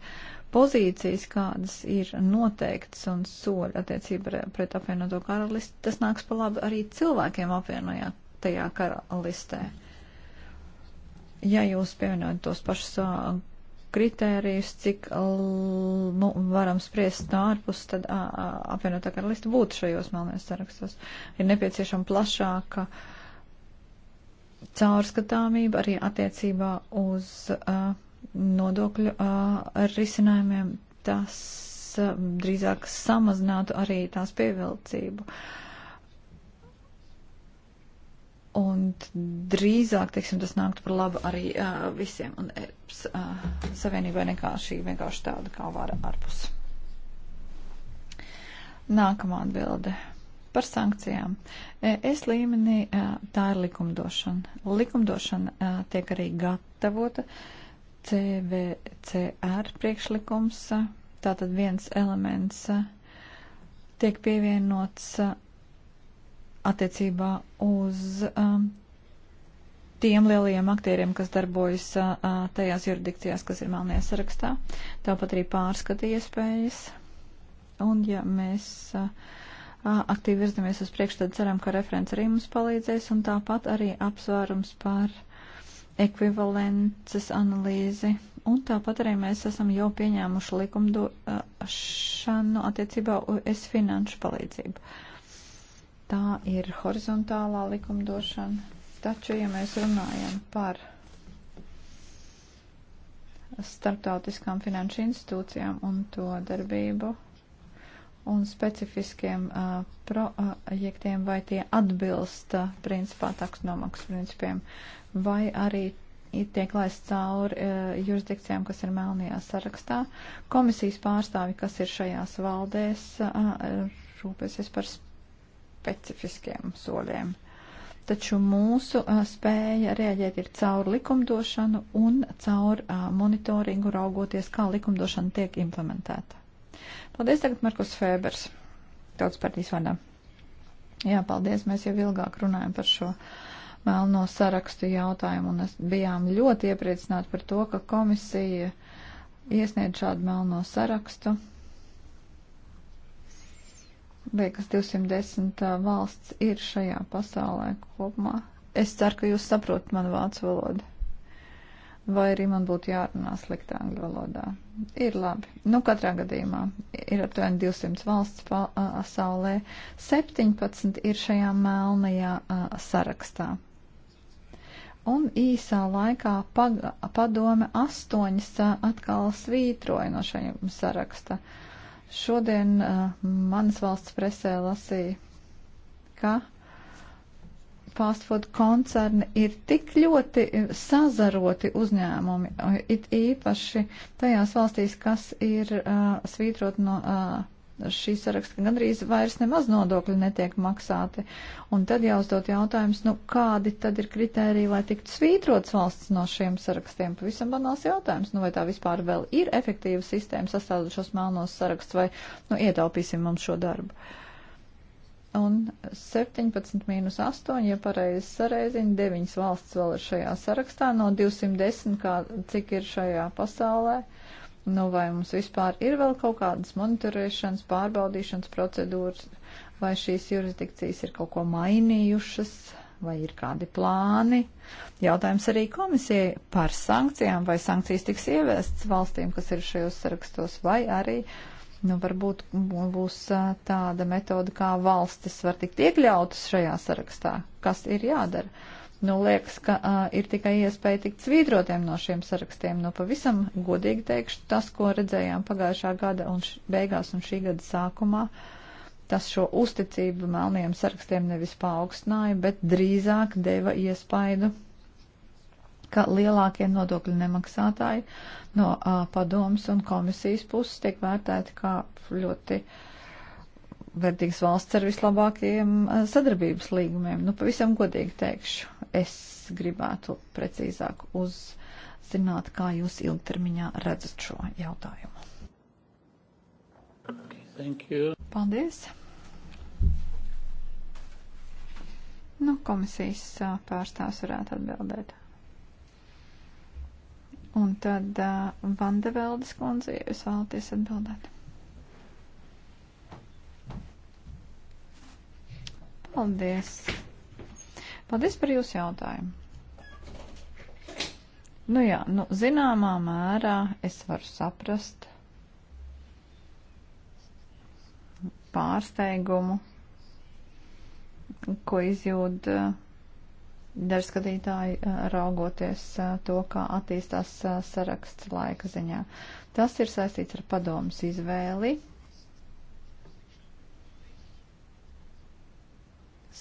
Pozīcijas, kādas ir noteiktas un soļi attiecībā pret apvienoto karalisti, tas nāks pa labi arī cilvēkiem apvienojā tajā karalistē. Ja jūs pievienojat tos pašus kritērijus, cik nu, varam spriest no ārpus, tad apvienotā karalista būtu šajos melnēs sarakstos. Ir nepieciešama plašāka uh, caurskatāmība arī attiecībā uz uh, nodokļu uh, risinājumiem, tas uh, drīzāk samazinātu arī tās pievilcību. Un drīzāk, teiksim, tas nāktu par labu arī uh, visiem un ERPS uh, savienībai nekā šī vienkārši tāda kā vara ārpus. Nākamā atbilde. Par sankcijām. Es līmenī e, tā ir likumdošana. Likumdošana e, tiek arī gatavota. CVCR priekšlikums, tātad viens elements e, tiek pievienots attiecībā uz tiem lielajiem aktieriem, kas darbojas tajās juridikcijās, kas ir melnajā sarakstā. Tāpat arī pārskata iespējas. Un ja mēs uh, aktīvi virzamies uz priekšu, tad ceram, ka referents arī mums palīdzēs un tāpat arī apsvērums par ekvivalences analīzi. Un tāpat arī mēs esam jau pieņēmuši likumdošanu attiecībā uz finanšu palīdzību. Tā ir horizontālā likumdošana. Taču, ja mēs runājam par starptautiskām finanšu institūcijām un to darbību, un specifiskiem uh, projektiem, vai tie atbilst uh, principā taksonomikas principiem, vai arī tiek laists cauri uh, jurisdikcijām, kas ir melnajā sarakstā. Komisijas pārstāvi, kas ir šajās valdēs, uh, rūpēsies par specifiskiem soļiem. Taču mūsu uh, spēja rēģēt ir caur likumdošanu un caur uh, monitoringu raugoties, kā likumdošana tiek implementēta. Paldies tagad Markus Fēbers, tautas partijas vadā. Jā, paldies, mēs jau ilgāk runājam par šo melno sarakstu jautājumu, un es bijām ļoti iepriecināti par to, ka komisija iesniedz šādu melno sarakstu. Liekas, 210 valsts ir šajā pasaulē kopumā. Es ceru, ka jūs saprotat manu vācu valodu vai arī man būtu jārunā sliktā angļu valodā. Ir labi. Nu, katrā gadījumā ir aptuveni 200 valsts pasaulē, 17 ir šajā melnajā sarakstā. Un īsā laikā padome astoņas atkal svītroja no šajiem saraksta. Šodien uh, manas valsts presē lasīja, ka fast food koncerni ir tik ļoti e, sazaroti uzņēmumi, it īpaši tajās valstīs, kas ir uh, svītrot no. Uh, šī saraksta gandrīz vairs nemaz nodokļi netiek maksāti. Un tad jāuzdot jautājums, nu kādi tad ir kriteriji, lai tiktu svītrots valsts no šiem sarakstiem? Pavisam banāls jautājums, nu vai tā vispār vēl ir efektīva sistēma sastādot šos melnos sarakstus vai, nu, ietaupīsim mums šo darbu. Uh, Un 17 mīnus 8, ja pareizi sareizina, 9 valsts vēl ir šajā sarakstā no 210, kā, cik ir šajā pasaulē. Nu, vai mums vispār ir vēl kaut kādas monitorēšanas, pārbaudīšanas procedūras, vai šīs jurisdikcijas ir kaut ko mainījušas, vai ir kādi plāni. Jautājums arī komisijai par sankcijām, vai sankcijas tiks ievestas valstīm, kas ir šajos sarakstos, vai arī uh, Nu, varbūt būs tāda metoda, kā valstis var tikt iekļautas šajā sarakstā. Kas ir jādara? Nu, liekas, ka uh, ir tikai iespēja tikt svītrotiem no šiem sarakstiem. Nu, pavisam godīgi teikšu, tas, ko redzējām pagājušā gada un š, beigās un šī gada sākumā, tas šo uzticību melniem sarakstiem nevis paaugstināja, bet drīzāk deva iespaidu ka lielākie nodokļu nemaksātāji no uh, padomas un komisijas puses tiek vērtēti kā ļoti vērtīgas valsts ar vislabākajiem uh, sadarbības līgumiem. Nu, pavisam godīgi teikšu, es gribētu precīzāk uzzināt, kā jūs ilgtermiņā redzat šo jautājumu. Okay, Paldies! Nu, komisijas pārstāvs varētu atbildēt. Un tad uh, Vandeveldes kundze, ja jūs vēlaties atbildēt. Paldies. Paldies par jūsu jautājumu. Nu jā, nu, zināmā mērā es varu saprast pārsteigumu, ko izjūda. Uh, darskatītāji eh, raugoties eh, to, kā attīstās eh, saraksts laika ziņā. Tas ir saistīts ar padomus izvēli.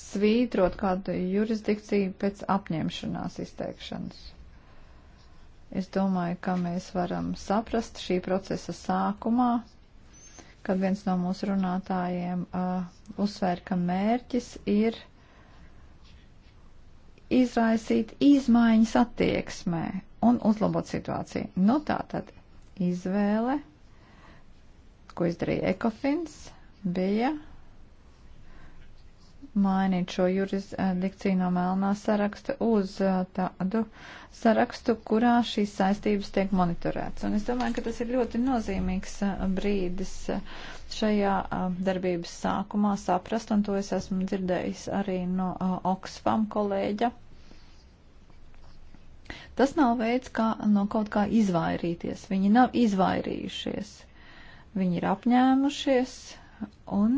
Svītrot kādu jurisdikciju pēc apņemšanās izteikšanas. Es domāju, ka mēs varam saprast šī procesa sākumā, kad viens no mūsu runātājiem uh, uzsvēra, ka mērķis ir uh, izraisīt izmaiņas attieksmē un uzlabot situāciju. Nu tā tad izvēle, ko izdarīja Ekofins, bija mainīt šo jurisdikciju no melnā saraksta uz uh, tādu sarakstu, kurā šīs saistības tiek monitorēts. Un es domāju, ka tas ir ļoti nozīmīgs uh, brīdis uh, šajā darbības sākumā saprast, un to es esmu dzirdējis arī no Oxfam kolēģa Tas nav veids, kā no kaut kā izvairīties. Viņi nav izvairījušies. Viņi ir apņēmušies un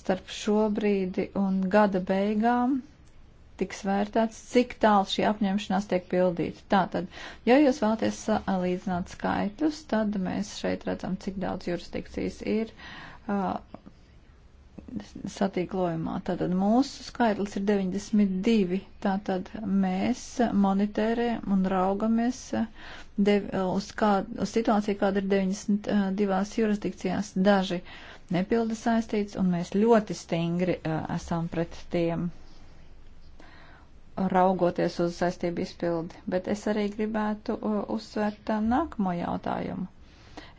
starp šobrīdi un gada beigām tiks vērtēts, cik tālu šī apņemšanās tiek pildīta. Tātad, ja jūs vēlaties salīdzināt skaitļus, tad mēs šeit redzam, cik daudz jurisdikcijas ir. Uh, satīklojumā. Tātad mūsu skaitlis ir 92. Tātad mēs monitorējam un raugamies dev, uz, kā, uz situāciju, kāda ir 92. jurisdikcijās. Daži nepilda saistīts, un mēs ļoti stingri uh, esam pret tiem raugoties uz saistību izpildi. Bet es arī gribētu uh, uzsvērt uh, nākamo jautājumu.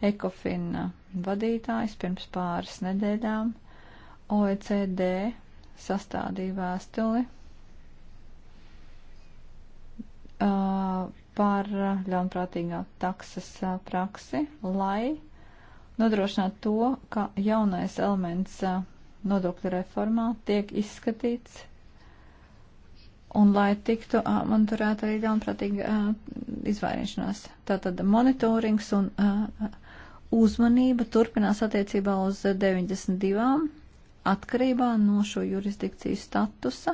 Ekofina vadītājs pirms pāris nedēļām OECD sastādīja vēstuli uh, par ļaunprātīgā taksas uh, praksi, lai nodrošinātu to, ka jaunais elements uh, nodokļu reformā tiek izskatīts un lai tiktu uh, monitorēta arī ļaunprātīga uh, izvairīšanās. Tātad monitorings un uh, uzmanība turpinās attiecībā uz 92 atkarībā no šo jurisdikciju statusa,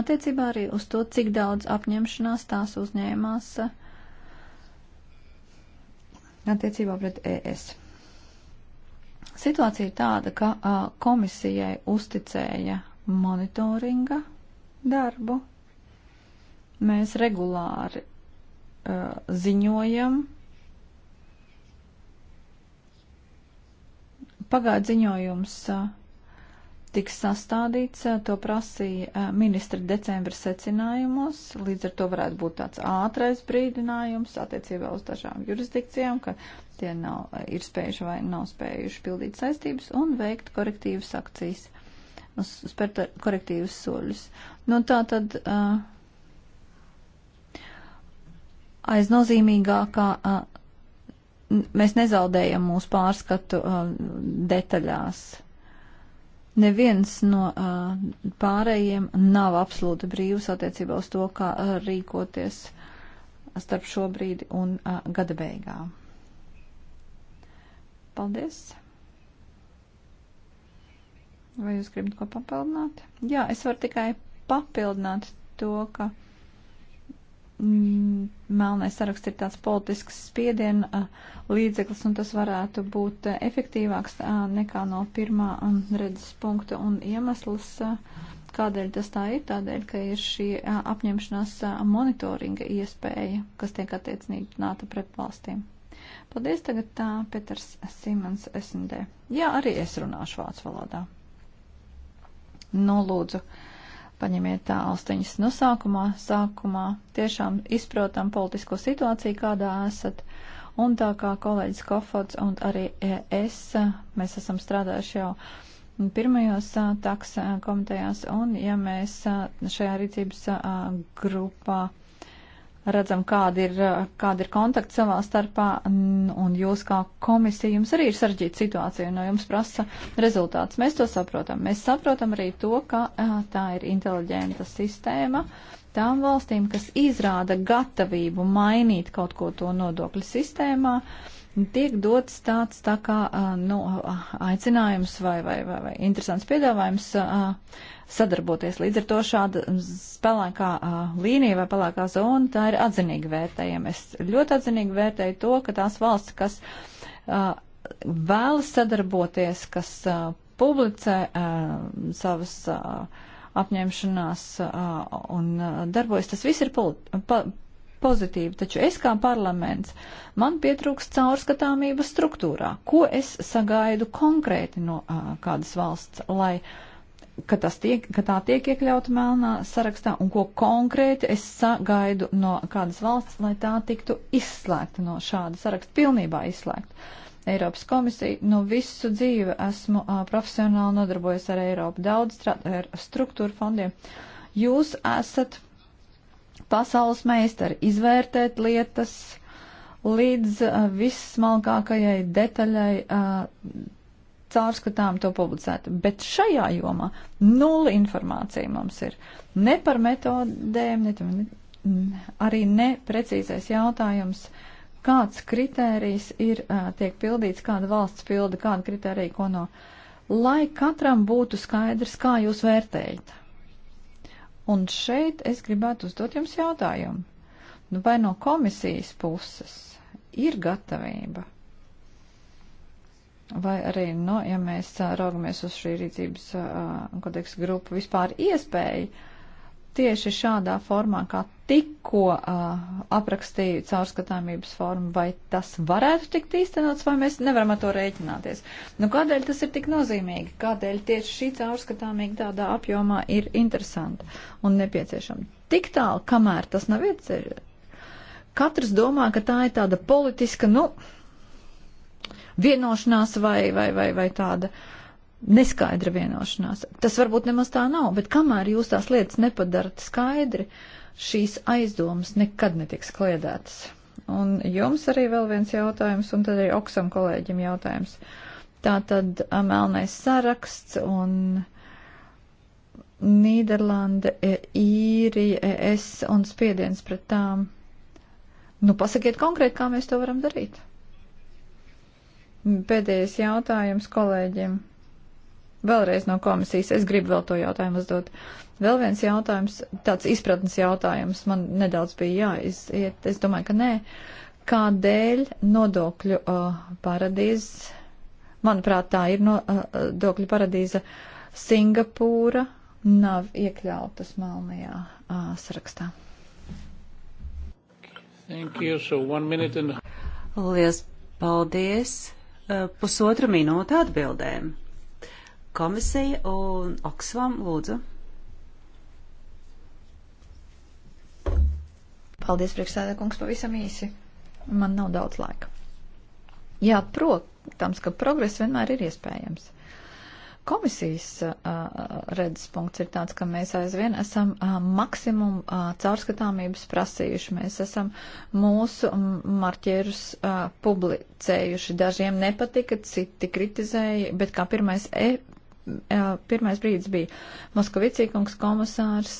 attiecībā arī uz to, cik daudz apņemšanās tās uzņēmās eh, attiecībā pret ES. Situācija ir tāda, ka a, komisijai uzticēja monitoringa darbu. Mēs regulāri a, ziņojam pagāja ziņojums tiks sastādīts, eh, to prasīja eh, ministra decembra secinājumos, līdz ar to varētu būt tāds ātrais brīdinājums attiecībā uz dažām jurisdikcijām, ka tie nav, eh, ir spējuši vai nav spējuši pildīt saistības un veikt korektīvas akcijas, spērt korektīvas soļus. Nu, tā tad uh, aiz nozīmīgākā. Uh, Mēs nezaudējam mūsu pārskatu uh, detaļās. Neviens no uh, pārējiem nav absolūti brīvs attiecībā uz to, kā uh, rīkoties starp šo brīdi un uh, gada beigām. Paldies! Vai jūs gribat ko papildināt? Jā, es varu tikai papildināt to, ka Mm, melnais saraksts ir tāds politisks spiediena līdzeklis, un tas varētu būt efektīvāks nekā no pirmā redzes punkta un iemesls, kādēļ tas tā ir, tādēļ, ka ir šī apņemšanās monitoringa iespēja, kas tiek attiecinīta pret valstīm. Paldies tagad tā, Peters Simons SND. Jā, arī es runāšu vācu valodā. Nolūdzu. Nu, no, paņemiet tā austiņas nosaukumā, sākumā tiešām izprotam politisko situāciju, kādā esat. Un tā kā kolēģis Kofods un arī es, mēs esam strādājuši jau pirmajos taks komitejās, un ja mēs šajā rīcības grupā redzam, kāda ir, kāda ir kontakta savā starpā, un jūs kā komisija, jums arī ir sarežģīta situācija, un no jums prasa rezultāts. Mēs to saprotam. Mēs saprotam arī to, ka tā ir inteliģenta sistēma. Tām valstīm, kas izrāda gatavību mainīt kaut ko to nodokļu sistēmā, tiek dots tāds tā kā nu, aicinājums vai, vai, vai, vai interesants piedāvājums. Uh, sadarboties. Līdz ar to šāda pelēkā uh, līnija vai pelēkā zona, tā ir atzinīgi vērtējama. Es ļoti atzinīgi vērtēju to, ka tās valsts, kas uh, vēlas sadarboties, kas uh, publicē uh, savas. Uh, apņemšanās uh, un uh, darbojas. Tas viss ir pa pozitīvi, taču es kā parlaments, man pietrūks caurskatāmības struktūrā. Ko es sagaidu konkrēti no uh, kādas valsts, lai uh, ka, tiek, ka tā tiek iekļauta melnā sarakstā un ko konkrēti es sagaidu no kādas valsts, lai tā tiktu izslēgta no šāda saraksta, pilnībā izslēgta. Eiropas komisija, nu visu dzīvi esmu uh, profesionāli nodarbojies ar Eiropu daudz, ar struktūru fondiem. Jūs esat pasaules meistari izvērtēt lietas līdz uh, vissmalkākajai detaļai. Uh, caurskatām to publicētu. Bet šajā jomā nula informācija mums ir. Ne par metodēm, ne, ne, arī neprecīzais jautājums, kāds kritērijs ir, tiek pildīts, kāda valsts pilda, kāda kritērija, ko no. Lai katram būtu skaidrs, kā jūs vērtējat. Un šeit es gribētu uzdot jums jautājumu. Nu, vai no komisijas puses ir gatavība Vai arī, nu, ja mēs raugamies uz šī rīcības kodeksa grupu, vispār iespēja tieši šādā formā, kā tikko aprakstīju caurskatāmības formu, vai tas varētu tikt īstenots, vai mēs nevaram ar to rēķināties. Nu, kādēļ tas ir tik nozīmīgi? Kādēļ tieši šī caurskatāmība tādā apjomā ir interesanta un nepieciešama? Tik tālu, kamēr tas nav ieceļ. Katrs domā, ka tā ir tāda politiska, nu, vienošanās vai, vai, vai, vai tāda neskaidra vienošanās. Tas varbūt nemaz tā nav, bet kamēr jūs tās lietas nepadarat skaidri, šīs aizdomas nekad netiks kliedētas. Un jums arī vēl viens jautājums, un tad arī Oksam kolēģim jautājums. Tā tad melnais saraksts un Nīderlanda, e, Īrija, e, ES un spiediens pret tām. Nu, pasakiet konkrēti, kā mēs to varam darīt. Pēdējais jautājums kolēģiem. Vēlreiz no komisijas. Es gribu vēl to jautājumu uzdot. Vēl viens jautājums, tāds izpratnes jautājums. Man nedaudz bija jāiziet. Es domāju, ka nē. Kādēļ nodokļu uh, paradīze, manuprāt, tā ir uh, nodokļu uh, paradīze Singapūra, nav iekļautas Melnajā uh, sarakstā? Thank you. So one minute and... Liels paldies. Eh, pusotra minūte atbildēm. Komisija un Oksvam lūdzu. Paldies, priekšsēdē kungs, pavisam īsi. Man nav daudz laika. Jā, protams, ka progress vienmēr ir iespējams. Komisijas redzes punkts ir tāds, ka mēs aizvien esam maksimumu caurskatāmības prasījuši. Mēs esam mūsu marķierus publicējuši. Dažiem nepatika, citi kritizēja, bet kā pirmais e pirmais brīdis bija Moskovicīkungs komisārs,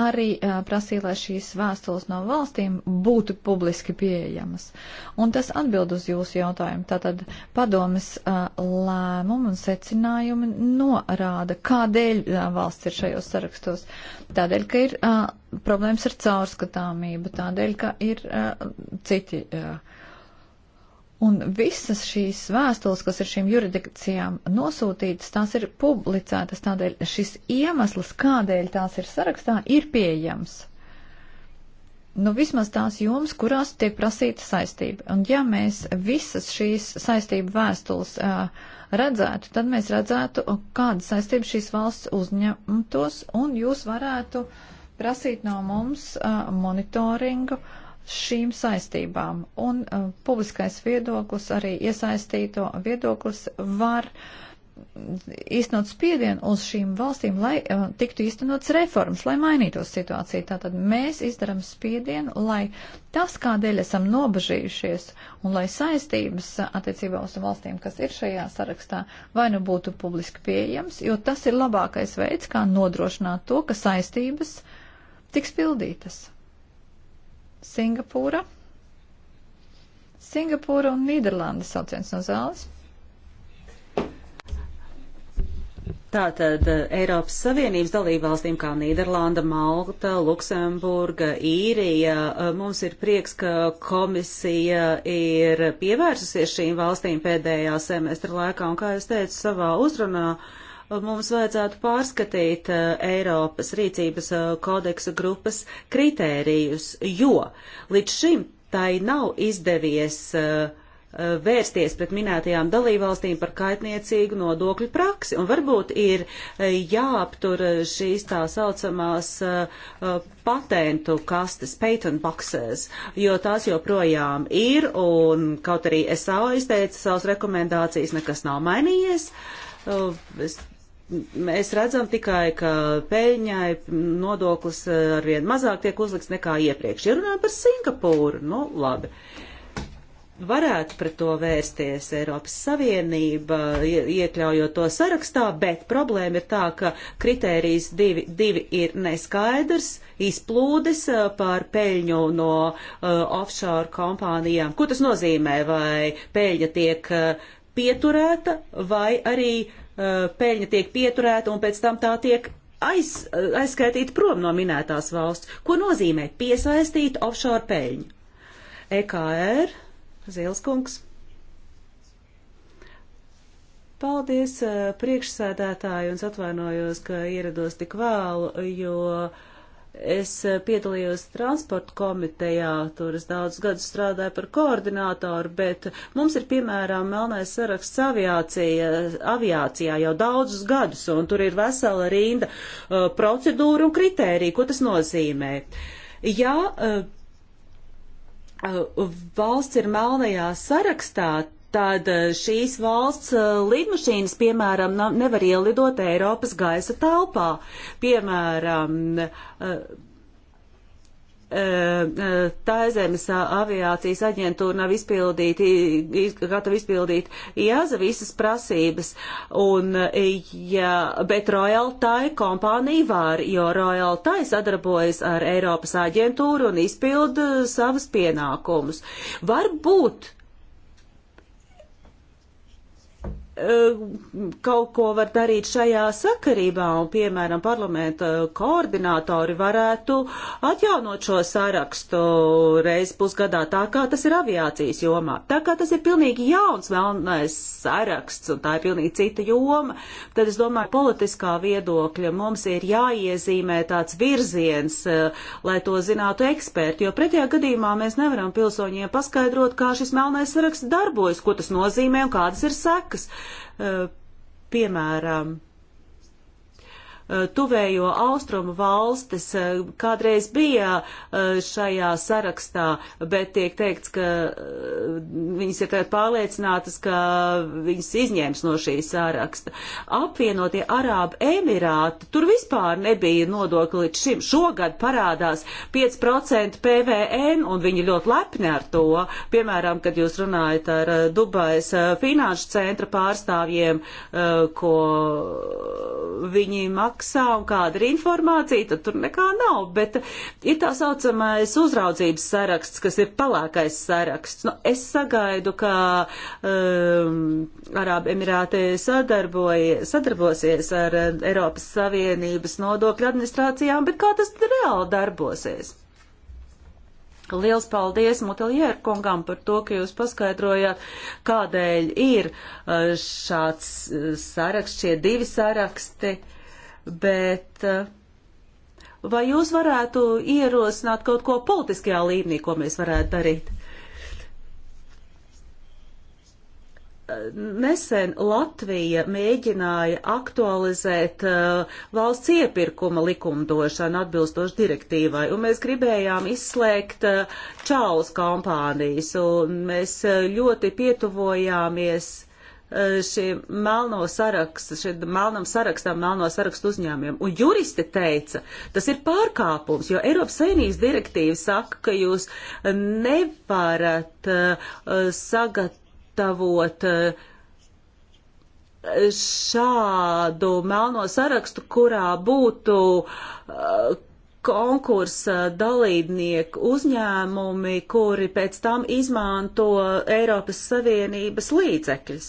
arī prasīja, lai šīs vēstules no valstīm būtu publiski pieejamas. Un tas atbild uz jūsu jautājumu. Tātad padomas lēmumu un secinājumi norāda, kādēļ valsts ir šajos sarakstos. Tādēļ, ka ir problēmas ar caurskatāmību, tādēļ, ka ir citi. Uh, Un visas šīs vēstules, kas ir šīm juridikcijām nosūtītas, tās ir publicētas, tādēļ šis iemesls, kādēļ tās ir sarakstā, ir pieejams. Nu, vismaz tās jomas, kurās tiek prasīta saistība. Un ja mēs visas šīs saistību vēstules uh, redzētu, tad mēs redzētu, kāda saistība šīs valsts uzņemtos, un jūs varētu prasīt no mums uh, monitoringu uh, šīm saistībām. Un uh, publiskais viedoklis, arī iesaistīto viedoklis var īstenot spiedienu uz šīm valstīm, lai uh, tiktu īstenots reformas, lai mainītos situācija. Tātad mēs izdaram spiedienu, lai tas, kādēļ esam nobežījušies, un lai saistības attiecībā uz valstīm, kas ir šajā sarakstā, vai nu būtu publiski pieejams, jo tas ir labākais veids, kā nodrošināt to, ka saistības tiks pildītas. Singapūra. Singapūra un Nīderlanda sauciens no zāles. Tātad eh, Eiropas Savienības dalībvalstīm kā Nīderlanda, Malta, Luksemburga, Īrija, eh, mums ir prieks, ka komisija ir pievērsusies šīm valstīm pēdējā semestra laikā, un kā es teicu savā uzrunā, uh, mums vajadzētu pārskatīt eh, Eiropas rīcības eh, kodeksa grupas kritērijus, jo līdz šim tai nav izdevies eh, vērsties pret minētajām dalībvalstīm par kaitniecīgu nodokļu praksi. Un varbūt ir jāaptur šīs tā saucamās patentu kastes, patent boxes, jo tās joprojām ir, un kaut arī SAO izteica savas rekomendācijas, nekas nav mainījies. Es mēs redzam tikai, ka peļņai nodoklis eh, arvien mazāk tiek uzlikts nekā iepriekš. Ja runājam par Singapūru, nu labi. Varētu pret to vērsties Eiropas Savienība, iekļaujot to sarakstā, bet problēma ir tā, ka kritērijs divi, divi ir neskaidrs, izplūdes eh, par peļņu no uh, offshore kompānijām. Ko tas nozīmē? Vai peļņa tiek uh, pieturēta vai arī uh, Eh, peļņa tiek pieturēta un pēc tam tā tiek aiz, aizskaitīta prom no minētās valsts. Ko nozīmē piesaistīt offshore peļņu? EKR, Zilskungs. Paldies eh, priekšsēdētāji un atvainojos, ka ierados tik vēlu, jo uh, Es eh, piedalījos transporta komitejā, tur es daudz gadus strādāju par koordinātoru, bet mums ir piemēram melnais saraksts aviācija, aviācijā jau daudzus gadus, un tur ir vesela rinda uh, eh, procedūra un kritērija, ko tas nozīmē. Ja uh, valsts ir melnajā sarakstā, tad eh, šīs valsts eh, lidmašīnas, piemēram, nevar ielidot Eiropas gaisa telpā. Piemēram, eh, tā zemes aviācijas aģentūra nav izpildīta, gatava izpildīt jāza visas prasības, un, ja, bet Royal Thai kompānija var, jo Royal Thai sadarbojas ar Eiropas aģentūru un izpilda savas pienākumus. Varbūt Eh, kaut ko var darīt šajā sakarībā, un, piemēram, parlamenta koordinātori varētu atjaunot šo sarakstu reiz pusgadā, tā kā tas ir aviācijas jomā. Tā kā tas ir pilnīgi jauns melnais saraksts, un tā ir pilnīgi cita joma, tad es domāju, politiskā viedokļa mums ir jāiezīmē tāds virziens, eh, lai to zinātu eksperti, jo pretējā gadījumā mēs nevaram pilsoņiem paskaidrot, kā šis melnais saraksts darbojas, ko tas nozīmē un kādas ir sekas. Eh, piemēram, Eh, tuvējo austrumu valstis eh, kādreiz bija eh, šajā sarakstā, bet tiek teikts, ka viņas ir tagad pārliecinātas, ka viņas izņēms no šī saraksta. Apvienotie Arābu Emirāti, tur vispār nebija nodokļi līdz šim. Šogad parādās 5% PVN, un viņi ļoti lepni ar to. Piemēram, kad jūs runājat ar Dubais finanšu centra pārstāvjiem, ko viņi maksā maksā un kāda ir informācija, tad tur nekā nav. Bet ir tā saucamais uzraudzības saraksts, kas ir palākais saraksts. Nu, es sagaidu, ka um, Arābu Emirāti sadarbosies ar uh, Eiropas Savienības nodokļu administrācijām, bet kā tas reāli darbosies? Liels paldies Mutelieru kungam par to, ka jūs paskaidrojāt, kādēļ ir uh, šāds uh, saraksts, šie divi saraksti. Uh, bet eh, vai jūs varētu ierosināt kaut ko politiskajā līmenī, ko mēs varētu darīt? Eh, nesen Latvija mēģināja aktualizēt uh, valsts iepirkuma likumdošanu atbilstoši direktīvai, un mēs gribējām izslēgt uh, čaulas kompānijas, un mēs uh, ļoti pietuvojāmies uh, Eh, šie melno saraksts, šie melnam sarakstam, melno sarakstu uzņēmiem. Un juristi teica, tas ir pārkāpums, jo Eiropas Savienības direktīva saka, ka jūs nevarat uh, sagatavot uh, šādu melno sarakstu, kurā būtu uh, konkursa dalībnieku uzņēmumi, kuri pēc tam izmanto Eiropas Savienības līdzekļus.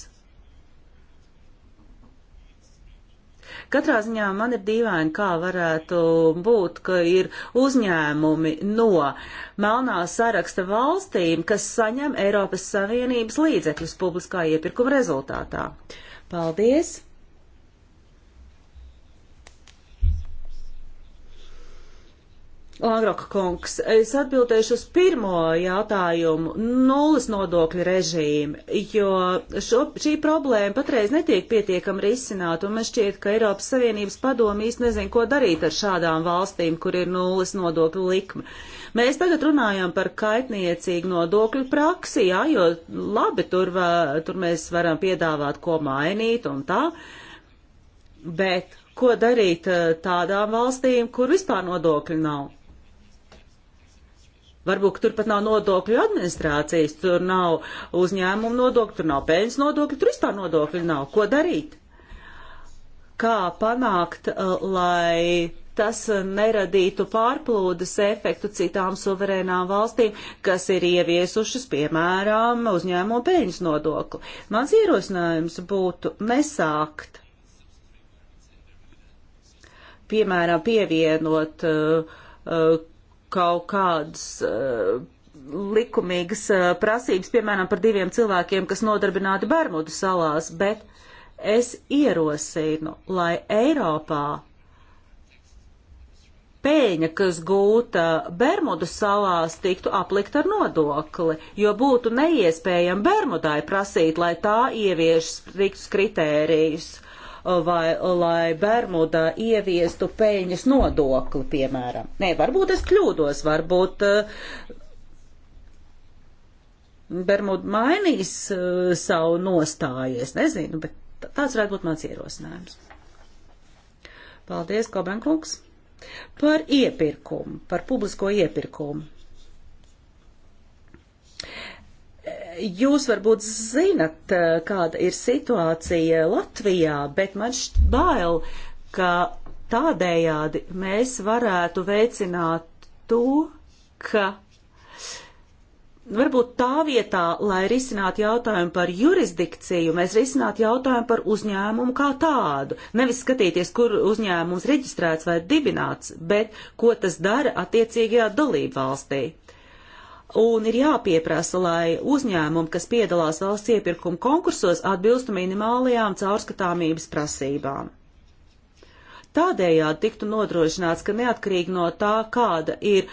Katrā ziņā man ir dīvaini, kā varētu būt, ka ir uzņēmumi no melnā saraksta valstīm, kas saņem Eiropas Savienības līdzekļus publiskā iepirkuma rezultātā. Paldies! Lāgrok kungs, es atbildēšu uz pirmo jautājumu - nulles nodokļu režīmu, jo šo, šī problēma patreiz netiek pietiekam risināt, un man šķiet, ka Eiropas Savienības padomi īsti nezin, ko darīt ar šādām valstīm, kur ir nulles nodokļu likme. Mēs tagad runājam par kaitniecīgu nodokļu praksi, jā, jo labi, tur, va, tur mēs varam piedāvāt, ko mainīt un tā, bet ko darīt eh, tādām valstīm, kur vispār nodokļu nav? Varbūt tur pat nav nodokļu administrācijas, tur nav uzņēmumu nodokļu, tur nav peļņas nodokļu, tur vispār nodokļu nav. Ko darīt? Kā panākt, uh, lai tas uh, neradītu pārplūdes efektu citām suverēnām valstīm, kas ir ieviesušas, piemēram, uzņēmumu peļņas nodokli. Mans ierosinājums būtu nesākt, piemēram, pievienot uh, uh, kaut kādas uh, likumīgas uh, prasības, piemēram, par diviem cilvēkiem, kas nodarbināti Bermudu salās, bet es ierosinu, lai Eiropā pēļņa, kas gūta Bermudu salās, tiktu aplikt ar nodokli, jo būtu neiespējami Bermudai prasīt, lai tā ievieš striktus kritērijus vai lai Bermudā ieviestu peļņas nodokli, piemēram. Nē, varbūt es kļūdos, varbūt eh, Bermuda mainīs eh, savu nostāju, es nezinu, bet tāds varētu būt mans ierosinājums. Paldies, Kobenkungs, par iepirkumu, par publisko iepirkumu. Jūs varbūt zinat, eh, kāda ir situācija Latvijā, bet man bail, ka tādējādi mēs varētu veicināt to, ka varbūt tā vietā, lai risinātu jautājumu par jurisdikciju, mēs risinātu jautājumu par uzņēmumu kā tādu. Nevis skatīties, kur uzņēmums reģistrēts vai dibināts, bet ko tas dara attiecīgajā dalību valstī un ir jāpieprasa, lai uzņēmumi, kas piedalās valsts iepirkuma konkursos, atbilstu minimālajām caurskatāmības prasībām. Tādējādi tiktu nodrošināts, ka neatkarīgi no tā, kāda ir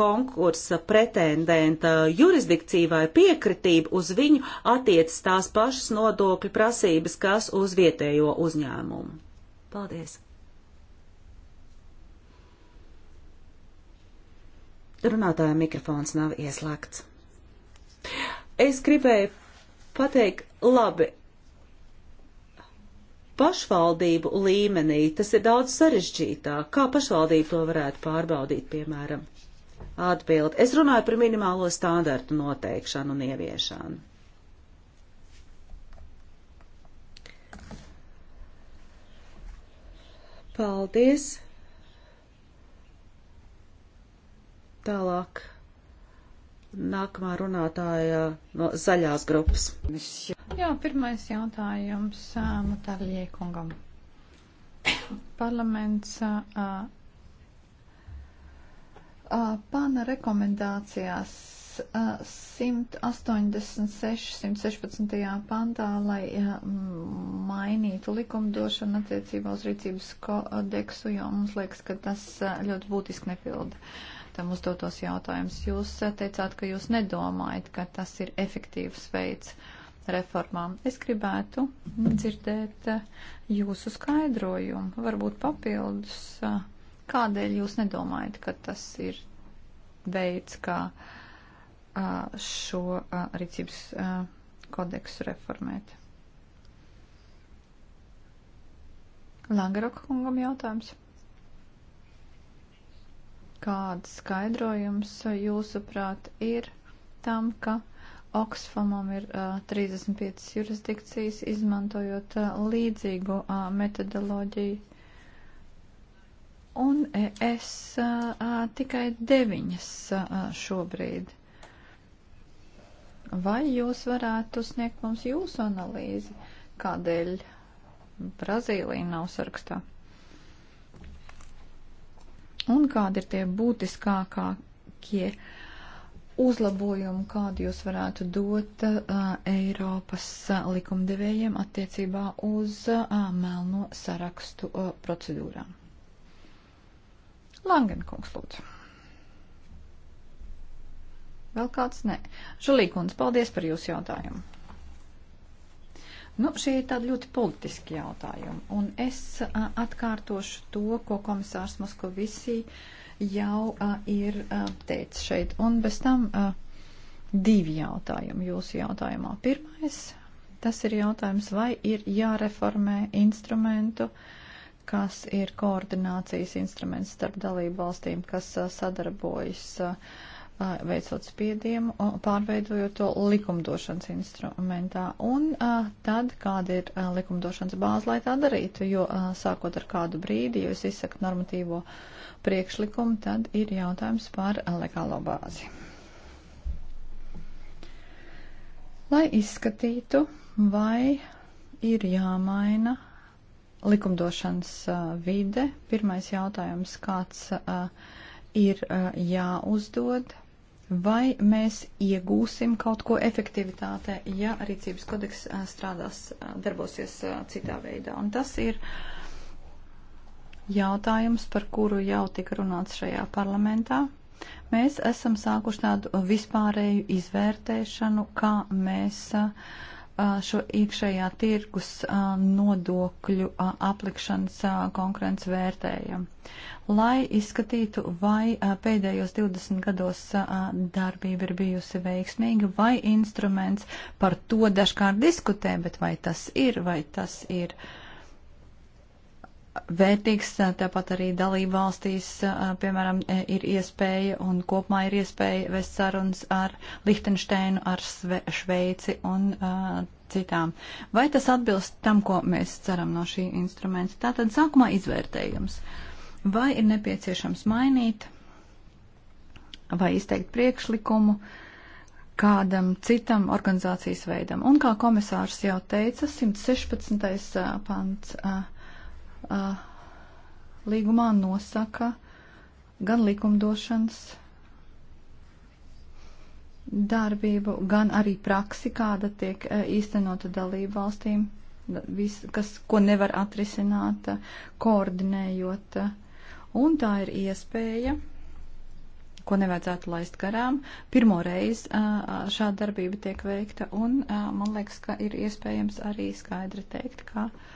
konkursa pretendenta jurisdikcija vai piekritība, uz viņu attiecas tās pašas nodokļu prasības, kas uz vietējo uzņēmumu. Paldies! Runātāja mikrofons nav ieslēgts. Es gribēju pateikt, labi, pašvaldību līmenī tas ir daudz sarežģītāk. Kā pašvaldība to varētu pārbaudīt, piemēram? Atbild. Es runāju par minimālo standartu noteikšanu un ieviešanu. Paldies! Tālāk nākamā runātāja no zaļās grupas. Jā, pirmais jautājums Mataļie kungam. Parlaments pana rekomendācijās 186, 116. pantā, lai mainītu likumdošanu attiecībā uz rīcības kodeksu, jo mums liekas, ka tas ļoti būtiski nepilda tam uzdotos jautājumus. Jūs eh, teicāt, ka jūs nedomājat, ka tas ir efektīvs veids reformām. Es gribētu dzirdēt eh, jūsu skaidrojumu, varbūt papildus, eh, kādēļ jūs nedomājat, ka tas ir veids, kā šo rīcības kodeksu reformēt. Langaroka kungam jautājums. Kāds skaidrojums jūsuprāt ir tam, ka Oxfamam ir uh, 35 jurisdikcijas, izmantojot uh, līdzīgu uh, metodoloģiju, un es uh, uh, tikai deviņas uh, šobrīd. Vai jūs varētu sniegt mums jūsu analīzi, kādēļ Brazīlija nav sarakstā? un kādi ir tie būtiskākie uzlabojumi, kādu jūs varētu dot uh, Eiropas uh, likumdevējiem attiecībā uz uh, melno sarakstu uh, procedūrām. Langenkungs, lūdzu. Vēl kāds? Nē. Žulīkums, paldies par jūsu jautājumu. Nu, šie ir tādi ļoti politiski jautājumi, un es a, atkārtošu to, ko komisārs Moskovisī jau a, ir a, teicis šeit. Un bez tam a, divi jautājumi jūsu jautājumā. Pirmais, tas ir jautājums, vai ir jāreformē instrumentu, kas ir koordinācijas instruments starp dalību valstīm, kas a, sadarbojas. A, veicot spiedienu, pārveidojot to likumdošanas instrumentā. Un tad, kāda ir likumdošanas bāze, lai tā darītu, jo sākot ar kādu brīdi, jo es izsaku normatīvo priekšlikumu, tad ir jautājums par legālo bāzi. Lai izskatītu, vai ir jāmaina likumdošanas vide, pirmais jautājums, kāds ir jāuzdod Vai mēs iegūsim kaut ko efektivitātē, ja rīcības kodeks strādās, darbosies citā veidā? Un tas ir jautājums, par kuru jau tika runāts šajā parlamentā. Mēs esam sākuši tādu vispārēju izvērtēšanu, kā mēs uh, šo iekšējā tirgus nodokļu aplikšanas konkurences vērtējumu, lai izskatītu, vai pēdējos 20 gados darbība ir bijusi veiksmīga, vai instruments par to dažkārt diskutē, bet vai tas ir, vai tas ir. Uh, vērtīgs, tāpat arī dalību valstīs, piemēram, e, ir iespēja un kopumā ir iespēja vest sarunas ar Lihtensteinu, ar Sve Šveici un uh, citām. Vai tas atbilst tam, ko mēs ceram no šī instrumenta? Tātad sākumā izvērtējums. Vai ir nepieciešams mainīt vai izteikt priekšlikumu? Uh, kādam citam organizācijas veidam. Un kā komisārs jau teica, 116. pants uh, līgumā nosaka gan likumdošanas darbību, gan arī praksi, kāda tiek īstenota dalību valstīm, vis, kas, ko nevar atrisināt, koordinējot. Un tā ir iespēja, ko nevajadzētu laist garām. Pirmo reizi šāda darbība tiek veikta, un man liekas, ka ir iespējams arī skaidri teikt, ka. Kā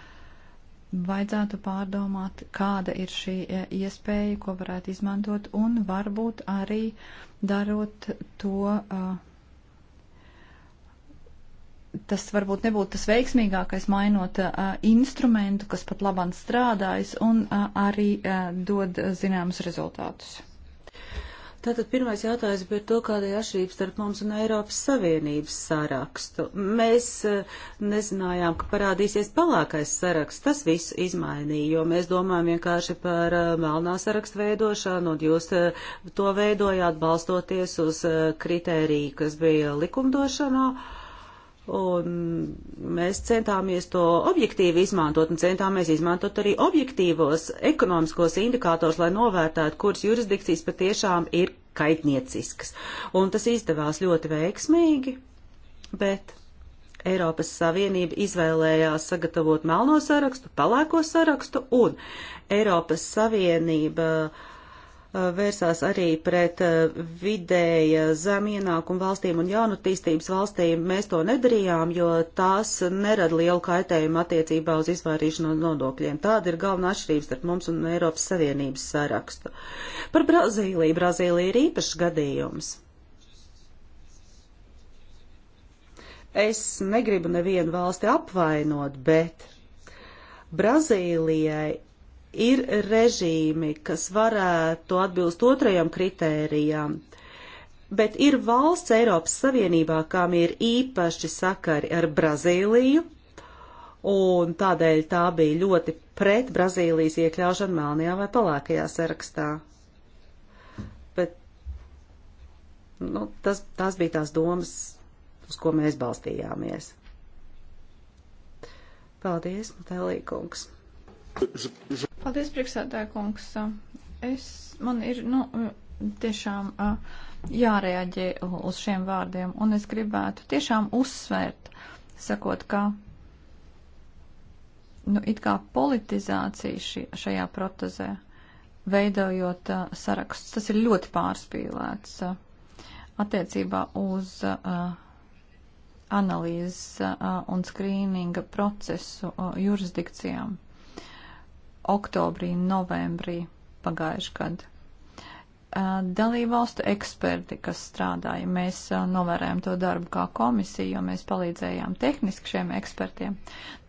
vajadzētu pārdomāt, kāda ir šī e, iespēja, ko varētu izmantot, un varbūt arī darot to. E, tas varbūt nebūtu tas veiksmīgākais, mainot uh, instrumentu, kas pat labāk strādājas un uh, arī uh, dod zināmus rezultātus. Tātad pirmais jautājums bija to, kāda ir atšķirība starp mums un Eiropas Savienības sarakstu. Mēs eh, nezinājām, ka parādīsies palākais saraksts. Tas viss izmainīja, jo mēs domājam vienkārši par eh, melnā sarakstu veidošanu, un jūs eh, to veidojāt balstoties uz kritēriju, kas bija likumdošanā. No Un mēs centāmies to objektīvi izmantot un centāmies izmantot arī objektīvos ekonomiskos indikātors, lai novērtētu, kuras jurisdikcijas patiešām ir kaitnieciskas. Un tas izdevās ļoti veiksmīgi, bet Eiropas Savienība izvēlējās sagatavot melno sarakstu, palēko sarakstu un Eiropas Savienība uh, Eh, vērsās arī pret eh, vidēja zem ienākumu valstīm un jaunatīstības valstīm. Mēs to nedarījām, jo tās nerada lielu kaitējumu attiecībā uz izvairīšanu no nodokļiem. Tāda ir galvenā atšķirība starp mums un Eiropas Savienības sarakstu. Par Brazīliju. Brazīlija ir īpašs gadījums. Es negribu nevienu valsti apvainot, bet Brazīlijai ir režīmi, kas varētu atbilst otrajam kritērijam, bet ir valsts Eiropas Savienībā, kam ir īpaši sakari ar Brazīliju, un tādēļ tā bija ļoti pret Brazīlijas iekļaušanu melnajā vai palākajā sarakstā. Bet, nu, tas, tās bija tās domas, uz ko mēs balstījāmies. Paldies, Matēlīkungs. Je, je... Paldies, priekšsēdētāja kungs. Es, man ir, nu, tiešām jāreaģē uz šiem vārdiem, un es gribētu tiešām uzsvērt, sakot, ka nu, it kā politizācija šī, šajā protezē, veidojot uh, sarakstus, tas ir ļoti pārspīlēts uh, attiecībā uz uh, analīzes uh, un skrīninga procesu uh, jurisdikcijām oktobrī, novembrī pagājuši gadu. Dalībvalstu eksperti, kas strādāja, mēs novērējām to darbu kā komisija, jo mēs palīdzējām tehniski šiem ekspertiem.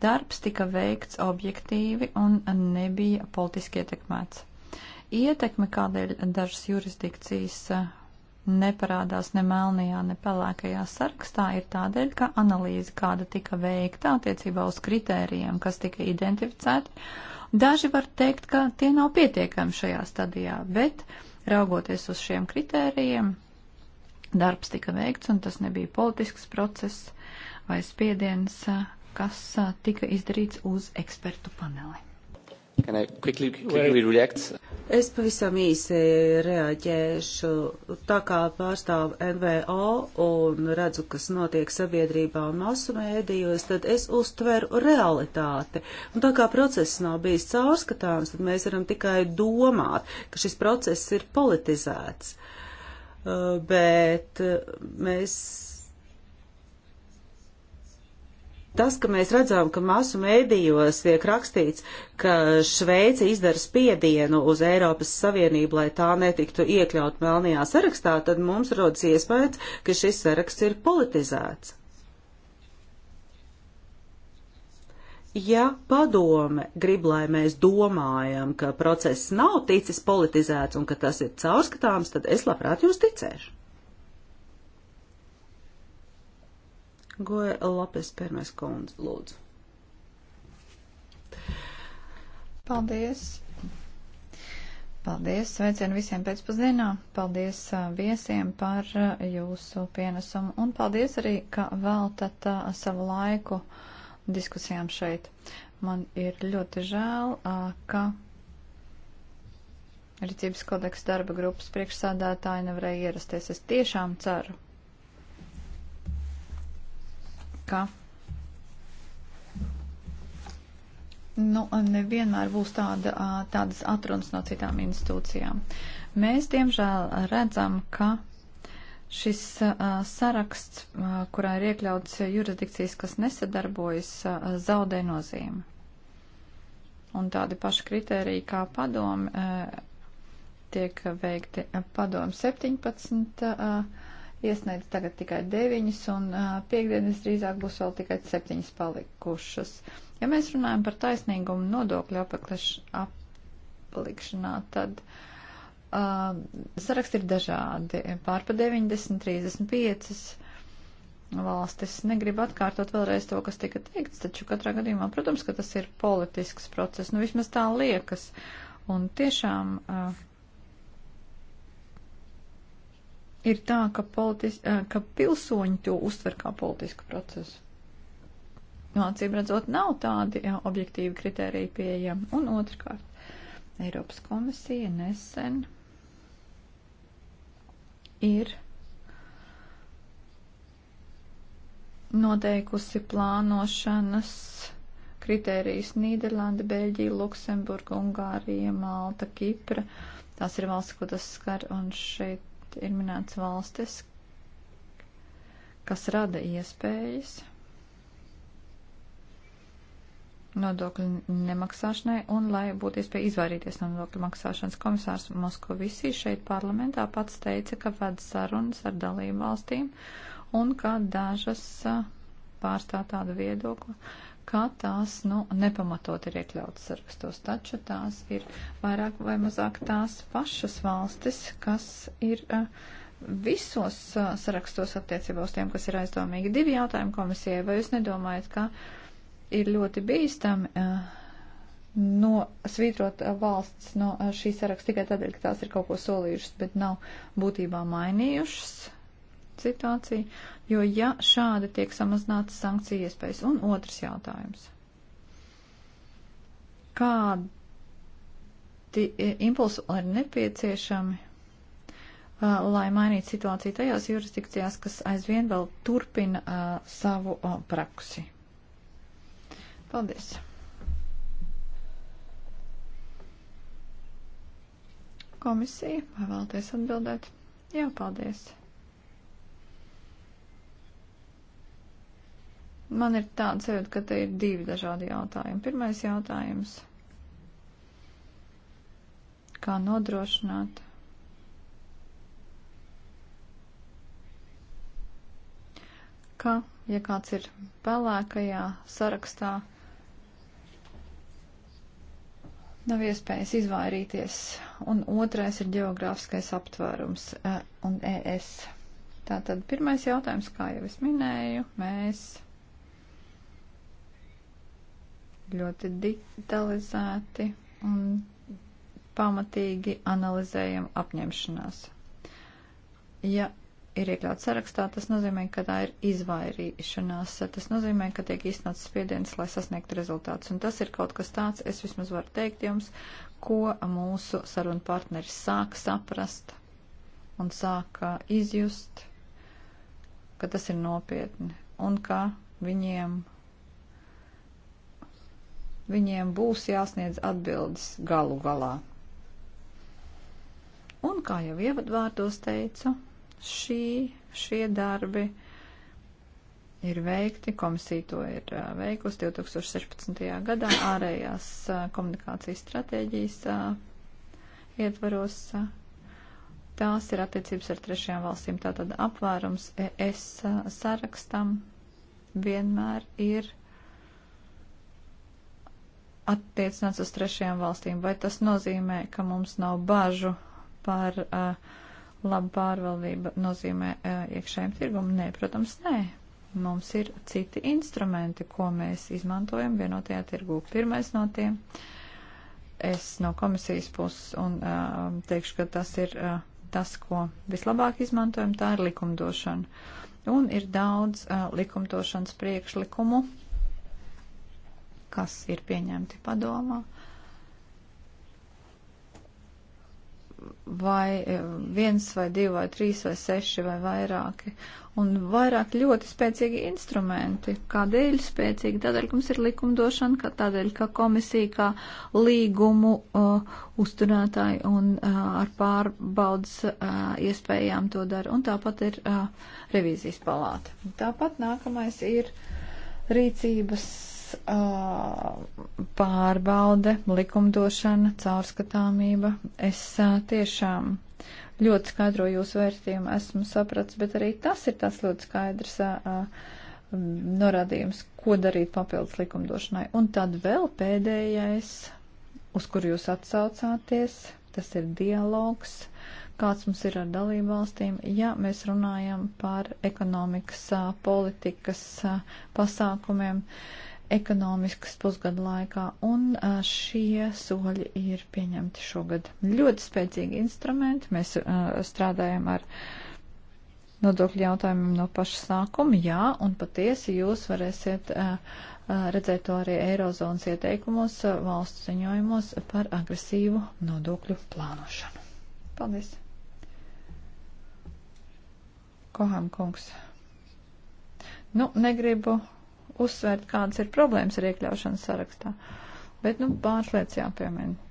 Darbs tika veikts objektīvi un nebija politiski ietekmēts. Ietekme, kādēļ dažas jurisdikcijas neparādās ne melnajā, ne pelēkajā sarakstā, ir tādēļ, ka analīze, kāda tika veikta attiecībā uz kritērijiem, kas tika identificēti, Daži var teikt, ka tie nav pietiekami šajā stadijā, bet raugoties uz šiem kritērijiem, darbs tika veikts un tas nebija politisks process vai spiediens, kas tika izdarīts uz ekspertu paneli. Quickly, quickly react? Es pavisam īsi reaģēšu. Tā kā pārstāvu NVO un redzu, kas notiek sabiedrībā un masu mēdījos, tad es uztveru realitāti. Un tā kā process nav bijis caurskatāms, tad mēs varam tikai domāt, ka šis process ir politizēts. Uh, bet uh, mēs Tas, ka mēs redzam, ka masu mēdījos tiek rakstīts, ka Šveice izdara spiedienu uz Eiropas Savienību, lai tā netiktu iekļaut melnajā sarakstā, tad mums rodas iespējas, ka šis saraksts ir politizēts. Ja padome grib, lai mēs domājam, ka process nav ticis politizēts un ka tas ir caurskatāms, tad es labprāt jūs ticēšu. Goja Lopes Permes kundze, lūdzu. Paldies! Paldies! Sveicienu visiem pēcpazienā! Paldies viesiem par jūsu pienesumu un paldies arī, ka veltat savu laiku diskusijām šeit. Man ir ļoti žēl, ka Rīcības kodeksa darba grupas priekšsādātāji nevarēja ierasties. Es tiešām ceru, ka nu, nevienmēr būs tāda, tādas atrunas no citām institūcijām. Mēs, diemžēl, redzam, ka šis saraksts, kurā ir iekļauts jurisdikcijas, kas nesadarbojas, zaudē nozīmi. Un tādi paši kriteriji kā padomi tiek veikti padomi 17 iesniedz tagad tikai deviņas, un piekdienas drīzāk būs vēl tikai septiņas palikušas. Ja mēs runājam par taisnīgumu nodokļu aplikšanā, tad uh, saraksti ir dažādi - pārpa 90, 35 valstis. Negribu atkārtot vēlreiz to, kas tika teikts, taču katrā gadījumā, protams, ka tas ir politisks process, nu vismaz tā liekas. Un tiešām. Uh, ir tā, ka, politis, eh, ka pilsoņi to uztver kā politisku procesu. Nu, acīm redzot, nav tādi jā, eh, objektīvi kriteriji pieejami. Un otrkārt, Eiropas komisija nesen ir noteikusi plānošanas kritērijas Nīderlanda, Beļģija, Luksemburga, Ungārija, Malta, Kipra. Tās ir valsts, ko tas skar, un šeit šeit ir minēts valstis, kas rada iespējas nodokļu nemaksāšanai un lai būtu iespēja izvairīties no nodokļu maksāšanas. Komisārs Moskovisī šeit parlamentā pats teica, ka ved sarunas ar dalību valstīm un ka dažas pārstāv tādu viedokli, kā tās, nu, nepamatot ir iekļautas sarakstos, taču tās ir vairāk vai mazāk tās pašas valstis, kas ir uh, visos uh, sarakstos attiecībā uz tiem, kas ir aizdomīgi. Divi jautājumi komisijai, vai jūs nedomājat, ka ir ļoti bīstami uh, no svītrot valsts no šī saraksta tikai tādēļ, ka tās ir kaut ko solījušas, bet nav būtībā mainījušas? situāciju, jo ja šādi tiek samazinātas sankciju iespējas. Un otrs jautājums. Kādi impulsi ir nepieciešami, lai mainītu situāciju tajās jurisdikcijās, kas aizvien vēl turpina savu praksi? Paldies! Komisija, vai vēlaties atbildēt? Jā, paldies! Man ir tāds sajūta, ka te ir divi dažādi jautājumi. Pirmais jautājums - kā nodrošināt? Ka, ja kāds ir pelēkajā sarakstā, nav iespējas izvairīties, un otrais ir geogrāfiskais aptvērums e un ES. Tātad pirmais jautājums, kā jau es minēju, mēs ļoti detalizēti un pamatīgi analizējam apņemšanās. Ja ir iekļauts sarakstā, tas nozīmē, ka tā ir izvairīšanās. Tas nozīmē, ka tiek īstenots spiediens, lai sasniegtu rezultātus. Un tas ir kaut kas tāds, es vismaz varu teikt jums, ko mūsu sarunu partneris sāk saprast un sāk uh, izjust, ka tas ir nopietni un ka viņiem viņiem būs jāsniedz atbildes galu galā. Un, kā jau ievadvārdos teicu, šī, šie darbi ir veikti, komisija to ir veikusi 2016. gadā ārējās komunikācijas stratēģijas ietvaros. Tās ir attiecības ar trešajām valstīm, tātad apvērums ES sarakstam vienmēr ir attiecināts uz trešajām valstīm. Vai tas nozīmē, ka mums nav bažu par uh, labu pārvaldību nozīmē uh, iekšējiem tirgumu? Nē, protams, nē. Mums ir citi instrumenti, ko mēs izmantojam vienotajā tirgū. Pirmais no tiem es no komisijas puses un uh, teikšu, ka tas ir uh, tas, ko vislabāk izmantojam, tā ir likumdošana. Un ir daudz uh, likumdošanas priekšlikumu, uh, kas ir pieņemti padomā. Vai eh, viens, vai divi, vai trīs, vai seši, vai vairāki. Un vairāk ļoti spēcīgi instrumenti. Kādēļ spēcīgi? Tādēļ, ka mums ir likumdošana, ka tādēļ, ka komisija kā līgumu uh, uzturētāji un uh, ar pārbaudas uh, iespējām to dara. Un tāpat ir uh, revīzijas palāta. Tāpat nākamais ir rīcības Uh, pārbaude, likumdošana, caurskatāmība. Es uh, tiešām ļoti skaidro jūsu vērtījumu esmu sapratis, bet arī tas ir tas ļoti skaidrs uh, norādījums, ko darīt papildus likumdošanai. Un tad vēl pēdējais, uz kuru jūs atsaucāties, tas ir dialogs kāds mums ir ar dalību valstīm, ja mēs runājam par ekonomikas politikas pasākumiem. Uh, ekonomiskas pusgada laikā, un šie soļi ir pieņemti šogad. Ļoti spēcīgi instrumenti, mēs strādājam ar nodokļu jautājumiem no paša sākuma, jā, un patiesi jūs varēsiet redzēt to arī Eirozonas ieteikumos, valstu ziņojumos par agresīvu nodokļu plānošanu. Paldies! Koham kungs. Nu, negribu uzsvērt, kādas ir problēmas ar iekļaušanas sarakstā. Bet, nu, pāris lietas jāpiemina.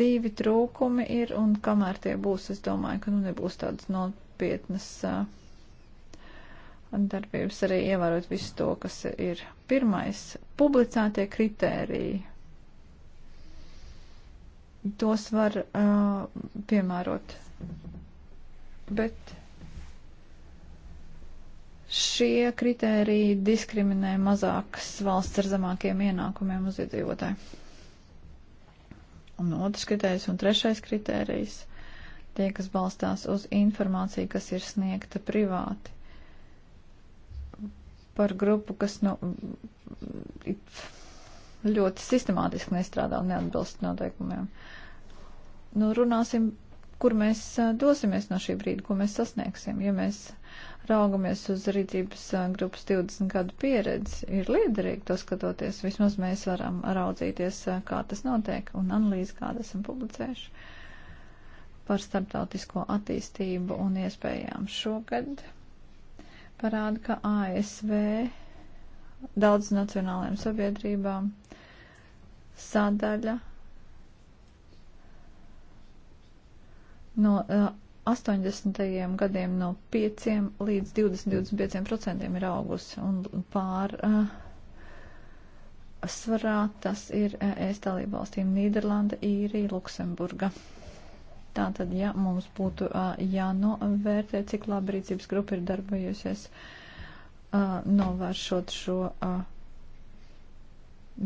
Divi trūkumi ir, un kamēr tie būs, es domāju, ka, nu, nebūs tādas nopietnas uh, darbības arī ievērot visu to, kas ir pirmais - publicētie kritēriji. Tos var uh, piemērot. Bet Šie kritēriji diskriminē mazākas valsts ar zemākiem ienākumiem uz iedzīvotāju. Un otrs kritērijs un trešais kritērijs - tie, kas balstās uz informāciju, kas ir sniegta privāti par grupu, kas nu, ļoti sistemātiski nestrādā un neatbilst noteikumiem. Nu, runāsim, kur mēs dosimies no šī brīža, ko mēs sasniegsim. Ja mēs raugamies uz rīcības grupas 20 gadu pieredzi, ir liederīgi to skatoties. Vismaz mēs varam raudzīties, kā tas notiek un analīzi, kāda esam publicējuši par starptautisko attīstību un iespējām šogad. Parāda, ka ASV daudz nacionālajām sabiedrībām sadaļa no uh, 80. gadiem no 5 līdz 20-25% ir augusi un pār uh, svarā tas ir ES eh, dalība valstīm Nīderlanda, Īrija, Luksemburga. Tātad, ja mums būtu uh, jānovērtē, cik labi rīcības grupa ir darbojusies, uh, novēršot šo uh,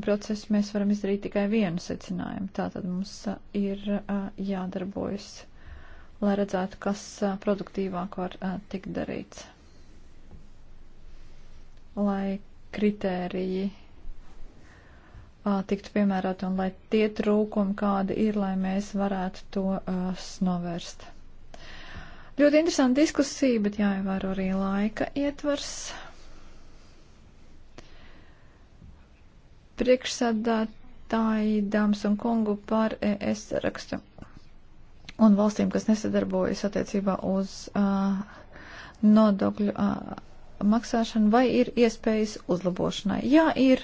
procesu, mēs varam izdarīt tikai vienu secinājumu. Tātad mums uh, ir uh, jādarbojas lai redzētu, kas produktīvāk var tikt darīts. Lai kritēriji tiktu piemēroti un lai tie trūkumi, kādi ir, lai mēs varētu tos novērst. Ļoti interesanti diskusija, bet jāievēro arī laika ietvars. Priekšsādātāji, dāmas un kungu par ES rakstu un valstīm, kas nesadarbojas attiecībā uz uh, nodokļu uh, maksāšanu, vai ir iespējas uzlabošanai? Jā, ir,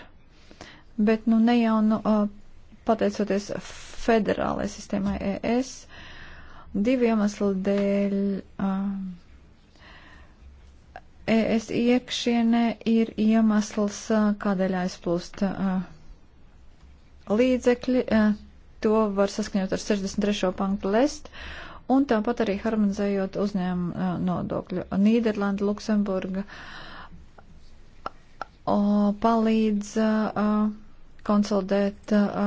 bet nu ne jau nu, uh, pateicoties federālajai sistēmai ES, divi iemesli dēļ. Uh, ES iekšienē ir iemesls, uh, kādēļ aizplūst uh, līdzekļi, uh, To var saskaņot ar 63. pantu lest. Un tāpat arī harmonizējot uzņēmumu nodokļu. Nīderlanda, Luksemburga o, palīdz o, konsolidēt o,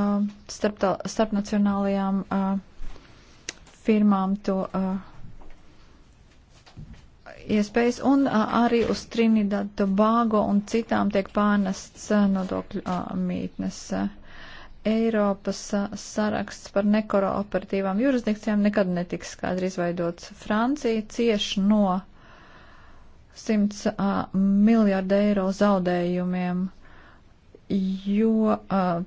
starp, tā, starp nacionālajām o, firmām to. O, iespējas, un a, arī uz Trinidad, Tobago un citām tiek pārnests nodokļu a, mītnes. A. Eiropas saraksts par nekooperatīvām jurisdikcijām nekad netiks skaidri izveidots. Francija cieši no 100 uh, miljārdu eiro zaudējumiem, jo uh,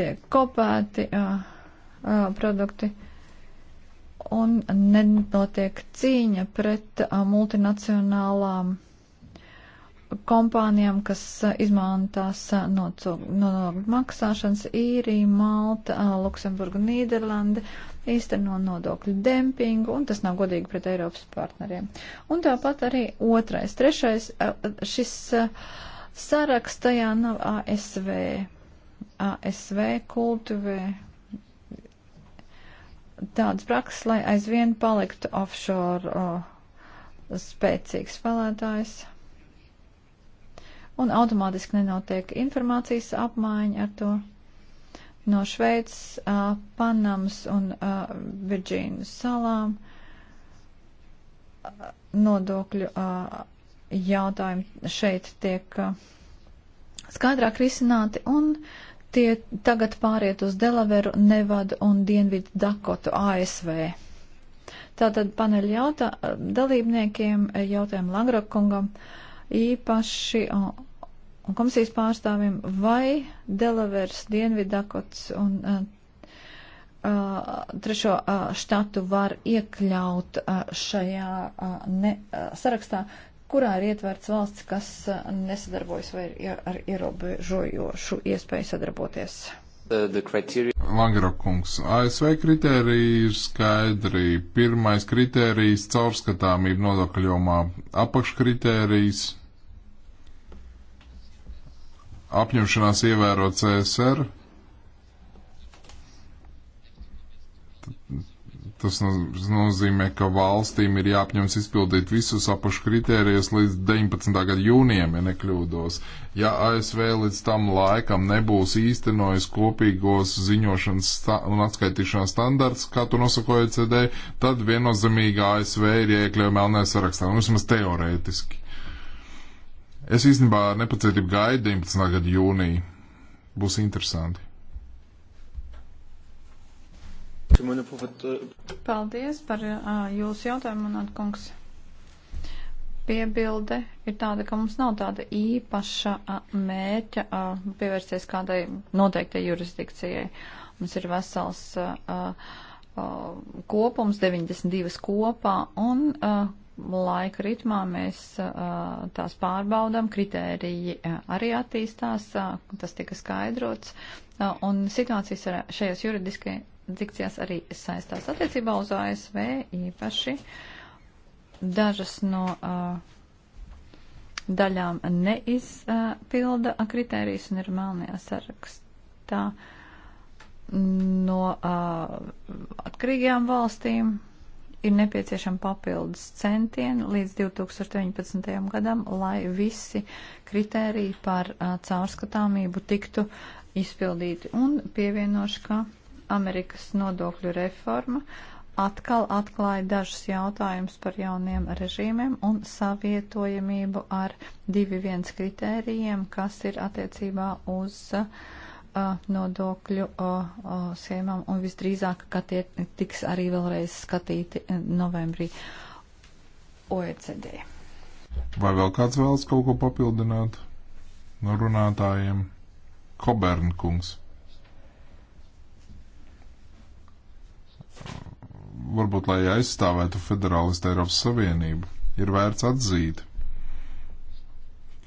tiek kopēti uh, uh, produkti un nenotiek cīņa pret uh, multinacionālām uh, kompānijām, kas izmantās nodokļu maksāšanas īrija, Malta, Luksemburga, Nīderlanda, īsteno nodokļu dempingu, un tas nav godīgi pret Eiropas partneriem. Un tāpat arī otrais, trešais, šis saraksts tajā nav ASV. ASV kultivē tādas prakses, lai aizvien paliktu offshore uh, spēcīgs spēlētājs un automātiski nenotiek informācijas apmaiņa ar to. No Šveices, uh, Panamas un uh, Virģīnas salām uh, nodokļu uh, jautājumi šeit tiek uh, skaidrāk risināti un tie tagad pāriet uz Delaveru, Nevadu un Dienvidu Dakotu ASV. Tātad paneļa jautā, dalībniekiem jautājumu Langrakungam īpaši un komisijas pārstāvim, vai Delavers, Dienvidakots un uh, uh, trešo uh, štatu var iekļaut uh, šajā uh, ne, uh, sarakstā, kurā ir ietverts valsts, kas uh, nesadarbojas vai ir ar ierobežojošu iespēju sadarboties. Langro kungs, ASV kritērija ir skaidri. Pirmais kritērijs caurskatāmība nodokļomā, apakškritērijs apņemšanās ievērot CSR. Tas nozīmē, ka valstīm ir jāapņems izpildīt visus apakškritērijus līdz 19. gada jūnijam, ja nekļūdos. Ja ASV līdz tam laikam nebūs īstenojis kopīgos ziņošanas un atskaitīšanās standarts, kā to nosaka OECD, tad viennozīmīgi ASV ir iekļauj melnē sarakstā, nu vismaz teorētiski. Es īstenībā ar nepacietību gaidu 19. gada jūniju. Būs interesanti. Paldies par uh, jūsu jautājumu, Manāt kungs. Piebilde ir tāda, ka mums nav tāda īpaša uh, mērķa uh, pievērsties kādai noteiktai jurisdikcijai. Mums ir vesels uh, uh, kopums, 92 kopā, un uh, laika ritmā mēs uh, tās pārbaudām, kritēriji uh, arī attīstās, uh, tas tika skaidrots, uh, un situācijas ar, šajās juridikcijās arī saistās attiecībā uz ASV īpaši dažas no uh, daļām neizpilda uh, kritērijas un ir melnajā sarakstā no uh, atkarīgajām valstīm ir nepieciešama papildus centieni līdz 2019. gadam, lai visi kritēriji par uh, caurskatāmību tiktu izpildīti. Un pievienošu, ka Amerikas nodokļu reforma atkal atklāja dažus jautājumus par jauniem režīmiem un savietojamību ar 2.1 kritērijiem, kas ir attiecībā uz uh, uh, nodokļu uh, uh, schēmām, un visdrīzāk, ka tie tiks arī vēlreiz skatīti e, novembrī OECD. Vai vēl kāds vēlas kaut ko papildināt no runātājiem? Kobernkungs. Varbūt, lai aizstāvētu federālistu Eiropas Savienību, ir vērts atzīt,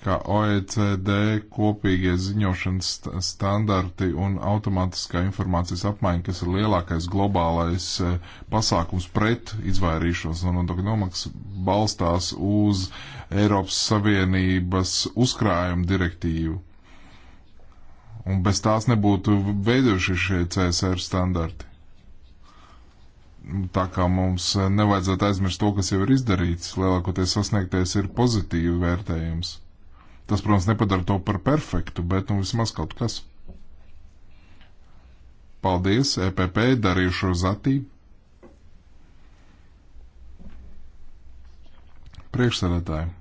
ka OECD kopīgie ziņošanas standarti un automātiskā informācijas apmaiņa, kas ir lielākais globālais e, pasākums pret izvairīšanos no nodokļu nomaksas, balstās uz Eiropas Savienības uzkrājuma direktīvu. Un bez tās nebūtu veidojuši šie CSR standarti. Tā kā mums e, nevajadzētu aizmirst to, kas jau ir izdarīts, lielākoties sasniegtais ir pozitīvi vērtējums Tas, protams, nepadara to par perfektu, bet nu vismaz kaut kas. Paldies, EPP, darījušo Zatī. Priekšsēdētāji,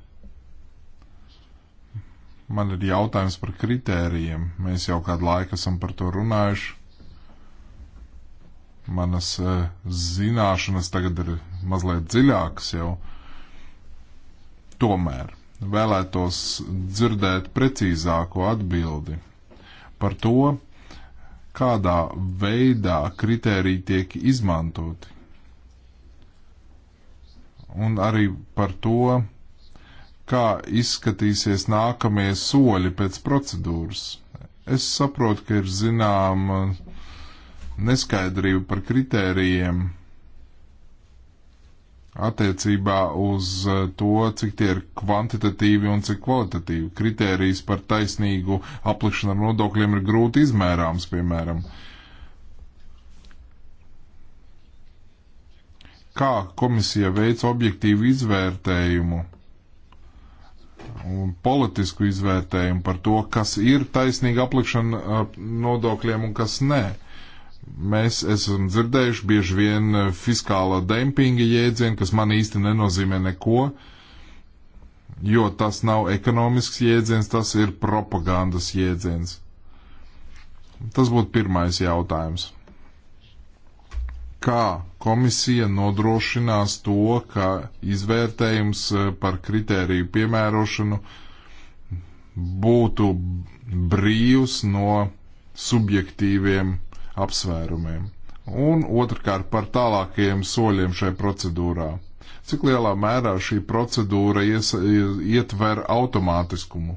man ir jautājums par kritērijiem. Mēs jau kādu laiku esam par to runājuši. Manas e, zināšanas tagad ir mazliet dziļākas jau. Tomēr vēlētos dzirdēt precīzāko atbildi par to, kādā veidā kritēriji tiek izmantoti. Un arī par to, kā izskatīsies nākamie soļi pēc procedūras. Es saprotu, ka ir zināma neskaidrība par kritērijiem, attiecībā uz eh, to, cik tie ir kvantitatīvi un cik kvalitatīvi. Kritērijas par taisnīgu aplikšanu ar nodokļiem ir grūti izmērāms, piemēram. Kā komisija veic objektīvu izvērtējumu un politisku izvērtējumu par to, kas ir taisnīga aplikšana ar nodokļiem un kas nē? Uh, Mēs esam dzirdējuši bieži vien eh, fiskālā dempinga jēdzienu, kas man īsti nenozīmē neko, jo tas nav ekonomisks jēdziens, tas ir propagandas jēdziens. Tas būtu pirmais jautājums. Kā komisija nodrošinās to, ka izvērtējums eh, par kritēriju piemērošanu būtu brīvs no subjektīviem apsvērumiem. Un otrkārt par tālākajiem soļiem šai procedūrā. Cik lielā mērā šī procedūra ies, ietver automātiskumu?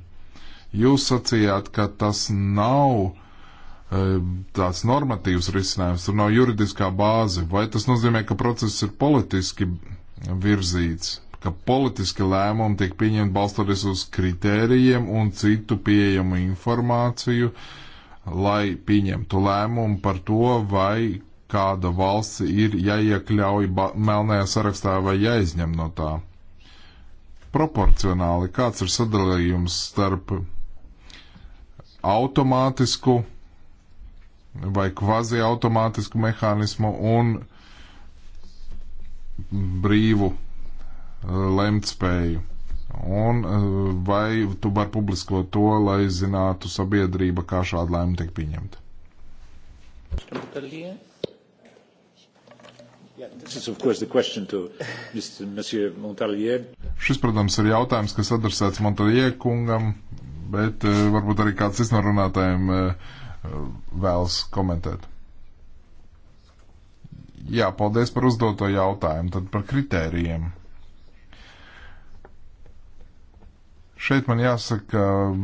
Jūs sacījāt, ka tas nav e, tāds normatīvs risinājums, tur nav juridiskā bāze. Vai tas nozīmē, ka process ir politiski virzīts, ka politiski lēmumi tiek pieņemti balstoties uz kritērijiem un citu pieejamu informāciju, uh, lai pieņemtu lēmumu par to, vai kāda valsts ir jāiekļauj melnajā sarakstā vai jāizņem no tā. Proporcionāli kāds ir sadalījums starp automātisku vai kvazi automātisku mehānismu un brīvu e, lemtspēju. Un eh, vai tu vari publiskot to, lai zinātu sabiedrība, kā šāda lēma tiek pieņemta? Yeah, Šis, protams, ir jautājums, kas adresēts Montaljē kungam, bet eh, varbūt arī kāds cits no runātājiem eh, vēlas komentēt. Jā, paldies par uzdoto jautājumu. Tad par kritērijiem. Šeit man jāsaka, um,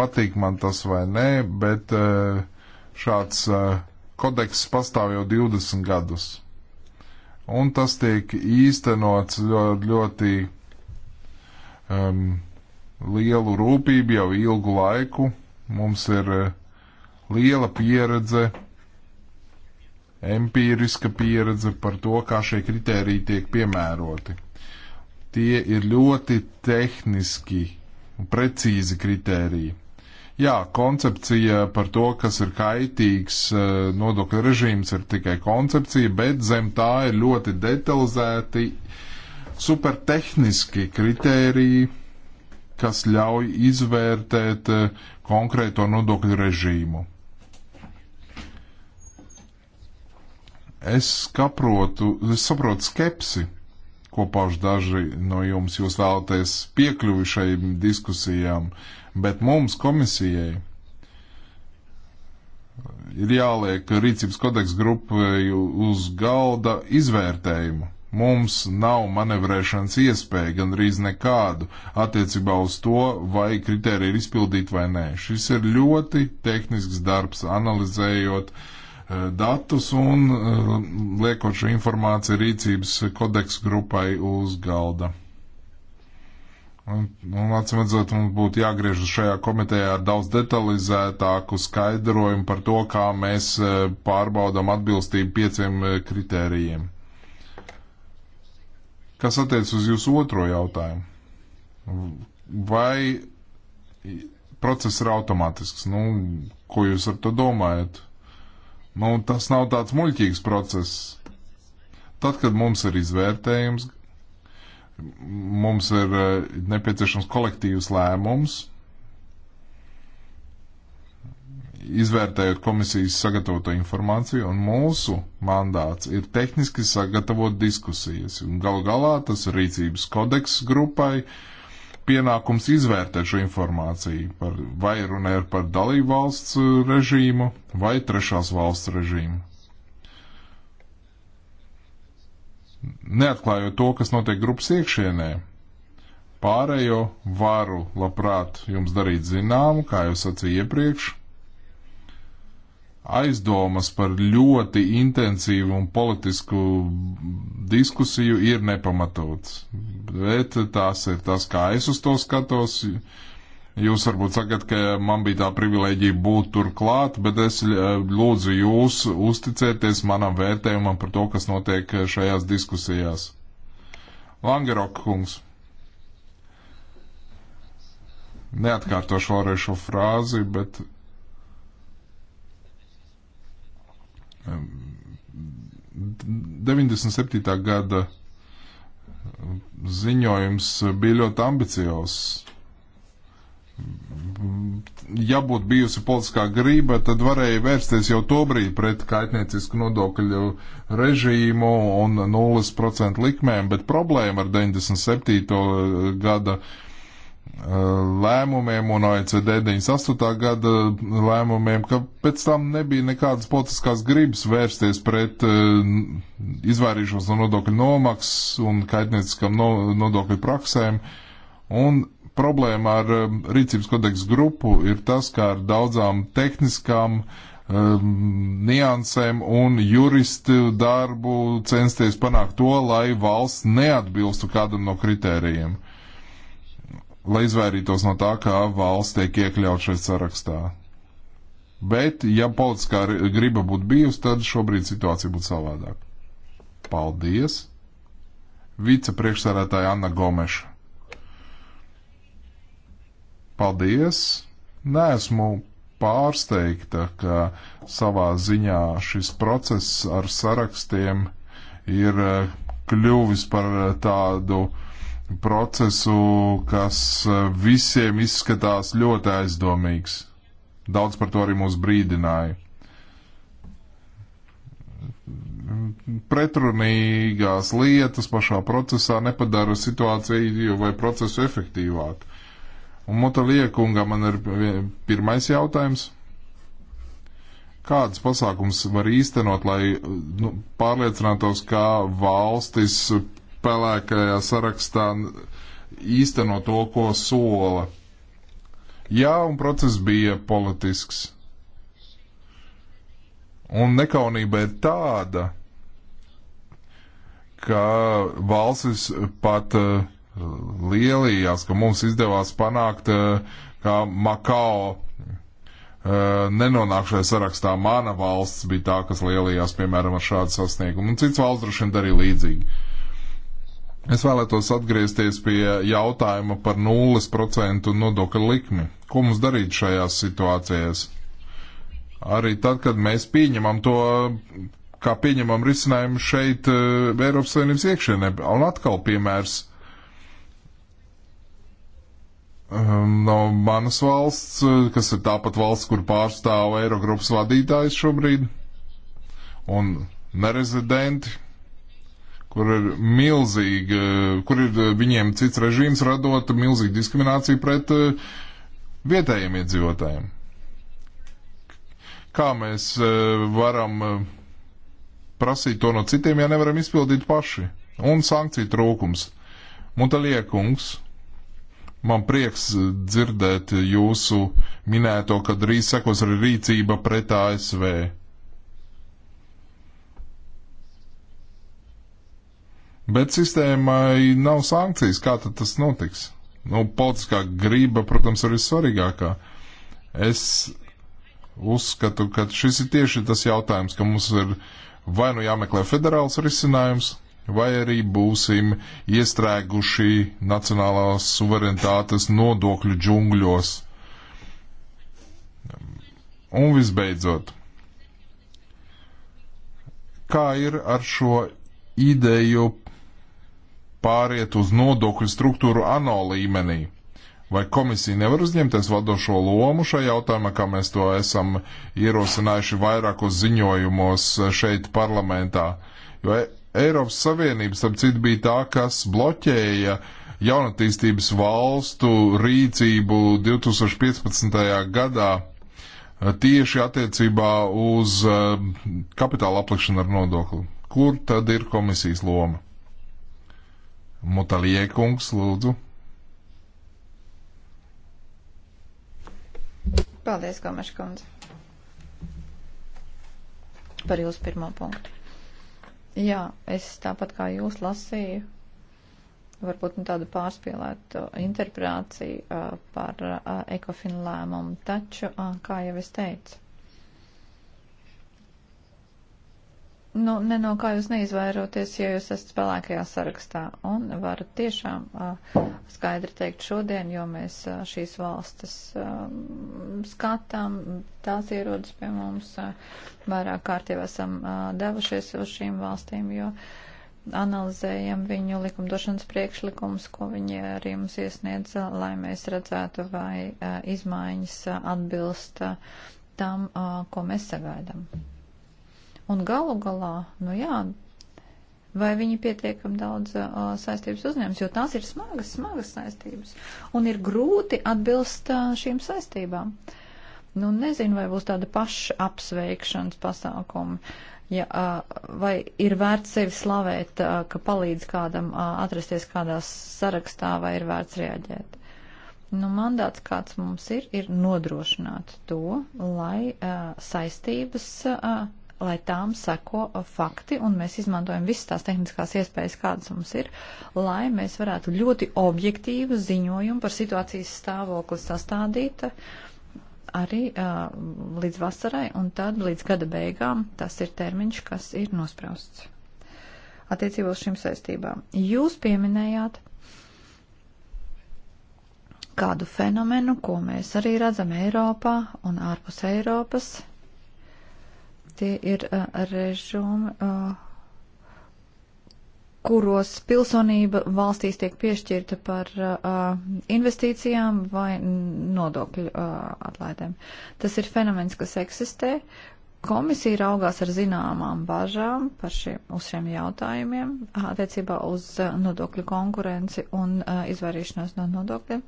patīk man tas vai nē, bet uh, šāds uh, kodeks pastāv jau 20 gadus. Un tas tiek īstenots ļoti, ļoti um, lielu rūpību jau ilgu laiku. Mums ir uh, liela pieredze, empīriska pieredze par to, kā šie kriteriji tiek piemēroti. Tie ir ļoti tehniski precīzi kritēriji. Jā, koncepcija par to, kas ir kaitīgs eh, nodokļu režīms, ir tikai koncepcija, bet zem tā ir ļoti detalizēti, supertehniski kritēriji, kas ļauj izvērtēt eh, konkrēto nodokļu režīmu. Es saprotu, es saprotu skepsi ko pauž daži no jums. Jūs vēlaties piekļuvi šajām diskusijām, bet mums komisijai ir jāliek rīcības kodeks grupai uz galda izvērtējumu. Mums nav manevrēšanas iespēja gandrīz nekādu attiecībā uz to, vai kritērija ir izpildīta vai nē. Šis ir ļoti tehnisks darbs, analizējot uh, datus un eh, liekot šo informāciju rīcības kodeks grupai uz galda. Un, un atsimedzot, mums būtu jāgriežas šajā komitejā ar daudz detalizētāku skaidrojumu par to, kā mēs eh, pārbaudām atbilstību pieciem eh, kritērijiem. Kas attiec uz jūsu otro jautājumu? Vai process ir automātisks? Nu, ko jūs ar to domājat? Nu, tas nav tāds muļķīgs process. Tad, kad mums ir izvērtējums, mums ir eh, nepieciešams kolektīvs lēmums, izvērtējot komisijas sagatavoto informāciju, un mūsu mandāts ir tehniski sagatavot diskusijas. Galu galā tas ir rīcības kodeks grupai, uh, pienākums izvērtēt šo informāciju, par, vai runa ir par dalību valsts eh, režīmu vai trešās valsts režīmu. Neatklājot to, kas notiek grupas iekšienē, pārējo varu labprāt jums darīt zināmu, kā jau sacīju iepriekš, aizdomas par ļoti intensīvu un politisku diskusiju ir nepamatots. Bet tas ir tas, kā es uz to skatos. Jūs varbūt sakat, ka man bija tā privilēģija būt tur klāt, bet es eh, lūdzu jūs uzticēties manam vērtējumam par to, kas notiek šajās diskusijās. Langerok kungs. Neatkārtošu vēlreiz šo frāzi, bet 97. gada ziņojums bija ļoti ambiciozs. Ja būtu bijusi politiskā grība, tad varēja vērsties jau tobrīd pret kaitniecisku nodokļu režīmu un 0% likmēm, bet problēma ar 97. gada uh, lēmumiem un OECD 98. gada lēmumiem, ka pēc tam nebija nekādas politiskās gribas vērsties pret eh, izvairīšanos no nodokļu nomaksas un kaitnieciskam no, nodokļu praksēm. Un problēma ar eh, rīcības kodeksu grupu ir tas, ka ar daudzām tehniskām um, niansēm un juristu darbu censties panākt to, lai valsts neatbilstu kādam no kritērijiem. Uh, lai izvairītos no tā, kā valsts tiek iekļaut šajā sarakstā. Bet, ja politiskā griba būtu bijusi, tad šobrīd situācija būtu savādāka. Paldies! Vicepriekšsēdētāja Anna Gomeša. Paldies! Neesmu pārsteigta, ka savā ziņā šis process ar sarakstiem ir eh, kļuvis par eh, tādu uh, procesu, kas e, visiem izskatās ļoti aizdomīgs. Daudz par to arī mūs brīdināja. Pretrunīgās lietas pašā procesā nepadara situāciju vai procesu efektīvāku. Un Motaliekunga man ir pirmais jautājums. Kādas pasākums var īstenot, lai nu, pārliecinātos, ka valstis pelēkajā sarakstā īsteno to, ko sola. Jā, un process bija politisks. Un nekaunība ir tāda, ka valstis pat uh, lielījās, ka mums izdevās panākt, uh, ka Makao e, nenonāk šajā sarakstā. Mana valsts bija tā, kas lielījās, piemēram, ar šādu sasniegumu. Un cits valsts droši vien darīja līdzīgi. Es vēlētos atgriezties pie jautājuma par 0% nodokļu likmi. Ko mums darīt šajās situācijās? Arī tad, kad mēs pieņemam to, kā pieņemam risinājumu šeit, e, Eiropas Savienības iekšienē. Un atkal piemērs um, no manas valsts, e, kas ir tāpat valsts, kur pārstāv Eirogrupas vadītājs šobrīd, un nerezidenti, kur ir milzīga, kur ir eh, viņiem cits režīms radot milzīgu diskrimināciju pret eh, vietējiem iedzīvotājiem. Kā mēs eh, varam prasīt to no citiem, ja nevaram izpildīt paši? Un sankciju trūkums. Mutaliekungs, man prieks dzirdēt jūsu minēto, ka drīz sekos arī rīcība pret ASV. Bet sistēmai nav sankcijas. Kā tad tas notiks? Nu, politiskā grība, protams, ir vissvarīgākā. Es uzskatu, ka šis ir tieši tas jautājums, ka mums ir vai nu jāmeklē federāls risinājums, vai arī būsim iestrēguši nacionālās suverenitātes nodokļu džungļos. Un visbeidzot, kā ir ar šo ideju pāriet uz nodokļu struktūru ANO līmenī. Vai komisija nevar uzņemties vadošo lomu šajā jautājumā, kā mēs to esam ierosinājuši vairākos ziņojumos šeit parlamentā? Jo Eiropas Savienības, starp citu, bija tā, kas bloķēja jaunatīstības valstu rīcību 2015. gadā tieši attiecībā uz eh, kapitāla aplikšanu ar nodokli. Kur tad ir komisijas loma? Mutalie kungs, lūdzu. Paldies, Gomeša kundze, par jūsu pirmo punktu. Jā, es tāpat kā jūs lasīju, varbūt nu, tādu pārspīlētu interpretāciju uh, par uh, ekofinu lēmumu, taču, uh, kā jau es teicu, nu, ne no kā jūs neizvairoties, ja jūs esat spēlēkajā sarakstā. Un varat tiešām uh, skaidri teikt šodien, jo mēs uh, šīs valstis uh, skatām, tās ierodas pie mums, uh, vairāk kārt jau esam uh, devušies uz šīm valstīm, jo analizējam viņu likumdošanas priekšlikumus, ko viņi arī mums iesniedz, uh, lai mēs redzētu, vai uh, izmaiņas uh, atbilst uh, tam, uh, ko mēs sagaidām. Un galu galā, nu jā, vai viņi pietiekam daudz uh, saistības uzņēmas, jo tās ir smagas, smagas saistības. Un ir grūti atbilst uh, šīm saistībām. Nu, nezinu, vai būs tāda paša apsveikšanas pasākuma. Ja, uh, vai ir vērts sevi slavēt, uh, ka palīdz kādam uh, atrasties kādā sarakstā, vai ir vērts reaģēt? Nu, mandāts, kāds mums ir, ir nodrošināt to, lai uh, saistības uh, lai tām seko fakti, un mēs izmantojam visas tās tehniskās iespējas, kādas mums ir, lai mēs varētu ļoti objektīvu ziņojumu par situācijas stāvokli sastādīt arī uh, līdz vasarai, un tad līdz gada beigām tas ir termiņš, kas ir nosprausts attiecībā uz šīm saistībām. Jūs pieminējāt kādu fenomenu, ko mēs arī redzam Eiropā un ārpus Eiropas tie ir uh, režīmi, uh, kuros pilsonība valstīs tiek piešķirta par uh, investīcijām vai nodokļu uh, atlaidēm. Tas ir fenomens, kas eksistē. Komisija raugās ar zināmām bažām par šiem, uz šiem jautājumiem uh, attiecībā uz uh, nodokļu konkurenci un uh, izvairīšanos no nodokļiem.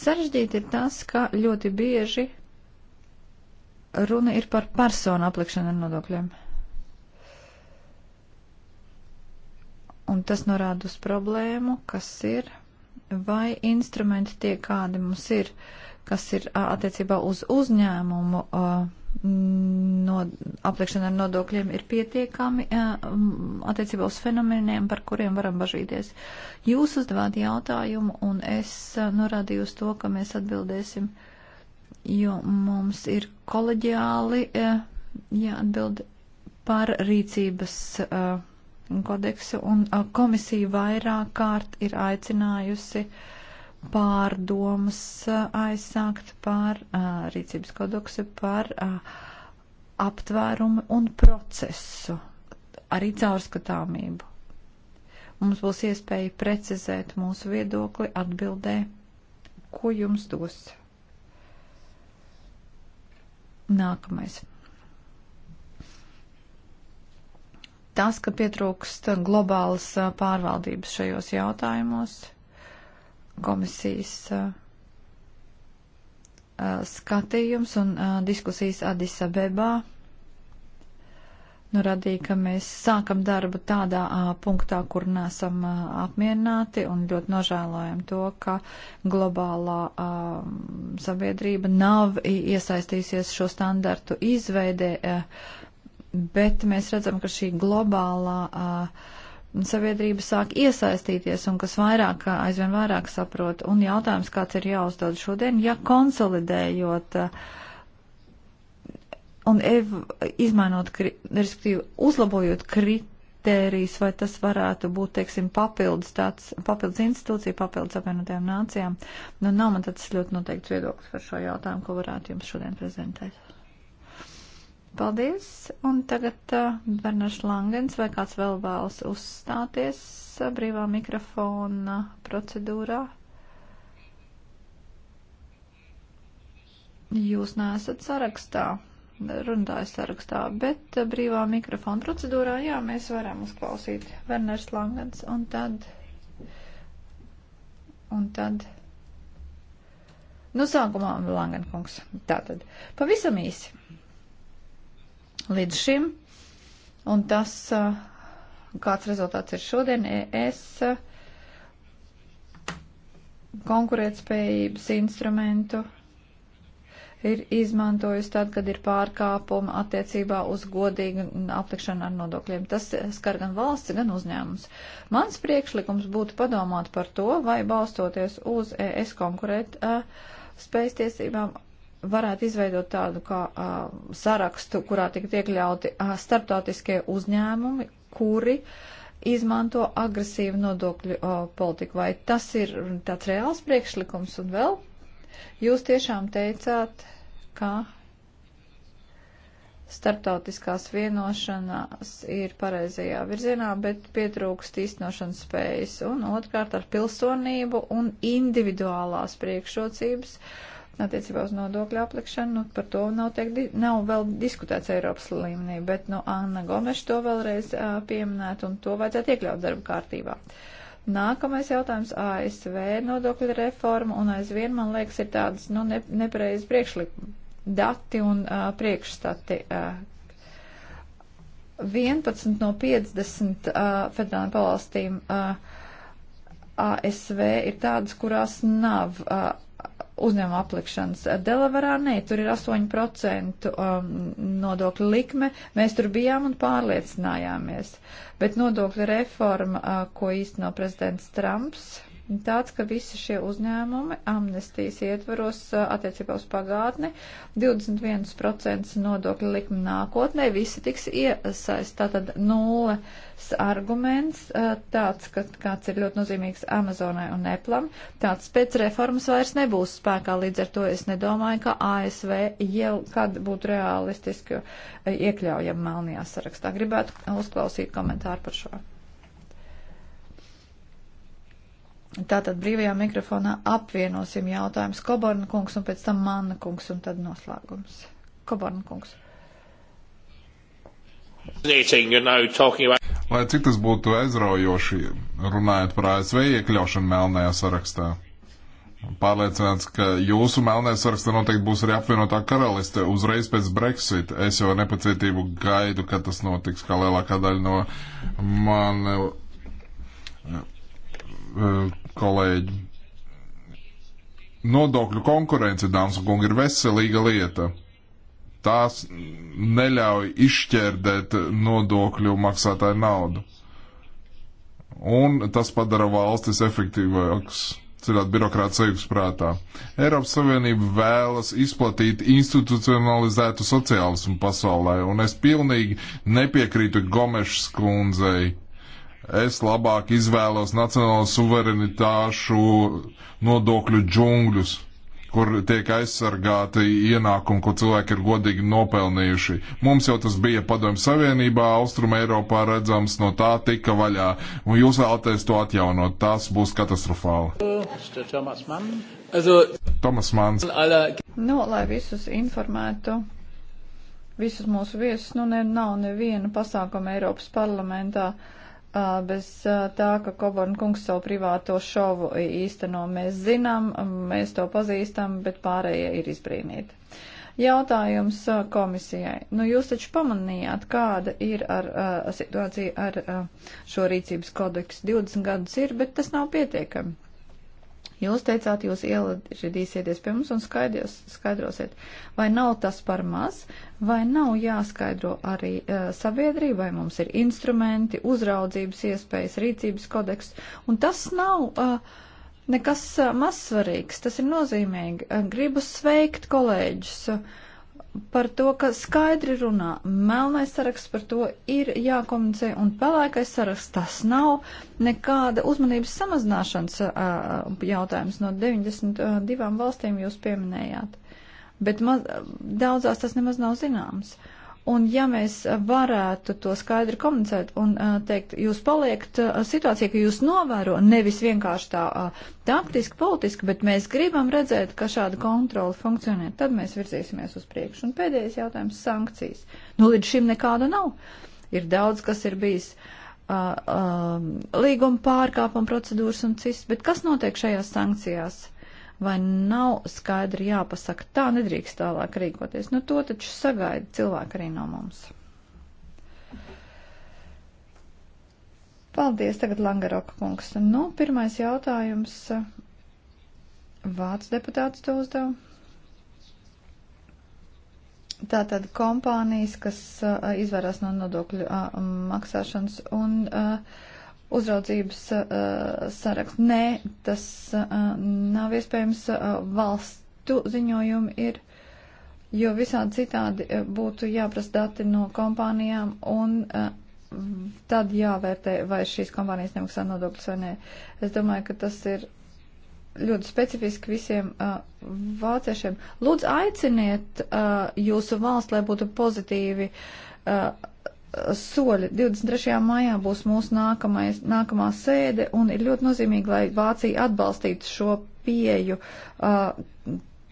Sarežģīti ir tas, ka ļoti bieži Runa ir par personu aplikšanu ar nodokļiem. Un tas norāda uz problēmu, kas ir, vai instrumenti tie, kādi mums ir, kas ir attiecībā uz uzņēmumu no, aplikšanu ar nodokļiem, ir pietiekami attiecībā uz fenomeniem, par kuriem varam bažīties. Jūs uzdevāt jautājumu, un es norādīju uz to, ka mēs atbildēsim. Uh, jo mums ir koleģiāli e, jāatbild par rīcības e, kodeksu, un e, komisija vairāk kārt ir aicinājusi pārdomas aizsākt par rīcības kodeksu, par aptvērumu un procesu, arī caurskatāmību. Mums būs iespēja precizēt mūsu viedokli atbildē, ko jums dos. Nākamais. Tas, ka pietrūkst globālas pārvaldības šajos jautājumos, komisijas skatījums un diskusijas Adisabebā norādīja, ka mēs sākam darbu tādā a, punktā, kur nesam a, apmierināti un ļoti nožēlojam to, ka globālā a, sabiedrība nav iesaistījusies šo standartu izveidē, a, bet mēs redzam, ka šī globālā a, sabiedrība sāk iesaistīties un kas vairāk, aizvien vairāk saprot. Un jautājums, kāds ir jāuzdod šodien, ja konsolidējot. A, un ev, izmainot, respektīvi, uzlabojot kritērijas, vai tas varētu būt, teiksim, papildus tāds, papildus institūcija, papildus apvienotajām nācijām. Nu, nav man tāds ļoti noteikts viedoklis par šo jautājumu, ko varētu jums šodien prezentēt. Paldies, un tagad uh, Bernars Langens vai kāds vēl vēlas uzstāties uh, brīvā mikrofona procedūrā. Jūs neesat sarakstā runātāju sarakstā, bet uh, brīvā mikrofona procedūrā, jā, mēs varam uzklausīt Werners Langens un tad. Un tad. Nu, sākumā Langenkungs. Tātad, pavisam īsi. Līdz šim, un tas, uh, kāds rezultāts ir šodien, es uh, konkurētspējības instrumentu ir izmantojusi tad, kad ir pārkāpuma attiecībā uz godīgu aplikšanu ar nodokļiem. Tas skar gan valsts, gan uzņēmums. Mans priekšlikums būtu padomāt par to, vai balstoties uz ES konkurēt spējas tiesībām varētu izveidot tādu kā uh, sarakstu, kurā tiktu iekļauti uh, starptautiskie uzņēmumi, kuri izmanto agresīvu nodokļu uh, politiku. Vai tas ir tāds reāls priekšlikums un vēl? Jūs tiešām teicāt, ka starptautiskās vienošanās ir pareizajā virzienā, bet pietrūkst īstenošanas spējas. Un otrkārt ar pilsonību un individuālās priekšrocības attiecībā uz nodokļu aplikšanu, nu, par to nav, tiek, nav vēl diskutēts Eiropas līmenī, bet, nu, Anna Gomeša to vēlreiz uh, pieminēt un to vajadzētu iekļaut darba kārtībā. Uh, Nākamais jautājums - ASV nodokļu reforma, un aizvien, man liekas, ir tādas nu, ne, nepareizas priekšlikumi, dati un uh, priekšstati. Uh, 11 no 50 uh, federālajām valstīm uh, ASV ir tādas, kurās nav uh, uzņēmuma aplikšanas. Delavarā nē, tur ir 8% um, nodokļa likme. Mēs tur bijām un pārliecinājāmies. Bet nodokļa reforma, uh, ko īsteno prezidents Trumps, tāds, ka visi šie uzņēmumi amnestijas ietvaros attiecībā uz pagātni 21% nodokļu likmi nākotnē, visi tiks iesaist. Tātad nulles arguments, tāds, ka kāds ir ļoti nozīmīgs Amazonai un Neplam, tāds pēc reformas vairs nebūs spēkā, līdz ar to es nedomāju, ka ASV jau kad būtu realistiski iekļaujama melnajā sarakstā. Gribētu uzklausīt komentāru par šo. Tātad brīvajā mikrofonā apvienosim jautājumus Koborna kungs un pēc tam Manna kungs un tad noslēgums. Koborna kungs. Lai cik tas būtu aizraujoši, runājot par ASV iekļaušanu melnajā sarakstā, pārliecināts, ka jūsu melnajā sarakstā noteikti būs arī apvienotā karaliste uzreiz pēc Brexit. Es jau nepacietību gaidu, ka tas notiks, kā lielākā daļa no man kolēģi. Nodokļu konkurence, dāmas un kungi, ir veselīga lieta. Tās neļauj izšķērdēt nodokļu maksātāju naudu. Un tas padara valstis efektīvākas ceļot birokrāta sajūgs prātā. Eiropas Savienība vēlas izplatīt institucionalizētu sociālismu pasaulē, un es pilnīgi nepiekrītu Gomešas kundzei es labāk izvēlos nacionālo suverenitāšu nodokļu džungļus, kur tiek aizsargāti ienākumi, ko cilvēki ir godīgi nopelnījuši. Mums jau tas bija Padomju Savienībā, Austrum Eiropā redzams, no tā tika vaļā, un jūs vēlaties to atjaunot, tas būs katastrofāli. Tomas Mans. Nu, lai visus informētu visus mūsu viesus, nu, ne, nav neviena pasākuma Eiropas parlamentā, uh, bez tā, ka Koborn kungs savu privāto šovu īsteno mēs zinām, mēs to pazīstam, bet pārējie ir izbrīnīti. Jautājums komisijai. Nu, jūs taču pamanījāt, kāda ir ar, uh, situācija ar uh, šo rīcības kodeksu. 20 gadus ir, bet tas nav pietiekami. Jūs teicāt, jūs ieladīsieties pie mums un skaidros, skaidrosiet, vai nav tas par maz, vai nav jāskaidro arī uh, e, sabiedrībai, mums ir instrumenti, uzraudzības iespējas, rīcības kodeks, un tas nav. Uh, Nekas e, mazsvarīgs, tas ir nozīmīgi. Gribu sveikt kolēģus, uh, par to, ka skaidri runā. Melnais saraksts par to ir jākomunicē, un pelēkais saraksts tas nav nekāda uzmanības samazināšanas uh, jautājums no 92 valstīm jūs pieminējāt. Bet maz, daudzās tas nemaz nav zināms. Uh, Un ja mēs varētu to skaidri komunicēt un uh, teikt, jūs paliekat uh, situācijā, ka jūs novēro nevis vienkārši tā uh, taktiski, politiski, bet mēs gribam redzēt, ka šāda kontrola funkcionē, tad mēs virzīsimies uz priekšu. Un pēdējais jautājums - sankcijas. Nu, līdz šim nekāda nav. Ir daudz, kas ir bijis uh, uh, līguma pārkāpuma procedūras un cits, bet kas notiek šajās sankcijās? Uh, vai nav skaidri jāpasaka, tā nedrīkst tālāk rīkoties. Nu, to taču sagaida cilvēki arī no mums. Paldies, tagad Langaroka kungs. Nu, pirmais jautājums. Vācu deputāts to uzdev. Tātad kompānijas, kas uh, izvairās no nodokļu uh, maksāšanas un uh, uzraudzības uh, sarakstu. Nē, tas uh, nav iespējams. Uh, valstu ziņojumi ir, jo visādi citādi uh, būtu jāprasa dati no kompānijām un uh, tad jāvērtē, vai šīs kompānijas nemaksā nodokļus vai nē. Es domāju, ka tas ir ļoti specifiski visiem uh, vāciešiem. Lūdzu, aiciniet uh, jūsu valsts, lai būtu pozitīvi. Uh, soļi. 23. maijā būs mūsu nākamais, nākamā sēde, un ir ļoti nozīmīgi, lai Vācija atbalstītu šo pieju uh,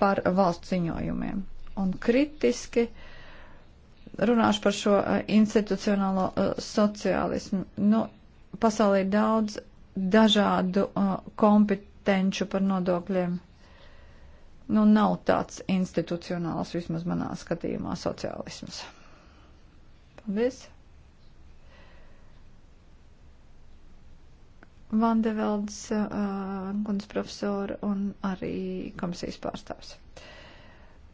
par valsts ziņojumiem. Un kritiski runāšu par šo uh, institucionālo uh, sociālismu. Nu, pasaulē ir daudz dažādu uh, kompetenču par nodokļiem. Nu, nav tāds institucionāls, vismaz manā skatījumā, sociālisms. Viss. Vandevelds, uh, gunas profesora un arī komisijas pārstāvs.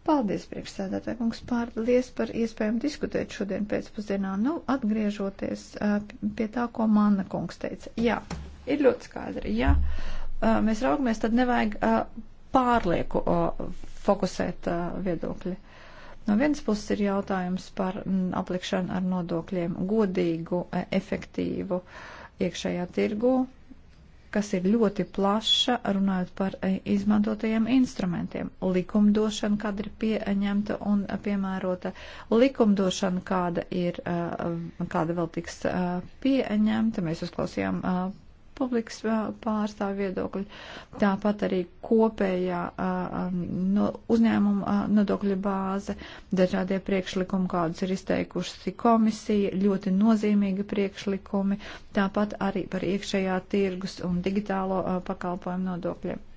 Paldies, priekšsēdētāji, kungs, paldies par iespējumu diskutēt šodien pēcpusdienā. Nu, atgriežoties uh, pie tā, ko Manna kungs teica. Jā, ir ļoti skaidri. Jā, uh, mēs raugamies, tad nevajag uh, pārlieku uh, fokusēt uh, viedokļi. Uh, No vienas puses ir jautājums par mm, aplikšanu ar nodokļiem godīgu, e, efektīvu iekšējā tirgu, kas ir ļoti plaša, runājot par e, izmantotajiem instrumentiem. Likumdošana, kāda ir pieņemta un piemērota, likumdošana, kāda ir, e, kāda vēl tiks pieņemta. Mēs uzklausījām publikas pārstāvju viedokļi, tāpat arī kopējā no, uzņēmuma nodokļa bāze, dažādie priekšlikumi, kādus ir izteikuši komisija, ļoti nozīmīgi priekšlikumi, tāpat arī par iekšējā tirgus un digitālo pakalpojumu nodokļiem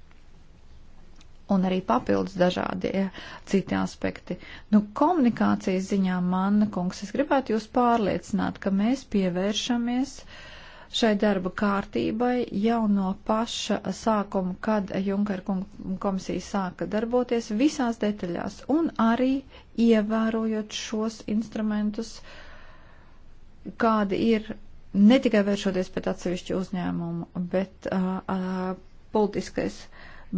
un arī papildus dažādi ja, citi aspekti. Nu, komunikācijas ziņā, Manna kungs, es gribētu jūs pārliecināt, ka mēs pievēršamies uh, šai darba kārtībai jau no paša sākuma, kad Junker komisija sāka darboties visās detaļās un arī ievērojot šos instrumentus, kādi ir ne tikai vēršoties pēc atsevišķu uzņēmumu, bet uh, uh, politiskais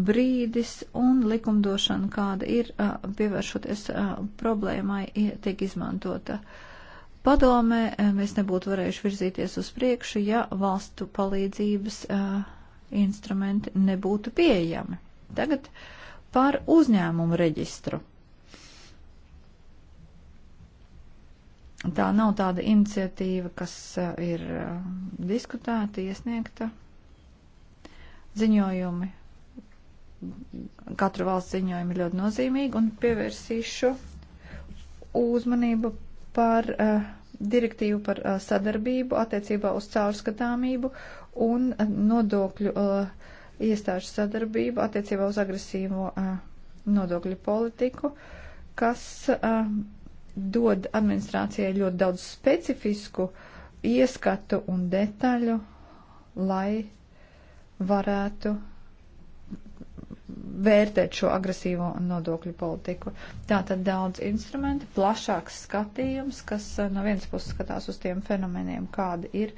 brīdis un likumdošana, kāda ir uh, pievēršoties uh, problēmai, tiek izmantota. Uh, Padomē eh, mēs nebūtu varējuši virzīties uz priekšu, ja valstu palīdzības uh, instrumenti nebūtu pieejami. Tagad par uzņēmumu reģistru. Tā nav tāda iniciatīva, kas uh, ir uh, diskutēta, iesniegta ziņojumi. Katra valsts ziņojumi ir ļoti nozīmīgi un pievērsīšu uzmanību par uh, direktīvu par uh, sadarbību attiecībā uz caurskatāmību un eh, nodokļu uh, iestāžu sadarbību attiecībā uz agresīvo uh, nodokļu politiku, kas uh, dod administrācijai ļoti daudz specifisku ieskatu un detaļu, lai varētu vērtēt šo agresīvo nodokļu politiku. Tā tad daudz instrumenti, plašāks skatījums, kas eh, no vienas puses skatās uz tiem fenomeniem, kādi ir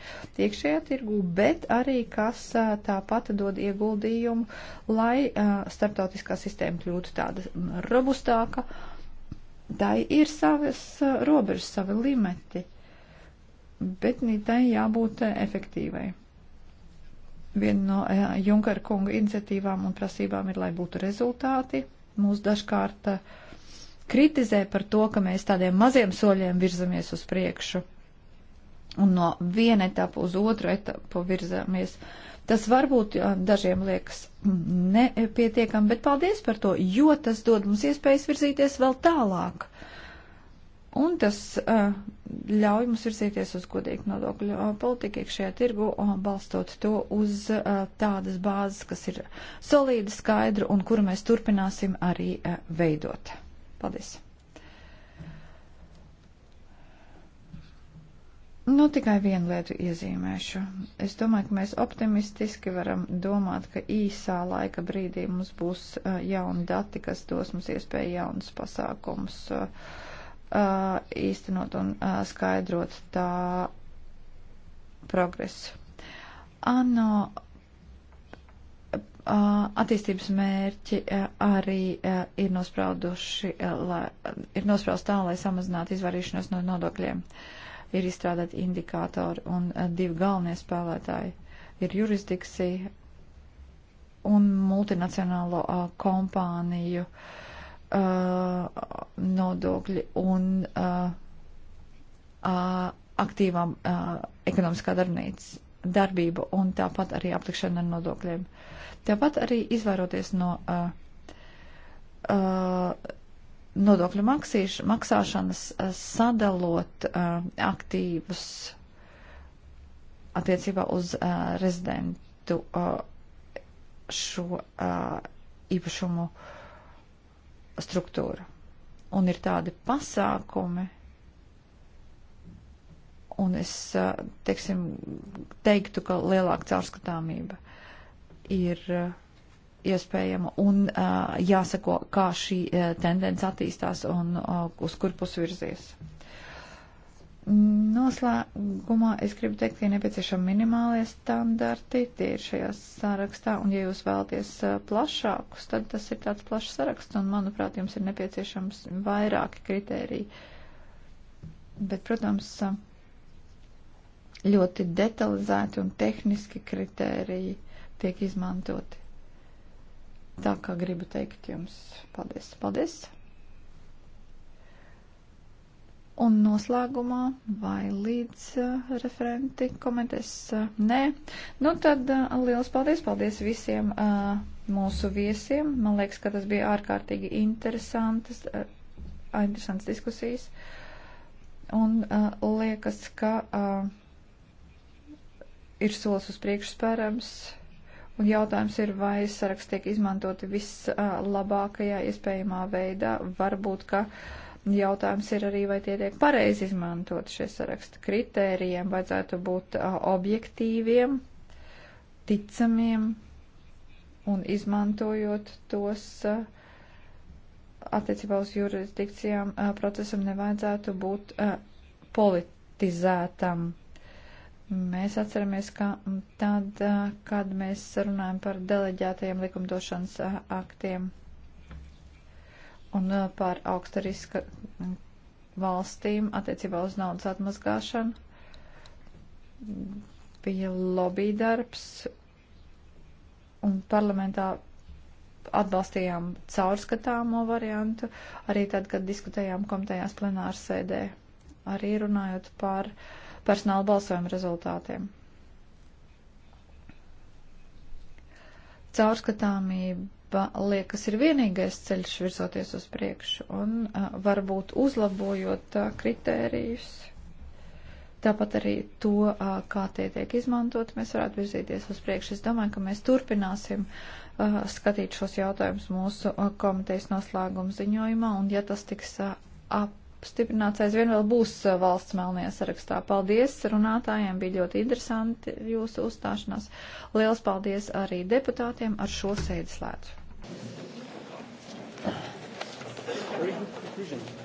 iekšējā tirgū, bet arī kas eh, tāpat dod ieguldījumu, lai eh, starptautiskā sistēma kļūtu tāda mm, robustāka. Tai ir savas robežas, savi limiti, bet tai jābūt efektīvai. Viena no eh, Junkara kunga iniciatīvām un prasībām ir, lai būtu rezultāti. Mūs dažkārt eh, kritizē par to, ka mēs tādiem maziem soļiem virzamies uz priekšu un no viena etapa uz otru etapu virzamies. Tas varbūt eh, dažiem liekas nepietiekami, bet paldies par to, jo tas dod mums iespējas virzīties vēl tālāk. Un tas uh, ļauj mums virzīties uz godīgu nodokļu uh, politiku iekšējā tirgu, uh, balstot to uz uh, tādas bāzes, kas ir solīda, skaidra un kuru mēs turpināsim arī uh, veidot. Paldies! Nu, tikai vienu lietu iezīmēšu. Es domāju, ka mēs optimistiski varam domāt, ka īsā laika brīdī mums būs uh, jauni dati, kas dos mums iespēju jaunas pasākums. Uh, Uh, īstenot un uh, skaidrot tā progresu. ANO uh, attīstības mērķi arī ir nosprauduši, lai, ir nospraust tā, lai samazinātu izvarīšanos no nodokļiem. Ir izstrādāti indikātori un divi galvenie spēlētāji ir jurisdikcija un multinacionālo kompāniju uh, uh, nodokļi un uh, uh aktīvām uh, ekonomiskā darbnīca darbība un tāpat arī aplikšana ar nodokļiem. Tāpat arī izvairoties no uh, uh, nodokļu maksīš, maksāšanas, uh, sadalot uh, aktīvus attiecībā uz uh, rezidentu uh, šo uh, īpašumu uh, struktūra. Un ir tādi pasākumi, un es, teiksim, teiktu, ka lielāka caurskatāmība ir iespējama un jāsako, kā šī tendence attīstās un uz kur pus virzies. Noslēgumā es gribu teikt, ka ir nepieciešami minimālie standarti, tie ir šajā sarakstā, un ja jūs vēlaties plašākus, tad tas ir tāds plašs saraksts, un manuprāt, jums ir nepieciešams vairāki kritēriji. Bet, protams, ļoti detalizēti un tehniski kritēriji tiek izmantoti. Tā kā gribu teikt jums paldies. Paldies! Un noslēgumā vai līdz uh, referenti komentēs? Uh, nē. Nu tad uh, liels paldies, paldies visiem mūsu viesiem. Man liekas, ka tas bija ārkārtīgi interesantas, interesants diskusijas. Un liekas, ka ir solis uz priekšu spērams. Un jautājums ir, vai saraksts tiek izmantoti vislabākajā iespējamā veidā. Varbūt, ka. Uh, Jautājums ir arī, vai tie tiek pareizi izmantot šie saraksta kritērijiem, vajadzētu būt uh, objektīviem, ticamiem un izmantojot tos uh, attiecībā uz jurisdikcijām uh, procesam nevajadzētu būt uh, politizētam. Mēs atceramies, ka tad, kad mēs runājam par deleģētajiem likumdošanas aktiem, un par augsta riska valstīm attiecībā uz naudas atmazgāšanu. Bija lobby darbs, un parlamentā atbalstījām caurskatāmo variantu, arī tad, kad diskutējām komitejās plenāru sēdē, arī runājot par personāla balsojuma rezultātiem. Caurskatāmība Eiropa liekas ir vienīgais ceļš virzoties uz priekšu un uh, varbūt uzlabojot uh, kritērijus. Tāpat arī to, uh, kā tie tiek izmantot, mēs varētu virzīties uz priekšu. Es domāju, ka mēs turpināsim uh, skatīt šos jautājumus mūsu uh, komitejas noslēguma ziņojumā, un ja tas tiks uh, apstiprināts, aizvien vēl būs uh, valsts melnie sarakstā. Paldies runātājiem, bija ļoti interesanti jūsu uzstāšanās. Liels paldies arī deputātiem ar šo sēdes lēcu. Very good conclusion.